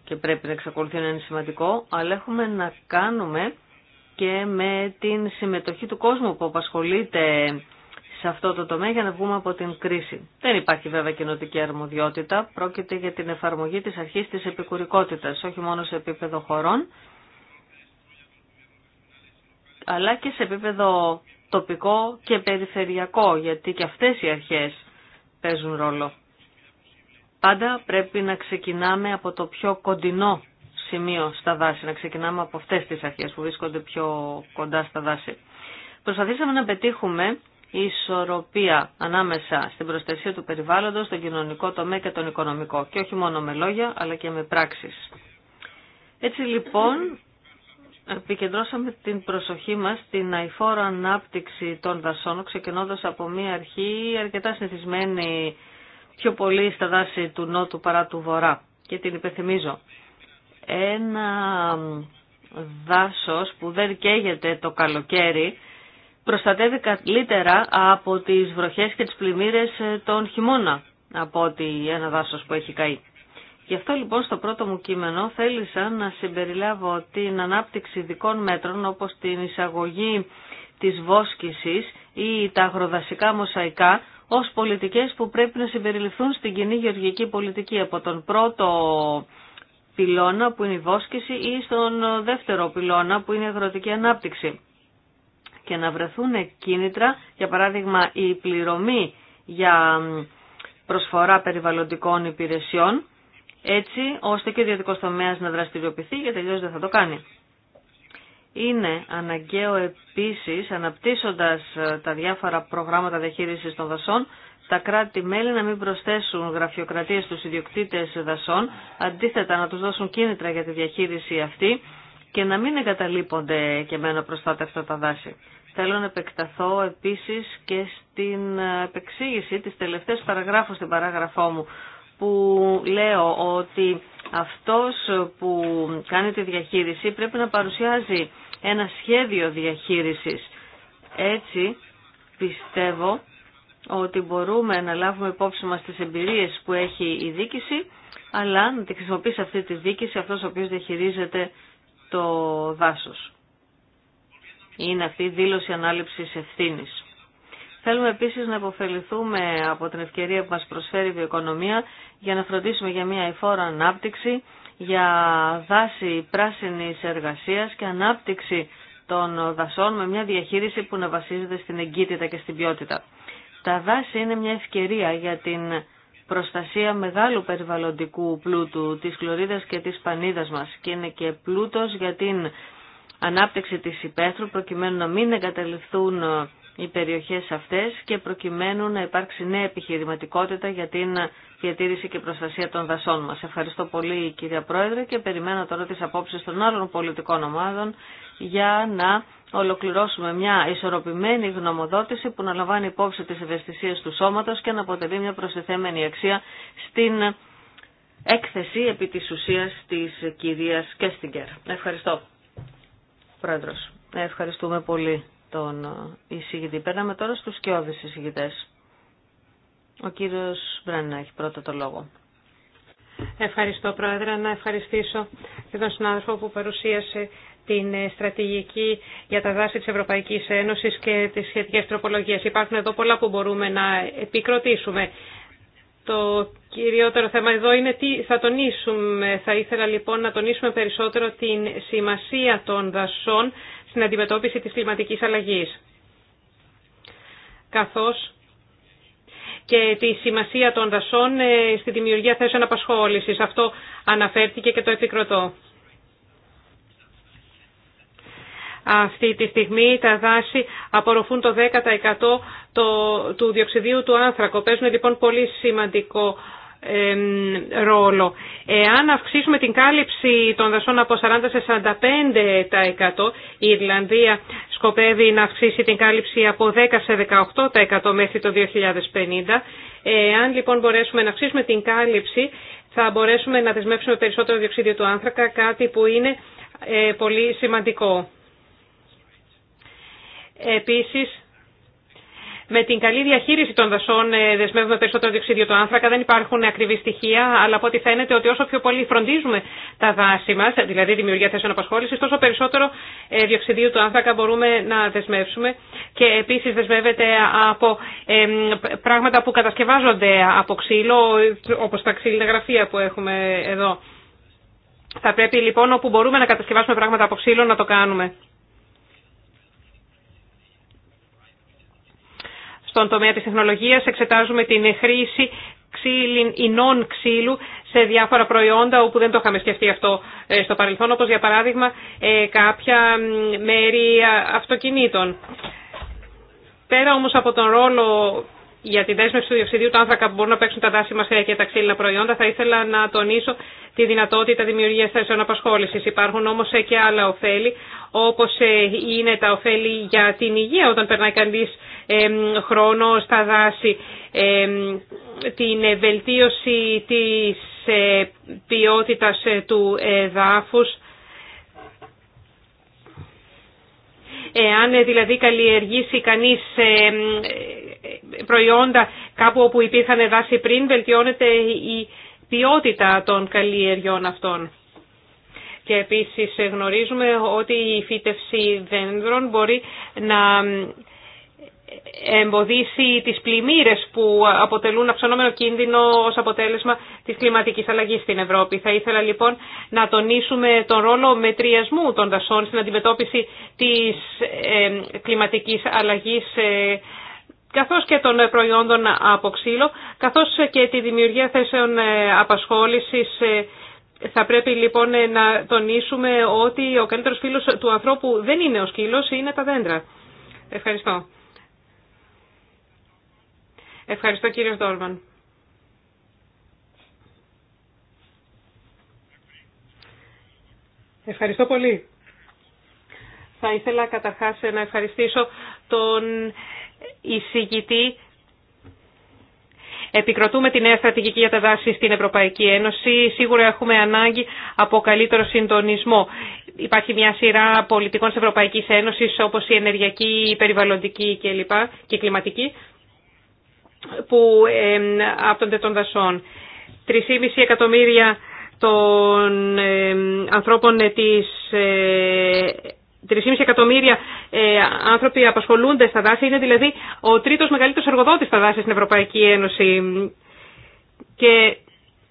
Speaker 2: και πρέπει να εξακολουθεί να είναι σημαντικό, αλλά έχουμε να κάνουμε και με την συμμετοχή του κόσμου που απασχολείται σε αυτό το τομέα για να βγούμε από την κρίση. Δεν υπάρχει βέβαια κοινοτική αρμοδιότητα, πρόκειται για την εφαρμογή της αρχής της επικουρικότητας, όχι μόνο σε επίπεδο χωρών, αλλά και σε επίπεδο τοπικό και περιφερειακό, γιατί και αυτές οι αρχές παίζουν ρόλο. Πάντα πρέπει να ξεκινάμε από το πιο κοντινό σημείο στα δάση, να ξεκινάμε από αυτές τις αρχές που βρίσκονται πιο κοντά στα δάση. Προσπαθήσαμε να πετύχουμε ισορροπία ανάμεσα στην προστασία του περιβάλλοντος, στον κοινωνικό τομέα και τον οικονομικό. Και όχι μόνο με λόγια, αλλά και με πράξεις. Έτσι λοιπόν, επικεντρώσαμε την προσοχή μας στην αηφόρο ανάπτυξη των δασών, ξεκινώντας από μια αρχή αρκετά συνηθισμένη πιο πολύ στα δάση του νότου παρά του βορρά. Και την υπενθυμίζω. Ένα δάσος που δεν καίγεται το καλοκαίρι, προστατεύει καλύτερα από τις βροχές και τις πλημμύρες ε, τον χειμώνα από ότι ένα δάσος που έχει καεί. Γι' αυτό λοιπόν στο πρώτο μου κείμενο θέλησα να συμπεριλάβω την ανάπτυξη ειδικών μέτρων όπως την εισαγωγή της βόσκησης ή τα αγροδασικά μοσαϊκά ως πολιτικές που πρέπει να συμπεριληφθούν στην κοινή γεωργική πολιτική από τον πρώτο πυλώνα που είναι η βόσκηση ή στον δεύτερο πυλώνα που είναι η αγροτική ανάπτυξη και να βρεθούν κίνητρα, για παράδειγμα η πληρωμή για προσφορά περιβαλλοντικών υπηρεσιών, έτσι ώστε και ο ιδιωτικό τομέα να δραστηριοποιηθεί, γιατί αλλιώ δεν θα το κάνει. Είναι αναγκαίο επίσης, αναπτύσσοντας ε, τα διάφορα προγράμματα διαχείρισης των δασών, τα κράτη-μέλη να μην προσθέσουν γραφειοκρατίε στους ιδιοκτήτες δασών, αντίθετα να τους δώσουν κίνητρα για τη διαχείριση αυτή και να μην εγκαταλείπονται και μένα προστάτευτα τα δάση. Θέλω να επεκταθώ επίσης και στην επεξήγηση της τελευταίας παραγράφου στην παράγραφό μου που λέω ότι αυτός που κάνει τη διαχείριση πρέπει να παρουσιάζει ένα σχέδιο διαχείρισης. Έτσι πιστεύω ότι μπορούμε να λάβουμε υπόψη μας τις εμπειρίες που έχει η δίκηση αλλά να τη χρησιμοποιήσει αυτή τη δίκηση αυτός ο οποίος διαχειρίζεται το δάσος είναι αυτή η δήλωση ανάληψης ευθύνης. Θέλουμε επίσης να υποφεληθούμε από την ευκαιρία που μας προσφέρει η βιοοικονομία για να φροντίσουμε για μια εφόρα ανάπτυξη, για δάση πράσινης εργασίας και ανάπτυξη των δασών με μια διαχείριση που να βασίζεται στην εγκύτητα και στην ποιότητα. Τα δάση είναι μια ευκαιρία για την προστασία μεγάλου περιβαλλοντικού πλούτου, της κλωρίδας και της πανίδας μας και είναι και πλούτος για την ανάπτυξη της υπαίθρου προκειμένου να μην εγκαταλειφθούν ε, οι περιοχές αυτές και προκειμένου να υπάρξει νέα επιχειρηματικότητα για την διατήρηση και προστασία των δασών μας. Ευχαριστώ πολύ κυρία Πρόεδρε και περιμένω τώρα τις απόψεις των άλλων πολιτικών ομάδων για να ολοκληρώσουμε μια ισορροπημένη γνωμοδότηση που να λαμβάνει υπόψη τις ευαισθησίες του σώματος και να αποτελεί μια προσθεθέμενη αξία στην έκθεση επί της ουσίας της κυρίας Κέστιγκερ. Ευχαριστώ. Πρόεδρος, ευχαριστούμε πολύ τον εισηγητή. Παίρναμε τώρα στους σκιώδεις εισηγητές. Ο κύριος Μπρένα έχει πρώτα το λόγο.
Speaker 3: Ευχαριστώ Πρόεδρε, να ευχαριστήσω και τον συνάδελφο που παρουσίασε την στρατηγική για τα δάση της Ευρωπαϊκής Ένωσης και τις σχετικές τροπολογίες. Υπάρχουν εδώ πολλά που μπορούμε να επικροτήσουμε. Το κυριότερο θέμα εδώ είναι τι θα τονίσουμε. Θα ήθελα λοιπόν να τονίσουμε περισσότερο την σημασία των δασών στην αντιμετώπιση της κλιματικής αλλαγής. Καθώς και τη σημασία των δασών ε, στη δημιουργία θέσεων απασχόλησης. Αυτό αναφέρθηκε και το επικροτώ. Αυτή τη στιγμή τα δάση απορροφούν το 10% του διοξιδίου του άνθρακο. Παίζουν λοιπόν πολύ σημαντικό ρόλο. Εάν αυξήσουμε την κάλυψη των δασών από 40% σε 45% η Ιρλανδία σκοπεύει να αυξήσει την κάλυψη από 10% σε 18% μέχρι το 2050. Εάν λοιπόν μπορέσουμε να αυξήσουμε την κάλυψη θα μπορέσουμε να δεσμεύσουμε περισσότερο διοξίδιο του άνθρακα, κάτι που είναι ε, πολύ σημαντικό. Επίσης, με την καλή διαχείριση των δασών ε, δεσμεύουμε περισσότερο διοξίδιο του άνθρακα. Δεν υπάρχουν ακριβή στοιχεία, αλλά από ό,τι φαίνεται ότι όσο πιο πολύ φροντίζουμε τα δάση μας, δηλαδή δημιουργία θέσεων απασχόληση, τόσο περισσότερο ε, διοξιδίου του άνθρακα μπορούμε να δεσμεύσουμε. Και επίση δεσμεύεται από πράγματα που κατασκευάζονται από ξύλο, όπω τα ξύλινα γραφεία που έχουμε εδώ. Θα πρέπει λοιπόν όπου μπορούμε να κατασκευάσουμε πράγματα από ξύλο να το κάνουμε. Στον τομέα της τεχνολογίας εξετάζουμε την χρήση ινών ξύλου σε διάφορα προϊόντα όπου δεν το είχαμε σκεφτεί αυτό ε, στο παρελθόν, όπως για παράδειγμα ε, κάποια μέρη αυτοκινήτων. Πέρα όμως από τον ρόλο για τη δέσμευση του διοξιδίου του άνθρακα που μπορούν να παίξουν τα δάση μα και τα ξύλινα προϊόντα, θα ήθελα να τονίσω τη δυνατότητα δημιουργία θέσεων απασχόληση. Υπάρχουν όμω ε, και άλλα ωφέλη, όπω είναι τα ωφέλη για την υγεία όταν περνάει κανεί χρόνο στα δάση, την βελτίωση της ε, ποιότητας ε, του εδάφους, Εάν ε, δηλαδή καλλιεργήσει κανείς προϊόντα κάπου όπου υπήρχαν δάση πριν, βελτιώνεται η ποιότητα των καλλιεργιών αυτών. Και επίσης γνωρίζουμε ότι η φύτευση δέντρων μπορεί να εμποδίσει τις πλημμύρες που αποτελούν αυξανόμενο κίνδυνο ως αποτέλεσμα της κλιματικής αλλαγής στην Ευρώπη. Θα ήθελα λοιπόν να τονίσουμε τον ρόλο μετριασμού των δασών στην αντιμετώπιση της κλιματικής αλλαγής ε, καθώς και των προϊόντων από ξύλο, καθώς και τη δημιουργία θέσεων ε, απασχόλησης ε. θα πρέπει λοιπόν να τονίσουμε ότι ο καλύτερος φίλος του ανθρώπου δεν είναι ο σκύλος, είναι τα δέντρα. Ευχαριστώ. Ευχαριστώ κύριε Στόρμαν. Ευχαριστώ πολύ. Θα ήθελα καταρχάς να ευχαριστήσω τον εισηγητή Επικροτούμε τη νέα στρατηγική για τα δάση στην Ευρωπαϊκή Ένωση. Σίγουρα έχουμε ανάγκη από καλύτερο συντονισμό. Υπάρχει μια σειρά πολιτικών της Ευρωπαϊκής Ένωσης όπως η ενεργειακή, η περιβαλλοντική και, και η κλιματική που άπτονται των δασών. 3,5 εκατομμύρια των ανθρώπων ε, της 3,5 ε, εκατομμύρια ε, άνθρωποι απασχολούνται στα δάση, είναι δηλαδή ο τρίτος μεγαλύτερος εργοδότης στα δάση στην Ευρωπαϊκή Ένωση. Και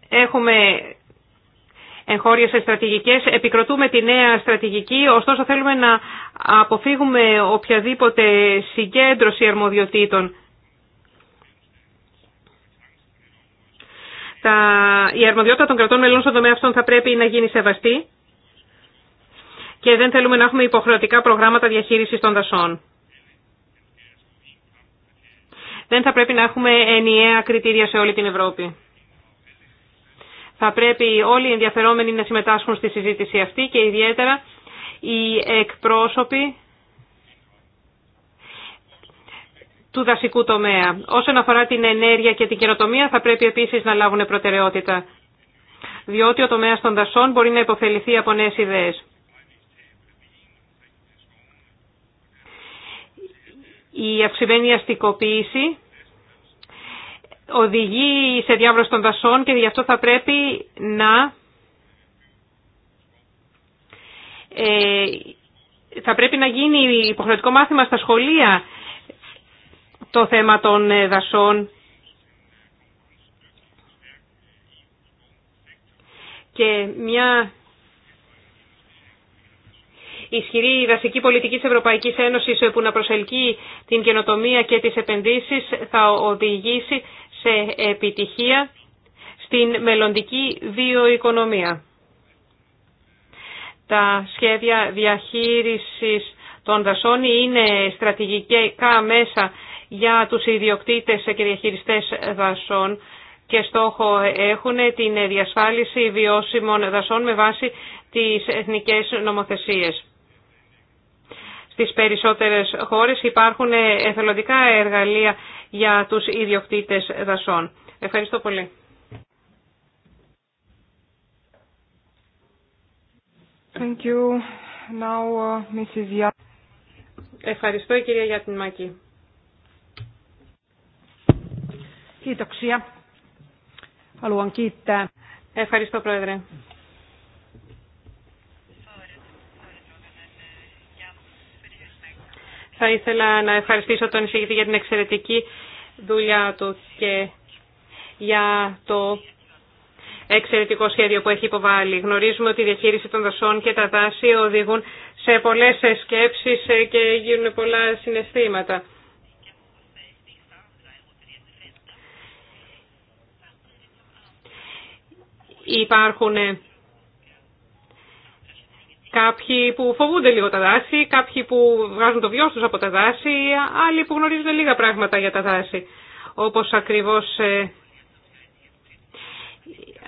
Speaker 3: έχουμε σε στρατηγικές, επικροτούμε τη νέα στρατηγική, ωστόσο θέλουμε να αποφύγουμε οποιαδήποτε συγκέντρωση αρμοδιοτήτων. η αρμοδιότητα των κρατών μελών στον τομέα αυτών θα πρέπει να γίνει σεβαστή και δεν θέλουμε να έχουμε υποχρεωτικά προγράμματα διαχείρισης των δασών. Δεν θα πρέπει να έχουμε ενιαία κριτήρια σε όλη την Ευρώπη. Θα πρέπει όλοι οι ενδιαφερόμενοι να συμμετάσχουν στη συζήτηση αυτή και ιδιαίτερα οι εκπρόσωποι του δασικού τομέα. Όσον αφορά την ενέργεια και την καινοτομία θα πρέπει επίσης να λάβουν προτεραιότητα, διότι ο τομέας των δασών μπορεί να υποφεληθεί από νέες ιδέες. Η αυξημένη αστικοποίηση οδηγεί σε διάβρος των δασών και γι' αυτό θα πρέπει να ε, θα πρέπει να γίνει υποχρεωτικό μάθημα στα σχολεία το θέμα των ε, δασών και μια ισχυρή δασική πολιτική της Ευρωπαϊκής Ένωσης ε, που να προσελκύει την καινοτομία και τις επενδύσεις θα οδηγήσει σε επιτυχία στην μελλοντική βιοοικονομία. Τα σχέδια διαχείρισης των δασών είναι στρατηγικά μέσα για τους ιδιοκτήτες και διαχειριστές δασών και στόχο έχουν την διασφάλιση βιώσιμων δασών με βάση τις εθνικές νομοθεσίες. Στις περισσότερες χώρες υπάρχουν εθελοντικά εργαλεία για τους ιδιοκτήτες δασών. Ευχαριστώ πολύ. Thank you. Now, uh, Mrs. Ευχαριστώ η κυρία Γιατνιμάκη. Μάκη. Kiitoksia. Haluan Ευχαριστώ, Πρόεδρε. Θα ήθελα να ευχαριστήσω τον εισηγητή για την εξαιρετική δουλειά του και για το εξαιρετικό σχέδιο που έχει υποβάλει. Γνωρίζουμε ότι η διαχείριση των δασών και τα δάση οδηγούν σε πολλές σκέψεις και γίνουν πολλά συναισθήματα. Υπάρχουν κάποιοι που φοβούνται λίγο τα δάση, κάποιοι που βγάζουν το βιό τους από τα δάση, άλλοι που γνωρίζουν λίγα πράγματα για τα δάση. Όπως ακριβώς ε,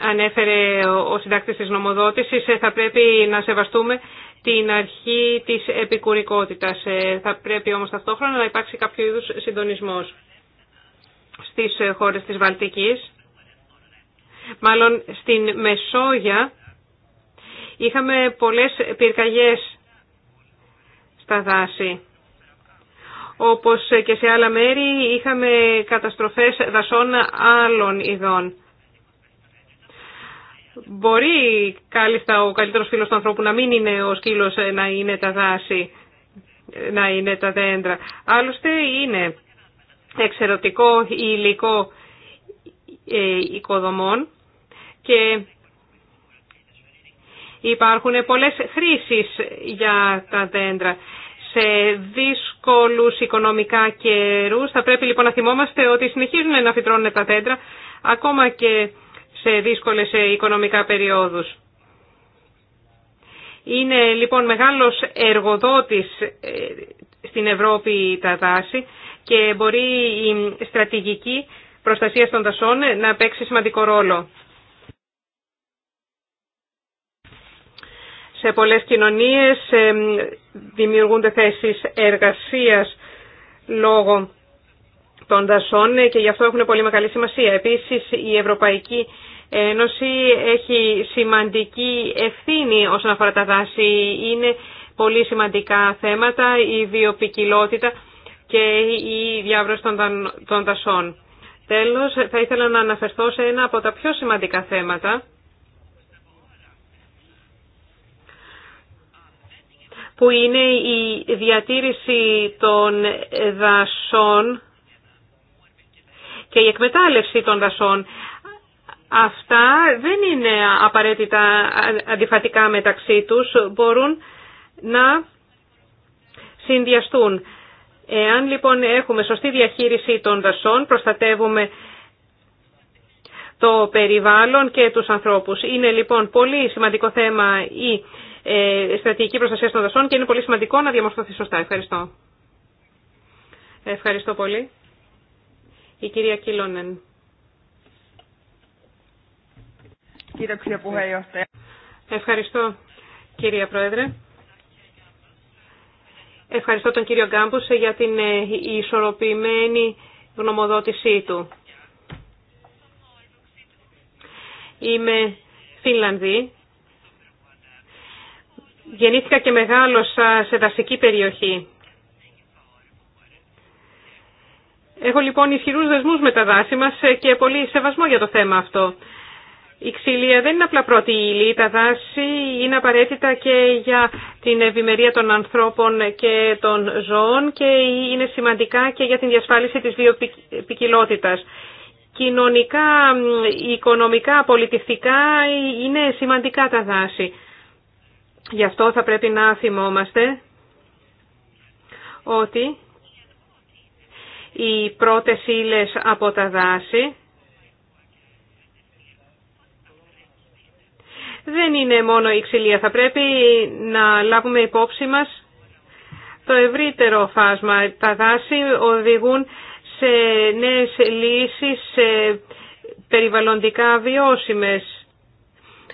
Speaker 3: ανέφερε ο συντάκτης της νομοδότησης, ε, θα πρέπει να σεβαστούμε την αρχή της επικουρικότητας. Ε, θα πρέπει όμως ταυτόχρονα να υπάρξει κάποιο είδους συντονισμός στις χώρες της Βαλτικής μάλλον στην Μεσόγεια είχαμε πολλές πυρκαγιές στα δάση. Όπως και σε άλλα μέρη είχαμε καταστροφές δασών άλλων ειδών. Μπορεί κάλλιστα ο καλύτερος φίλος του ανθρώπου να μην είναι ο σκύλος, να είναι τα δάση, να είναι τα δέντρα. Άλλωστε είναι εξαιρετικό υλικό ε, οικοδομών και υπάρχουν πολλές χρήσεις για τα δέντρα. Σε δύσκολους οικονομικά καιρούς θα πρέπει λοιπόν να θυμόμαστε ότι συνεχίζουν να φυτρώνουν τα δέντρα ακόμα και σε δύσκολες οικονομικά περιόδους. Είναι λοιπόν μεγάλος εργοδότης ε, στην Ευρώπη τα δάση και μπορεί η στρατηγική προστασία των δασών να παίξει σημαντικό ρόλο. Σε πολλές κοινωνίες ε, δημιουργούνται θέσεις εργασίας λόγω των δασών ε, και γι' αυτό έχουν πολύ μεγάλη σημασία. Επίσης η Ευρωπαϊκή Ένωση έχει σημαντική ευθύνη όσον αφορά τα δάση. Είναι πολύ σημαντικά θέματα η βιοπικιλότητα και η διάβρωση των δασών. Τέλος, θα ήθελα να αναφερθώ σε ένα από τα πιο σημαντικά θέματα που είναι η διατήρηση των δασών και η εκμετάλλευση των δασών. Αυτά δεν είναι απαραίτητα αντιφατικά μεταξύ τους, μπορούν να συνδυαστούν. Εάν λοιπόν έχουμε σωστή διαχείριση των δασών, προστατεύουμε το περιβάλλον και τους ανθρώπους. Είναι λοιπόν πολύ σημαντικό θέμα η ε, στρατηγική προστασία των δασών και είναι πολύ σημαντικό να διαμορφωθεί σωστά. Ευχαριστώ. Ευχαριστώ πολύ. Η κυρία Κίλονεν. Ευχαριστώ κυρία Πρόεδρε. Ευχαριστώ τον κύριο Γκάμπους για την ε, ισορροπημένη γνωμοδότησή του. Είμαι Φινλανδή Γεννήθηκα και μεγάλωσα σε δασική περιοχή. Έχω λοιπόν ισχυρούς δεσμούς με τα δάση μας ε, και πολύ σεβασμό για το θέμα αυτό. Η ξυλία δεν είναι απλά πρώτη ύλη, τα δάση είναι απαραίτητα και για την ευημερία των ανθρώπων και των ζώων και είναι σημαντικά και για την διασφάλιση της βιοποικιλότητας. Κοινωνικά, οικονομικά, πολιτιστικά ε, είναι σημαντικά τα δάση. Γι' αυτό θα πρέπει να θυμόμαστε ότι οι πρώτες ύλε από τα δάση δεν είναι μόνο η ξυλία. Θα πρέπει να λάβουμε υπόψη μας το ευρύτερο φάσμα. Τα δάση οδηγούν σε νέες λύσεις, σε περιβαλλοντικά βιώσιμες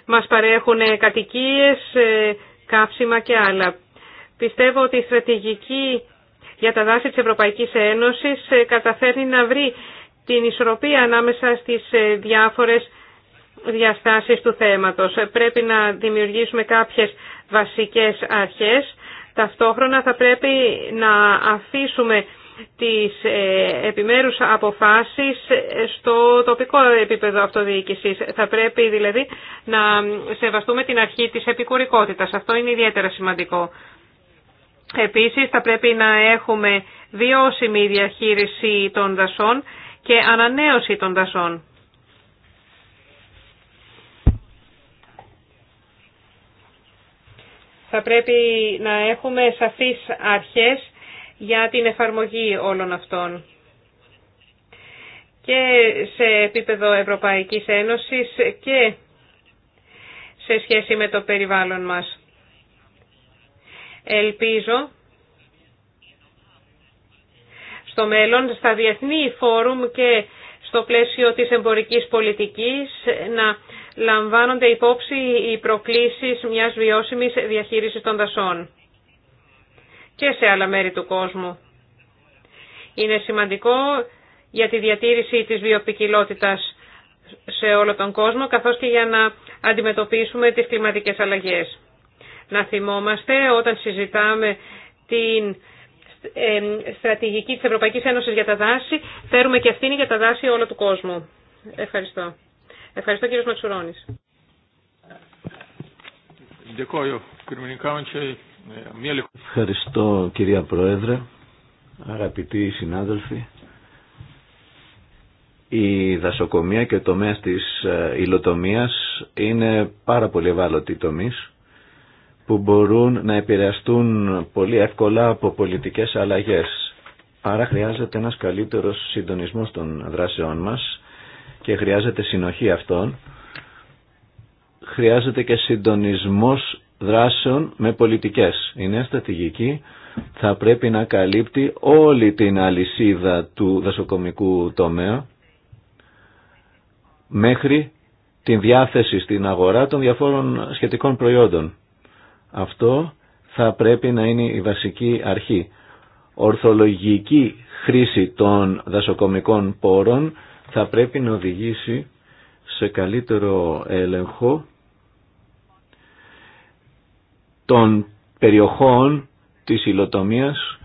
Speaker 3: μας παρέχουν κατοικίες, ε, καύσιμα και άλλα. Πιστεύω ότι η στρατηγική για τα δάση της Ευρωπαϊκής Ένωσης ε, καταφέρνει να βρει την ισορροπία ανάμεσα στις ε, διάφορες διαστάσεις του θέματος. Πρέπει να δημιουργήσουμε κάποιες βασικές αρχές. Ταυτόχρονα θα πρέπει να αφήσουμε τις ε, επιμέρους αποφάσεις στο τοπικό επίπεδο αυτοδιοίκησης. Θα πρέπει δηλαδή να σεβαστούμε την αρχή της επικουρικότητας. Αυτό είναι ιδιαίτερα σημαντικό. Επίσης θα πρέπει να έχουμε βιώσιμη διαχείριση των δασών και ανανέωση των δασών. Θα πρέπει να έχουμε σαφείς αρχές για την εφαρμογή όλων αυτών. Και σε επίπεδο Ευρωπαϊκής Ένωσης και σε σχέση με το περιβάλλον μας. Ελπίζω στο μέλλον, στα διεθνή φόρουμ και στο πλαίσιο της εμπορικής πολιτικής να λαμβάνονται υπόψη οι προκλήσεις μιας βιώσιμης διαχείρισης των δασών και σε άλλα μέρη του κόσμου. Είναι σημαντικό για τη διατήρηση της βιοπικιλότητας σε όλο τον κόσμο, καθώς και για να αντιμετωπίσουμε τις κλιματικές αλλαγές. Να θυμόμαστε όταν συζητάμε την ε, στρατηγική της Ευρωπαϊκής Ένωσης για τα δάση, φέρουμε και αυτήν για τα δάση όλο του κόσμου. Ευχαριστώ. Ευχαριστώ κύριος Μαξουρώνης.
Speaker 1: Ευχαριστώ κυρία Πρόεδρε, αγαπητοί συνάδελφοι. Η δασοκομεία και το τομέας της ε, υλοτομίας είναι πάρα πολύ ευάλωτοι τομείς που μπορούν να επηρεαστούν πολύ εύκολα από πολιτικές αλλαγές. Άρα χρειάζεται ένας καλύτερος συντονισμός των δράσεών μας και χρειάζεται συνοχή αυτών. Χρειάζεται και συντονισμός δράσεων με πολιτικές. Η νέα στρατηγική θα πρέπει να καλύπτει όλη την αλυσίδα του δασοκομικού τομέα μέχρι την διάθεση στην αγορά των διαφόρων σχετικών προϊόντων. Αυτό θα πρέπει να είναι η βασική αρχή. Ορθολογική χρήση των δασοκομικών πόρων θα πρέπει να οδηγήσει σε καλύτερο έλεγχο των περιοχών της υλοτομίας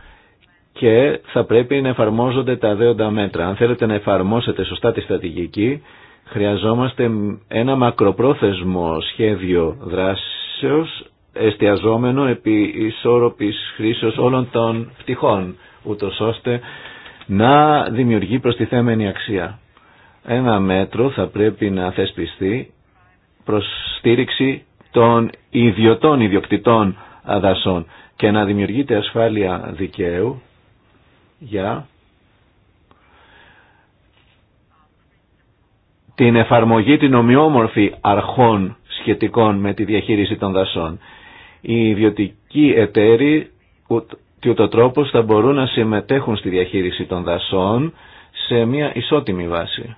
Speaker 1: και θα πρέπει να εφαρμόζονται τα δέοντα μέτρα. Αν θέλετε να εφαρμόσετε σωστά τη στρατηγική, χρειαζόμαστε ένα μακροπρόθεσμο σχέδιο δράσεως εστιαζόμενο επί ισόρροπης χρήσεως όλων των πτυχών, ούτω ώστε να δημιουργεί προστιθέμενη αξία. Ένα μέτρο θα πρέπει να θεσπιστεί προς στήριξη των ιδιωτών ιδιοκτητών δασών και να δημιουργείται ασφάλεια δικαίου για την εφαρμογή την ομοιόμορφη αρχών σχετικών με τη διαχείριση των δασών. Οι ιδιωτικοί εταίροι ούτω τρόπος θα μπορούν να συμμετέχουν στη διαχείριση των δασών σε μια ισότιμη βάση.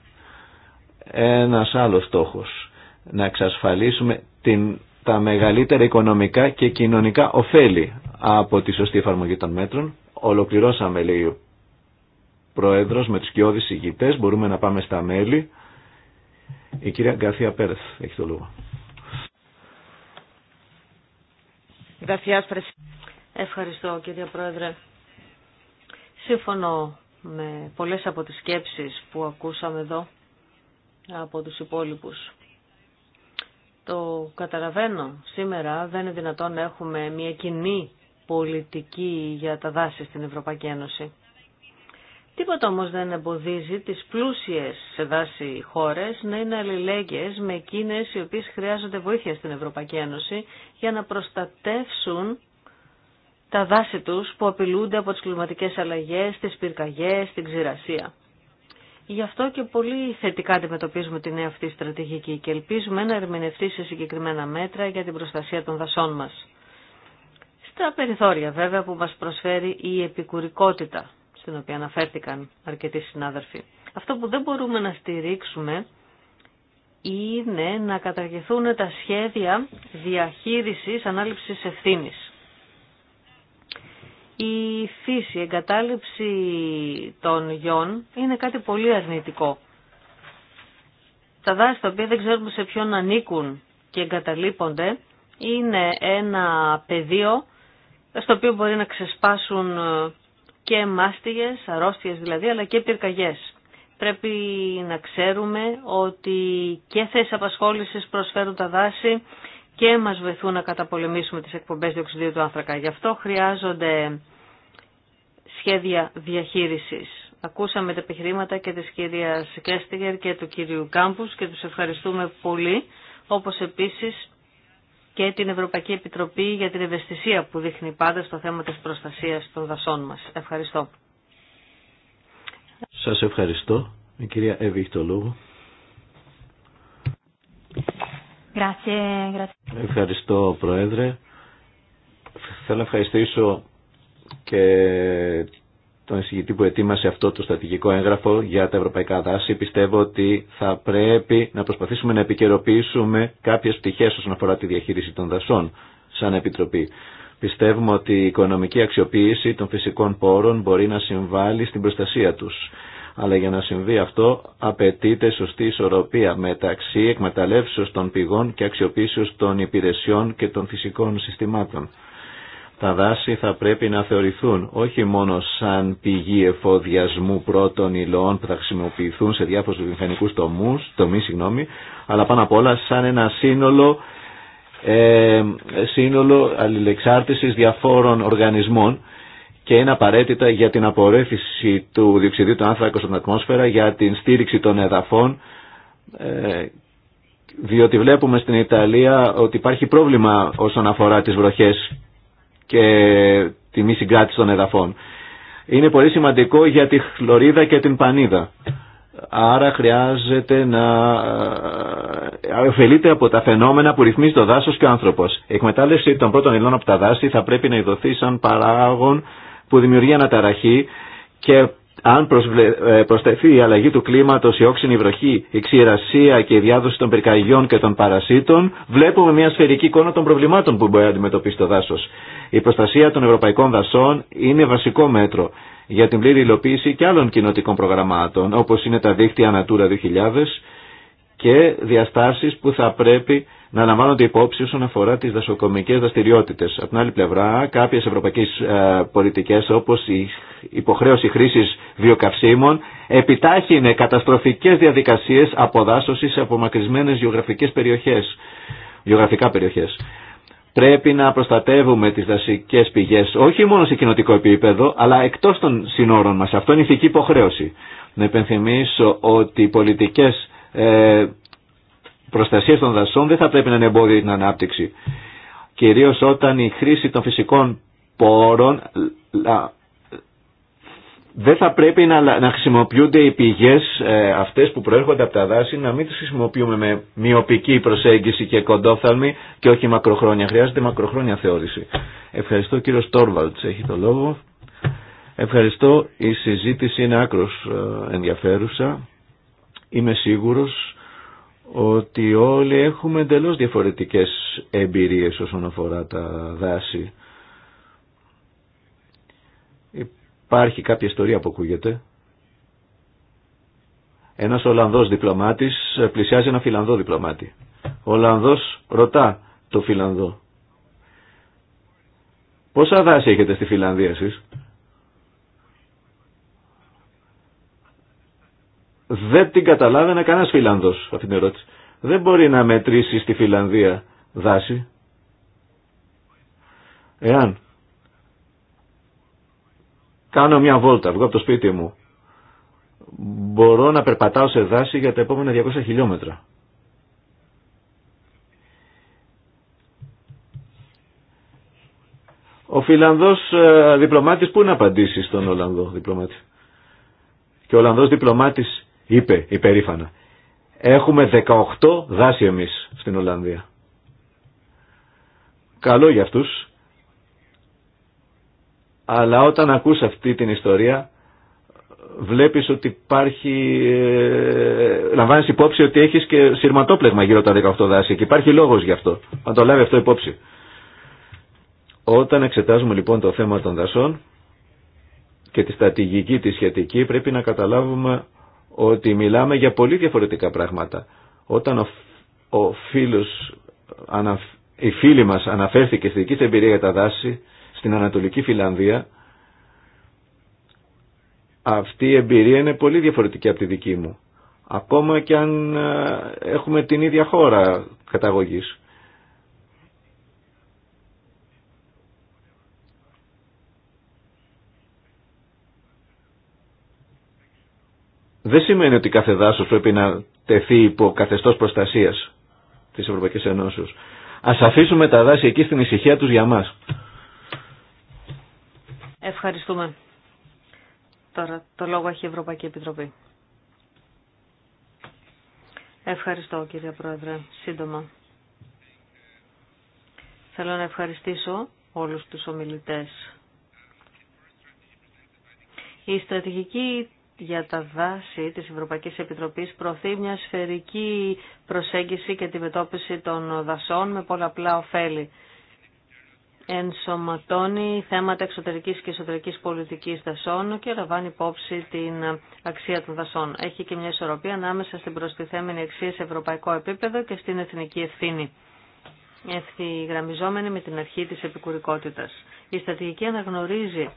Speaker 1: Ένας άλλος στόχος να εξασφαλίσουμε την, τα μεγαλύτερα οικονομικά και κοινωνικά ωφέλη από τη σωστή εφαρμογή των μέτρων. Ολοκληρώσαμε, λέει ο Πρόεδρος, με τους κοιόδης ηγητές. Μπορούμε να πάμε στα μέλη. Η κυρία Γκαρθία Πέρεθ έχει το λόγο.
Speaker 2: Ευχαριστώ κύριε Πρόεδρε. Σύμφωνο με πολλές από τις σκέψεις που ακούσαμε εδώ από τους υπόλοιπους. Το καταλαβαίνω. Σήμερα δεν είναι δυνατόν να έχουμε μια κοινή πολιτική για τα δάση στην Ευρωπαϊκή Ένωση. Τίποτα όμως δεν εμποδίζει τις πλούσιες σε δάση χώρες να είναι αλληλέγγυες με εκείνες οι οποίες χρειάζονται βοήθεια στην Ευρωπαϊκή Ένωση για να προστατεύσουν τα δάση τους που απειλούνται από τις κλιματικές αλλαγές, τις πυρκαγιές, την ξηρασία. Γι' αυτό και πολύ θετικά αντιμετωπίζουμε την νέα αυτή στρατηγική και ελπίζουμε να ερμηνευτεί σε συγκεκριμένα μέτρα για την προστασία των δασών μας. Στα περιθώρια βέβαια που μας προσφέρει η επικουρικότητα, στην οποία αναφέρθηκαν αρκετοί συνάδελφοι. Αυτό που δεν μπορούμε να στηρίξουμε είναι να καταργηθούν τα σχέδια διαχείρισης ανάληψης ευθύνης η φύση, η εγκατάλειψη των γιών είναι κάτι πολύ αρνητικό. Τα δάση τα οποία δεν ξέρουμε σε ποιον ανήκουν και εγκαταλείπονται είναι ένα πεδίο στο οποίο μπορεί να ξεσπάσουν ε, και μάστιγες, αρρώστιες δηλαδή, αλλά και πυρκαγιές. Πρέπει να ξέρουμε ότι και θέσεις απασχόλησης προσφέρουν τα δάση και μας βοηθούν να καταπολεμήσουμε τις εκπομπές διοξιδίου του άνθρακα. Γι' αυτό χρειάζονται σχέδια διαχείρισης. Ακούσαμε τα επιχειρήματα και της κυρία Κέστιγερ και του κυρίου Κάμπους και τους ευχαριστούμε πολύ, όπως επίσης και την Ευρωπαϊκή Επιτροπή για την ευαισθησία που δείχνει πάντα στο θέμα της προστασίας των δασών μας. Ευχαριστώ.
Speaker 1: Σας ευχαριστώ. Η κυρία Εύη έχει το λόγο. Ευχαριστώ Πρόεδρε. Θέλω να ευχαριστήσω και τον εισηγητή που ετοίμασε αυτό το στρατηγικό έγγραφο για τα ευρωπαϊκά δάση. Πιστεύω ότι θα πρέπει να προσπαθήσουμε να επικαιροποιήσουμε κάποιες πτυχές όσον αφορά τη διαχείριση των δασών σαν Επιτροπή. Πιστεύουμε ότι η οικονομική αξιοποίηση των φυσικών πόρων μπορεί να συμβάλλει στην προστασία τους. Αλλά για να συμβεί αυτό απαιτείται σωστή ισορροπία μεταξύ εκμεταλλεύσεως των πηγών και αξιοποίησεως των υπηρεσιών και των φυσικών συστημάτων. Τα δάση θα πρέπει να θεωρηθούν όχι μόνο σαν πηγή εφοδιασμού πρώτων υλών που θα χρησιμοποιηθούν σε διάφορους βιομηχανικούς τομούς, τομείς, συγγνώμη, αλλά πάνω απ' όλα σαν ένα σύνολο, ε, σύνολο αλληλεξάρτησης διαφόρων οργανισμών και είναι απαραίτητα για την απορρέφηση του διοξιδίου του άνθρακα στην ατμόσφαιρα, για την στήριξη των εδαφών, ε, διότι βλέπουμε στην Ιταλία ότι υπάρχει πρόβλημα όσον αφορά τις βροχές και τη μη συγκράτηση των εδαφών. Είναι πολύ σημαντικό για τη χλωρίδα και την πανίδα. Άρα χρειάζεται να ε, ε, ωφελείται από τα φαινόμενα που ρυθμίζει το δάσος και ο άνθρωπος. Η εκμετάλλευση των πρώτων υλών από τα δάση θα πρέπει να ειδωθεί σαν παράγον που δημιουργεί αναταραχή και αν ε, προσθεθεί η αλλαγή του κλίματος, η όξινη βροχή, η ξηρασία και η διάδοση των πυρκαγιών και των παρασίτων, βλέπουμε μια σφαιρική εικόνα των προβλημάτων που μπορεί να αντιμετωπίσει το δάσος. Η προστασία των ευρωπαϊκών δασών είναι βασικό μέτρο για την πλήρη υλοποίηση και άλλων κοινοτικών προγραμμάτων, όπως είναι τα δίκτυα Natura 2000 και διαστάσεις που θα πρέπει να λαμβάνονται υπόψη όσον αφορά τις δασοκομικές δραστηριότητε. Από την άλλη πλευρά, κάποιες ευρωπαϊκές πολιτικέ, ε, πολιτικές όπως η υποχρέωση χρήσης βιοκαυσίμων επιτάχυνε καταστροφικές διαδικασίες αποδάσωσης σε απομακρυσμένες γεωγραφικές περιοχές, γεωγραφικά περιοχές. Πρέπει να προστατεύουμε τις δασικές πηγές, όχι μόνο σε κοινοτικό επίπεδο, αλλά εκτός των συνόρων μας. Αυτό είναι ηθική υποχρέωση. Να υπενθυμίσω ότι οι πολιτικές ε, προστασίες των δασών δεν θα πρέπει να είναι εμπόδιο την ανάπτυξη. Κυρίως όταν η χρήση των φυσικών πόρων δεν θα πρέπει να, χρησιμοποιούνται οι πηγές ε, αυτές που προέρχονται από τα δάση να μην τις χρησιμοποιούμε με μειοπική προσέγγιση και κοντόφθαλμη και όχι μακροχρόνια. Χρειάζεται μακροχρόνια θεώρηση. Ευχαριστώ κύριο Στόρβαλτς, έχει το λόγο. Ευχαριστώ, η συζήτηση είναι άκρος ε, ενδιαφέρουσα. Είμαι σίγουρος ότι όλοι έχουμε εντελώ διαφορετικές εμπειρίες όσον αφορά τα δάση Υπάρχει κάποια ιστορία που ακούγεται. Ένας Ολλανδός διπλωμάτης πλησιάζει ένα Φιλανδό διπλωμάτη. Ο Ολλανδός ρωτά το Φιλανδό. Πόσα δάση έχετε στη Φιλανδία εσείς. Δεν την καταλάβαινε κανένας Φιλανδός αυτήν την ερώτηση. Δεν μπορεί να μετρήσει στη Φιλανδία δάση. Εάν κάνω μια βόλτα, βγω από το σπίτι μου. Μπορώ να περπατάω σε δάση για τα επόμενα 200 χιλιόμετρα. Ο Φιλανδός ε, διπλωμάτης πού να απαντήσει στον Ολλανδό διπλωμάτη. Και ο Ολλανδός διπλωμάτης είπε υπερήφανα. Έχουμε 18 δάση εμείς στην Ολλανδία. Καλό για αυτούς αλλά όταν ακούς αυτή την ιστορία βλέπεις ότι υπάρχει, ε, λαμβάνεις υπόψη ότι έχεις και σειρματόπλεγμα γύρω τα 18 δάση και υπάρχει λόγος γι' αυτό, να το λάβει αυτό υπόψη. Όταν εξετάζουμε λοιπόν το θέμα των δασών και τη στρατηγική τη σχετική πρέπει να καταλάβουμε ότι μιλάμε για πολύ διαφορετικά πράγματα. Όταν ο, ο φίλος, η φίλη μας αναφέρθηκε στη δική της εμπειρία για τα δάση στην Ανατολική Φιλανδία αυτή η εμπειρία είναι πολύ διαφορετική από τη δική μου. Ακόμα και αν ε, έχουμε την ίδια χώρα καταγωγής. Δεν σημαίνει ότι κάθε δάσος πρέπει να τεθεί υπό καθεστώς προστασίας της Ευρωπαϊκής Ενώσεως. Ας αφήσουμε τα δάση εκεί στην ησυχία τους για μας.
Speaker 2: Ευχαριστούμε. Τώρα το λόγο έχει η Ευρωπαϊκή Επιτροπή. Ευχαριστώ κύριε Πρόεδρε. Σύντομα. Θέλω να ευχαριστήσω όλους τους ομιλητές. Η στρατηγική για τα δάση της Ευρωπαϊκής Επιτροπής προωθεί μια σφαιρική προσέγγιση και τη μετώπιση των δασών με πολλαπλά ωφέλη ενσωματώνει θέματα εξωτερικής και εσωτερικής πολιτικής δασών και λαμβάνει υπόψη την αξία των δασών. Έχει και μια ισορροπία ανάμεσα στην προστιθέμενη αξία σε ευρωπαϊκό επίπεδο και στην εθνική ευθύνη ευθυγραμμιζόμενη με την αρχή της επικουρικότητας. Η στρατηγική αναγνωρίζει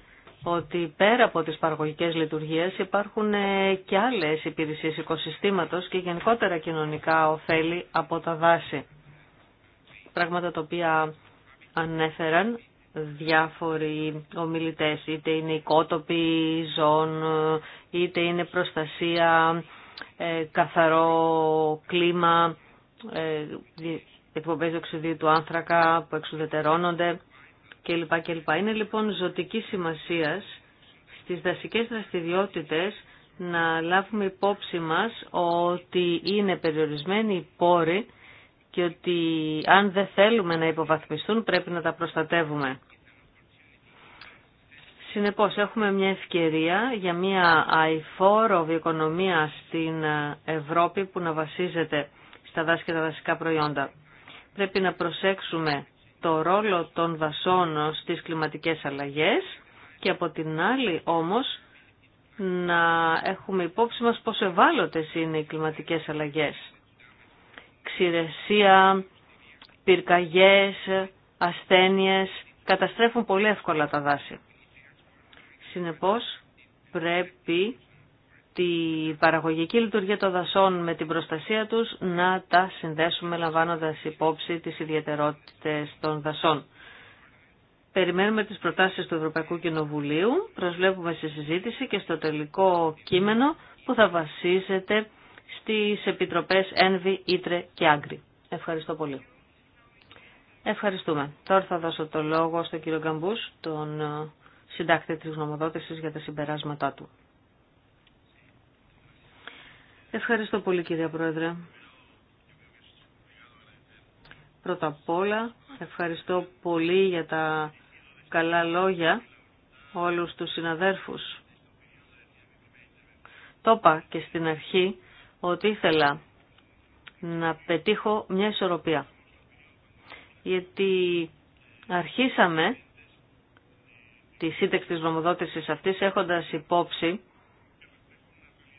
Speaker 2: ότι πέρα από τις παραγωγικές λειτουργίες υπάρχουν ε, και άλλες υπηρεσίες οικοσυστήματος και γενικότερα κοινωνικά ωφέλη από τα δάση. Πράγματα τα οποία ανέφεραν διάφοροι ομιλητές, είτε είναι οικότοποι ζών, είτε είναι προστασία, ε, καθαρό κλίμα, ε, εκπομπές του άνθρακα που εξουδετερώνονται κλπ. κλπ. Είναι λοιπόν ζωτική σημασία στις δασικές δραστηριότητες να λάβουμε υπόψη μας ότι είναι περιορισμένοι οι πόροι και ότι αν δεν θέλουμε να υποβαθμιστούν πρέπει να τα προστατεύουμε. Συνεπώς έχουμε μια ευκαιρία για μια αηφόρο οικονομία στην Ευρώπη που να βασίζεται στα δάση και τα δασικά προϊόντα. Πρέπει να προσέξουμε το ρόλο των δασών στις κλιματικές αλλαγές και από την άλλη όμως να έχουμε υπόψη μας πόσο ευάλωτες είναι οι κλιματικές αλλαγές ξηρεσία, πυρκαγιές, ασθένειες καταστρέφουν πολύ εύκολα τα δάση. Συνεπώς πρέπει τη παραγωγική λειτουργία των δασών με την προστασία τους να τα συνδέσουμε λαμβάνοντας υπόψη τις ιδιαιτερότητες των δασών. Περιμένουμε τις προτάσεις του Ευρωπαϊκού Κοινοβουλίου, προσβλέπουμε στη συζήτηση και στο τελικό κείμενο που θα βασίζεται στις επιτροπές ΕΝΒΙ, Ήτρε και ΆΓΡΙ. Ευχαριστώ πολύ. Ευχαριστούμε. Τώρα θα δώσω το λόγο στον κύριο Γκαμπούς, τον ε, συντάκτη της γνωμοδότησης για τα συμπεράσματά του. Ευχαριστώ πολύ κύριε Πρόεδρε. Πρώτα απ' όλα ευχαριστώ πολύ για τα καλά λόγια όλους τους συναδέρφους. Το είπα και στην αρχή ότι ήθελα να πετύχω μια ισορροπία. Γιατί αρχίσαμε τη σύνταξη της νομοδότησης αυτής έχοντας υπόψη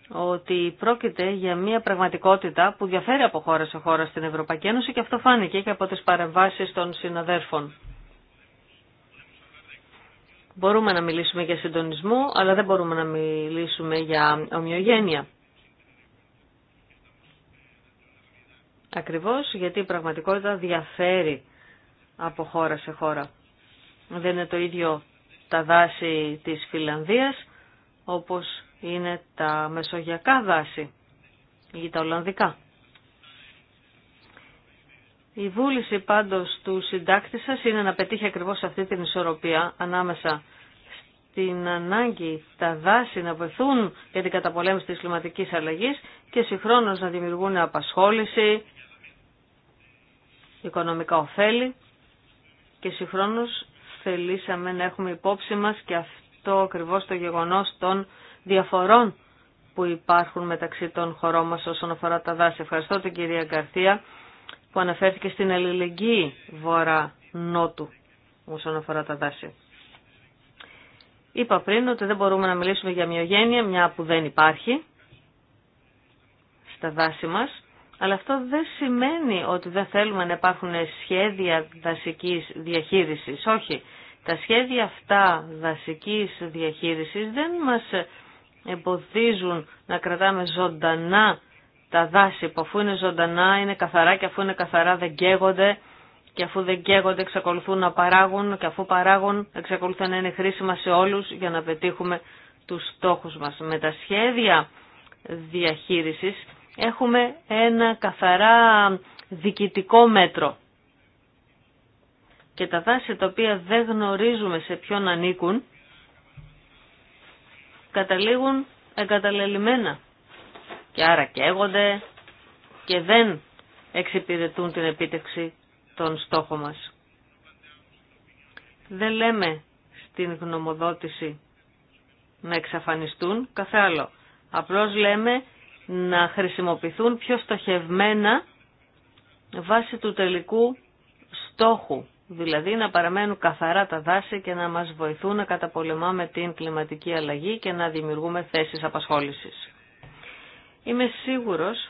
Speaker 2: ότι πρόκειται για μια πραγματικότητα που διαφέρει από χώρα σε χώρα στην Ευρωπαϊκή Ένωση και αυτό φάνηκε και από τις παρεμβάσεις των συναδέρφων. Μπορούμε να μιλήσουμε για συντονισμό, αλλά δεν μπορούμε να μιλήσουμε για ομοιογένεια. Ακριβώς γιατί η πραγματικότητα διαφέρει από χώρα σε χώρα. Δεν είναι το ίδιο τα δάση της Φιλανδίας όπως είναι τα μεσογειακά δάση ή τα Ολλανδικά. Η βούληση πάντως του συντάκτη σας είναι να πετύχει ακριβώς αυτή την ισορροπία ανάμεσα στην ανάγκη τα δάση να βοηθούν για την καταπολέμηση της κλιματικής αλλαγής και συγχρόνως να δημιουργούν απασχόληση, οικονομικά ωφέλη και συγχρόνως θελήσαμε να έχουμε υπόψη μας και αυτό ακριβώς το γεγονός των διαφορών που υπάρχουν μεταξύ των χωρών μας όσον αφορά τα δάση. Ευχαριστώ την κυρία Γκαρθία που αναφέρθηκε στην αλληλεγγύη βορρά-νότου όσον αφορά τα δάση. Είπα πριν ότι δεν μπορούμε να μιλήσουμε για μειογένεια, μια που δεν υπάρχει στα δάση μας. Αλλά αυτό δεν σημαίνει ότι δεν θέλουμε να υπάρχουν σχέδια δασικής διαχείρισης. Όχι. Τα σχέδια αυτά δασικής διαχείρισης δεν μας εμποδίζουν να κρατάμε ζωντανά τα δάση που αφού είναι ζωντανά είναι καθαρά και αφού είναι καθαρά δεν καίγονται και αφού δεν καίγονται εξακολουθούν να παράγουν και αφού παράγουν εξακολουθούν να είναι χρήσιμα σε όλους για να πετύχουμε τους στόχους μας. Με τα σχέδια διαχείρισης έχουμε ένα καθαρά διοικητικό μέτρο. Και τα δάση τα οποία δεν γνωρίζουμε σε ποιον ανήκουν, καταλήγουν εγκαταλελειμμένα και άρα καίγονται και δεν εξυπηρετούν την επίτευξη των στόχων μας. Δεν λέμε στην γνωμοδότηση να εξαφανιστούν, καθ' άλλο. Απλώς λέμε να χρησιμοποιηθούν πιο στοχευμένα βάσει του τελικού στόχου. Δηλαδή να παραμένουν καθαρά τα δάση και να μας βοηθούν να καταπολεμάμε την κλιματική αλλαγή και να δημιουργούμε θέσεις απασχόλησης. Είμαι σίγουρος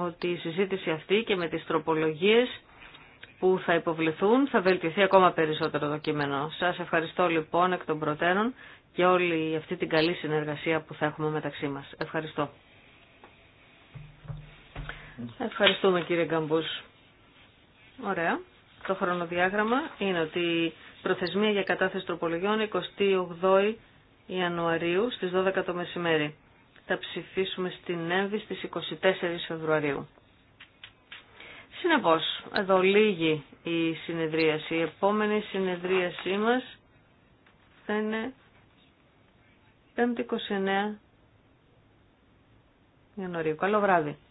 Speaker 2: ότι η συζήτηση αυτή και με τις τροπολογίες που θα υποβληθούν θα βελτιωθεί ακόμα περισσότερο το κείμενο. Σας ευχαριστώ λοιπόν εκ των προτέρων και όλη αυτή την καλή συνεργασία που θα έχουμε μεταξύ μας. Ευχαριστώ. Ευχαριστούμε κύριε Γκαμπούς. Ωραία. Το χρονοδιάγραμμα είναι ότι η προθεσμία για κατάθεση τροπολογιών 28 Ιανουαρίου στις 12 το μεσημέρι. Θα ψηφίσουμε στην Εύβη στις 24 Φεβρουαρίου. Συνεπώς, εδώ λίγη η συνεδρίαση. Η επόμενη συνεδρίασή μας θα είναι 5η 29 Ιανουαρίου. Καλό βράδυ.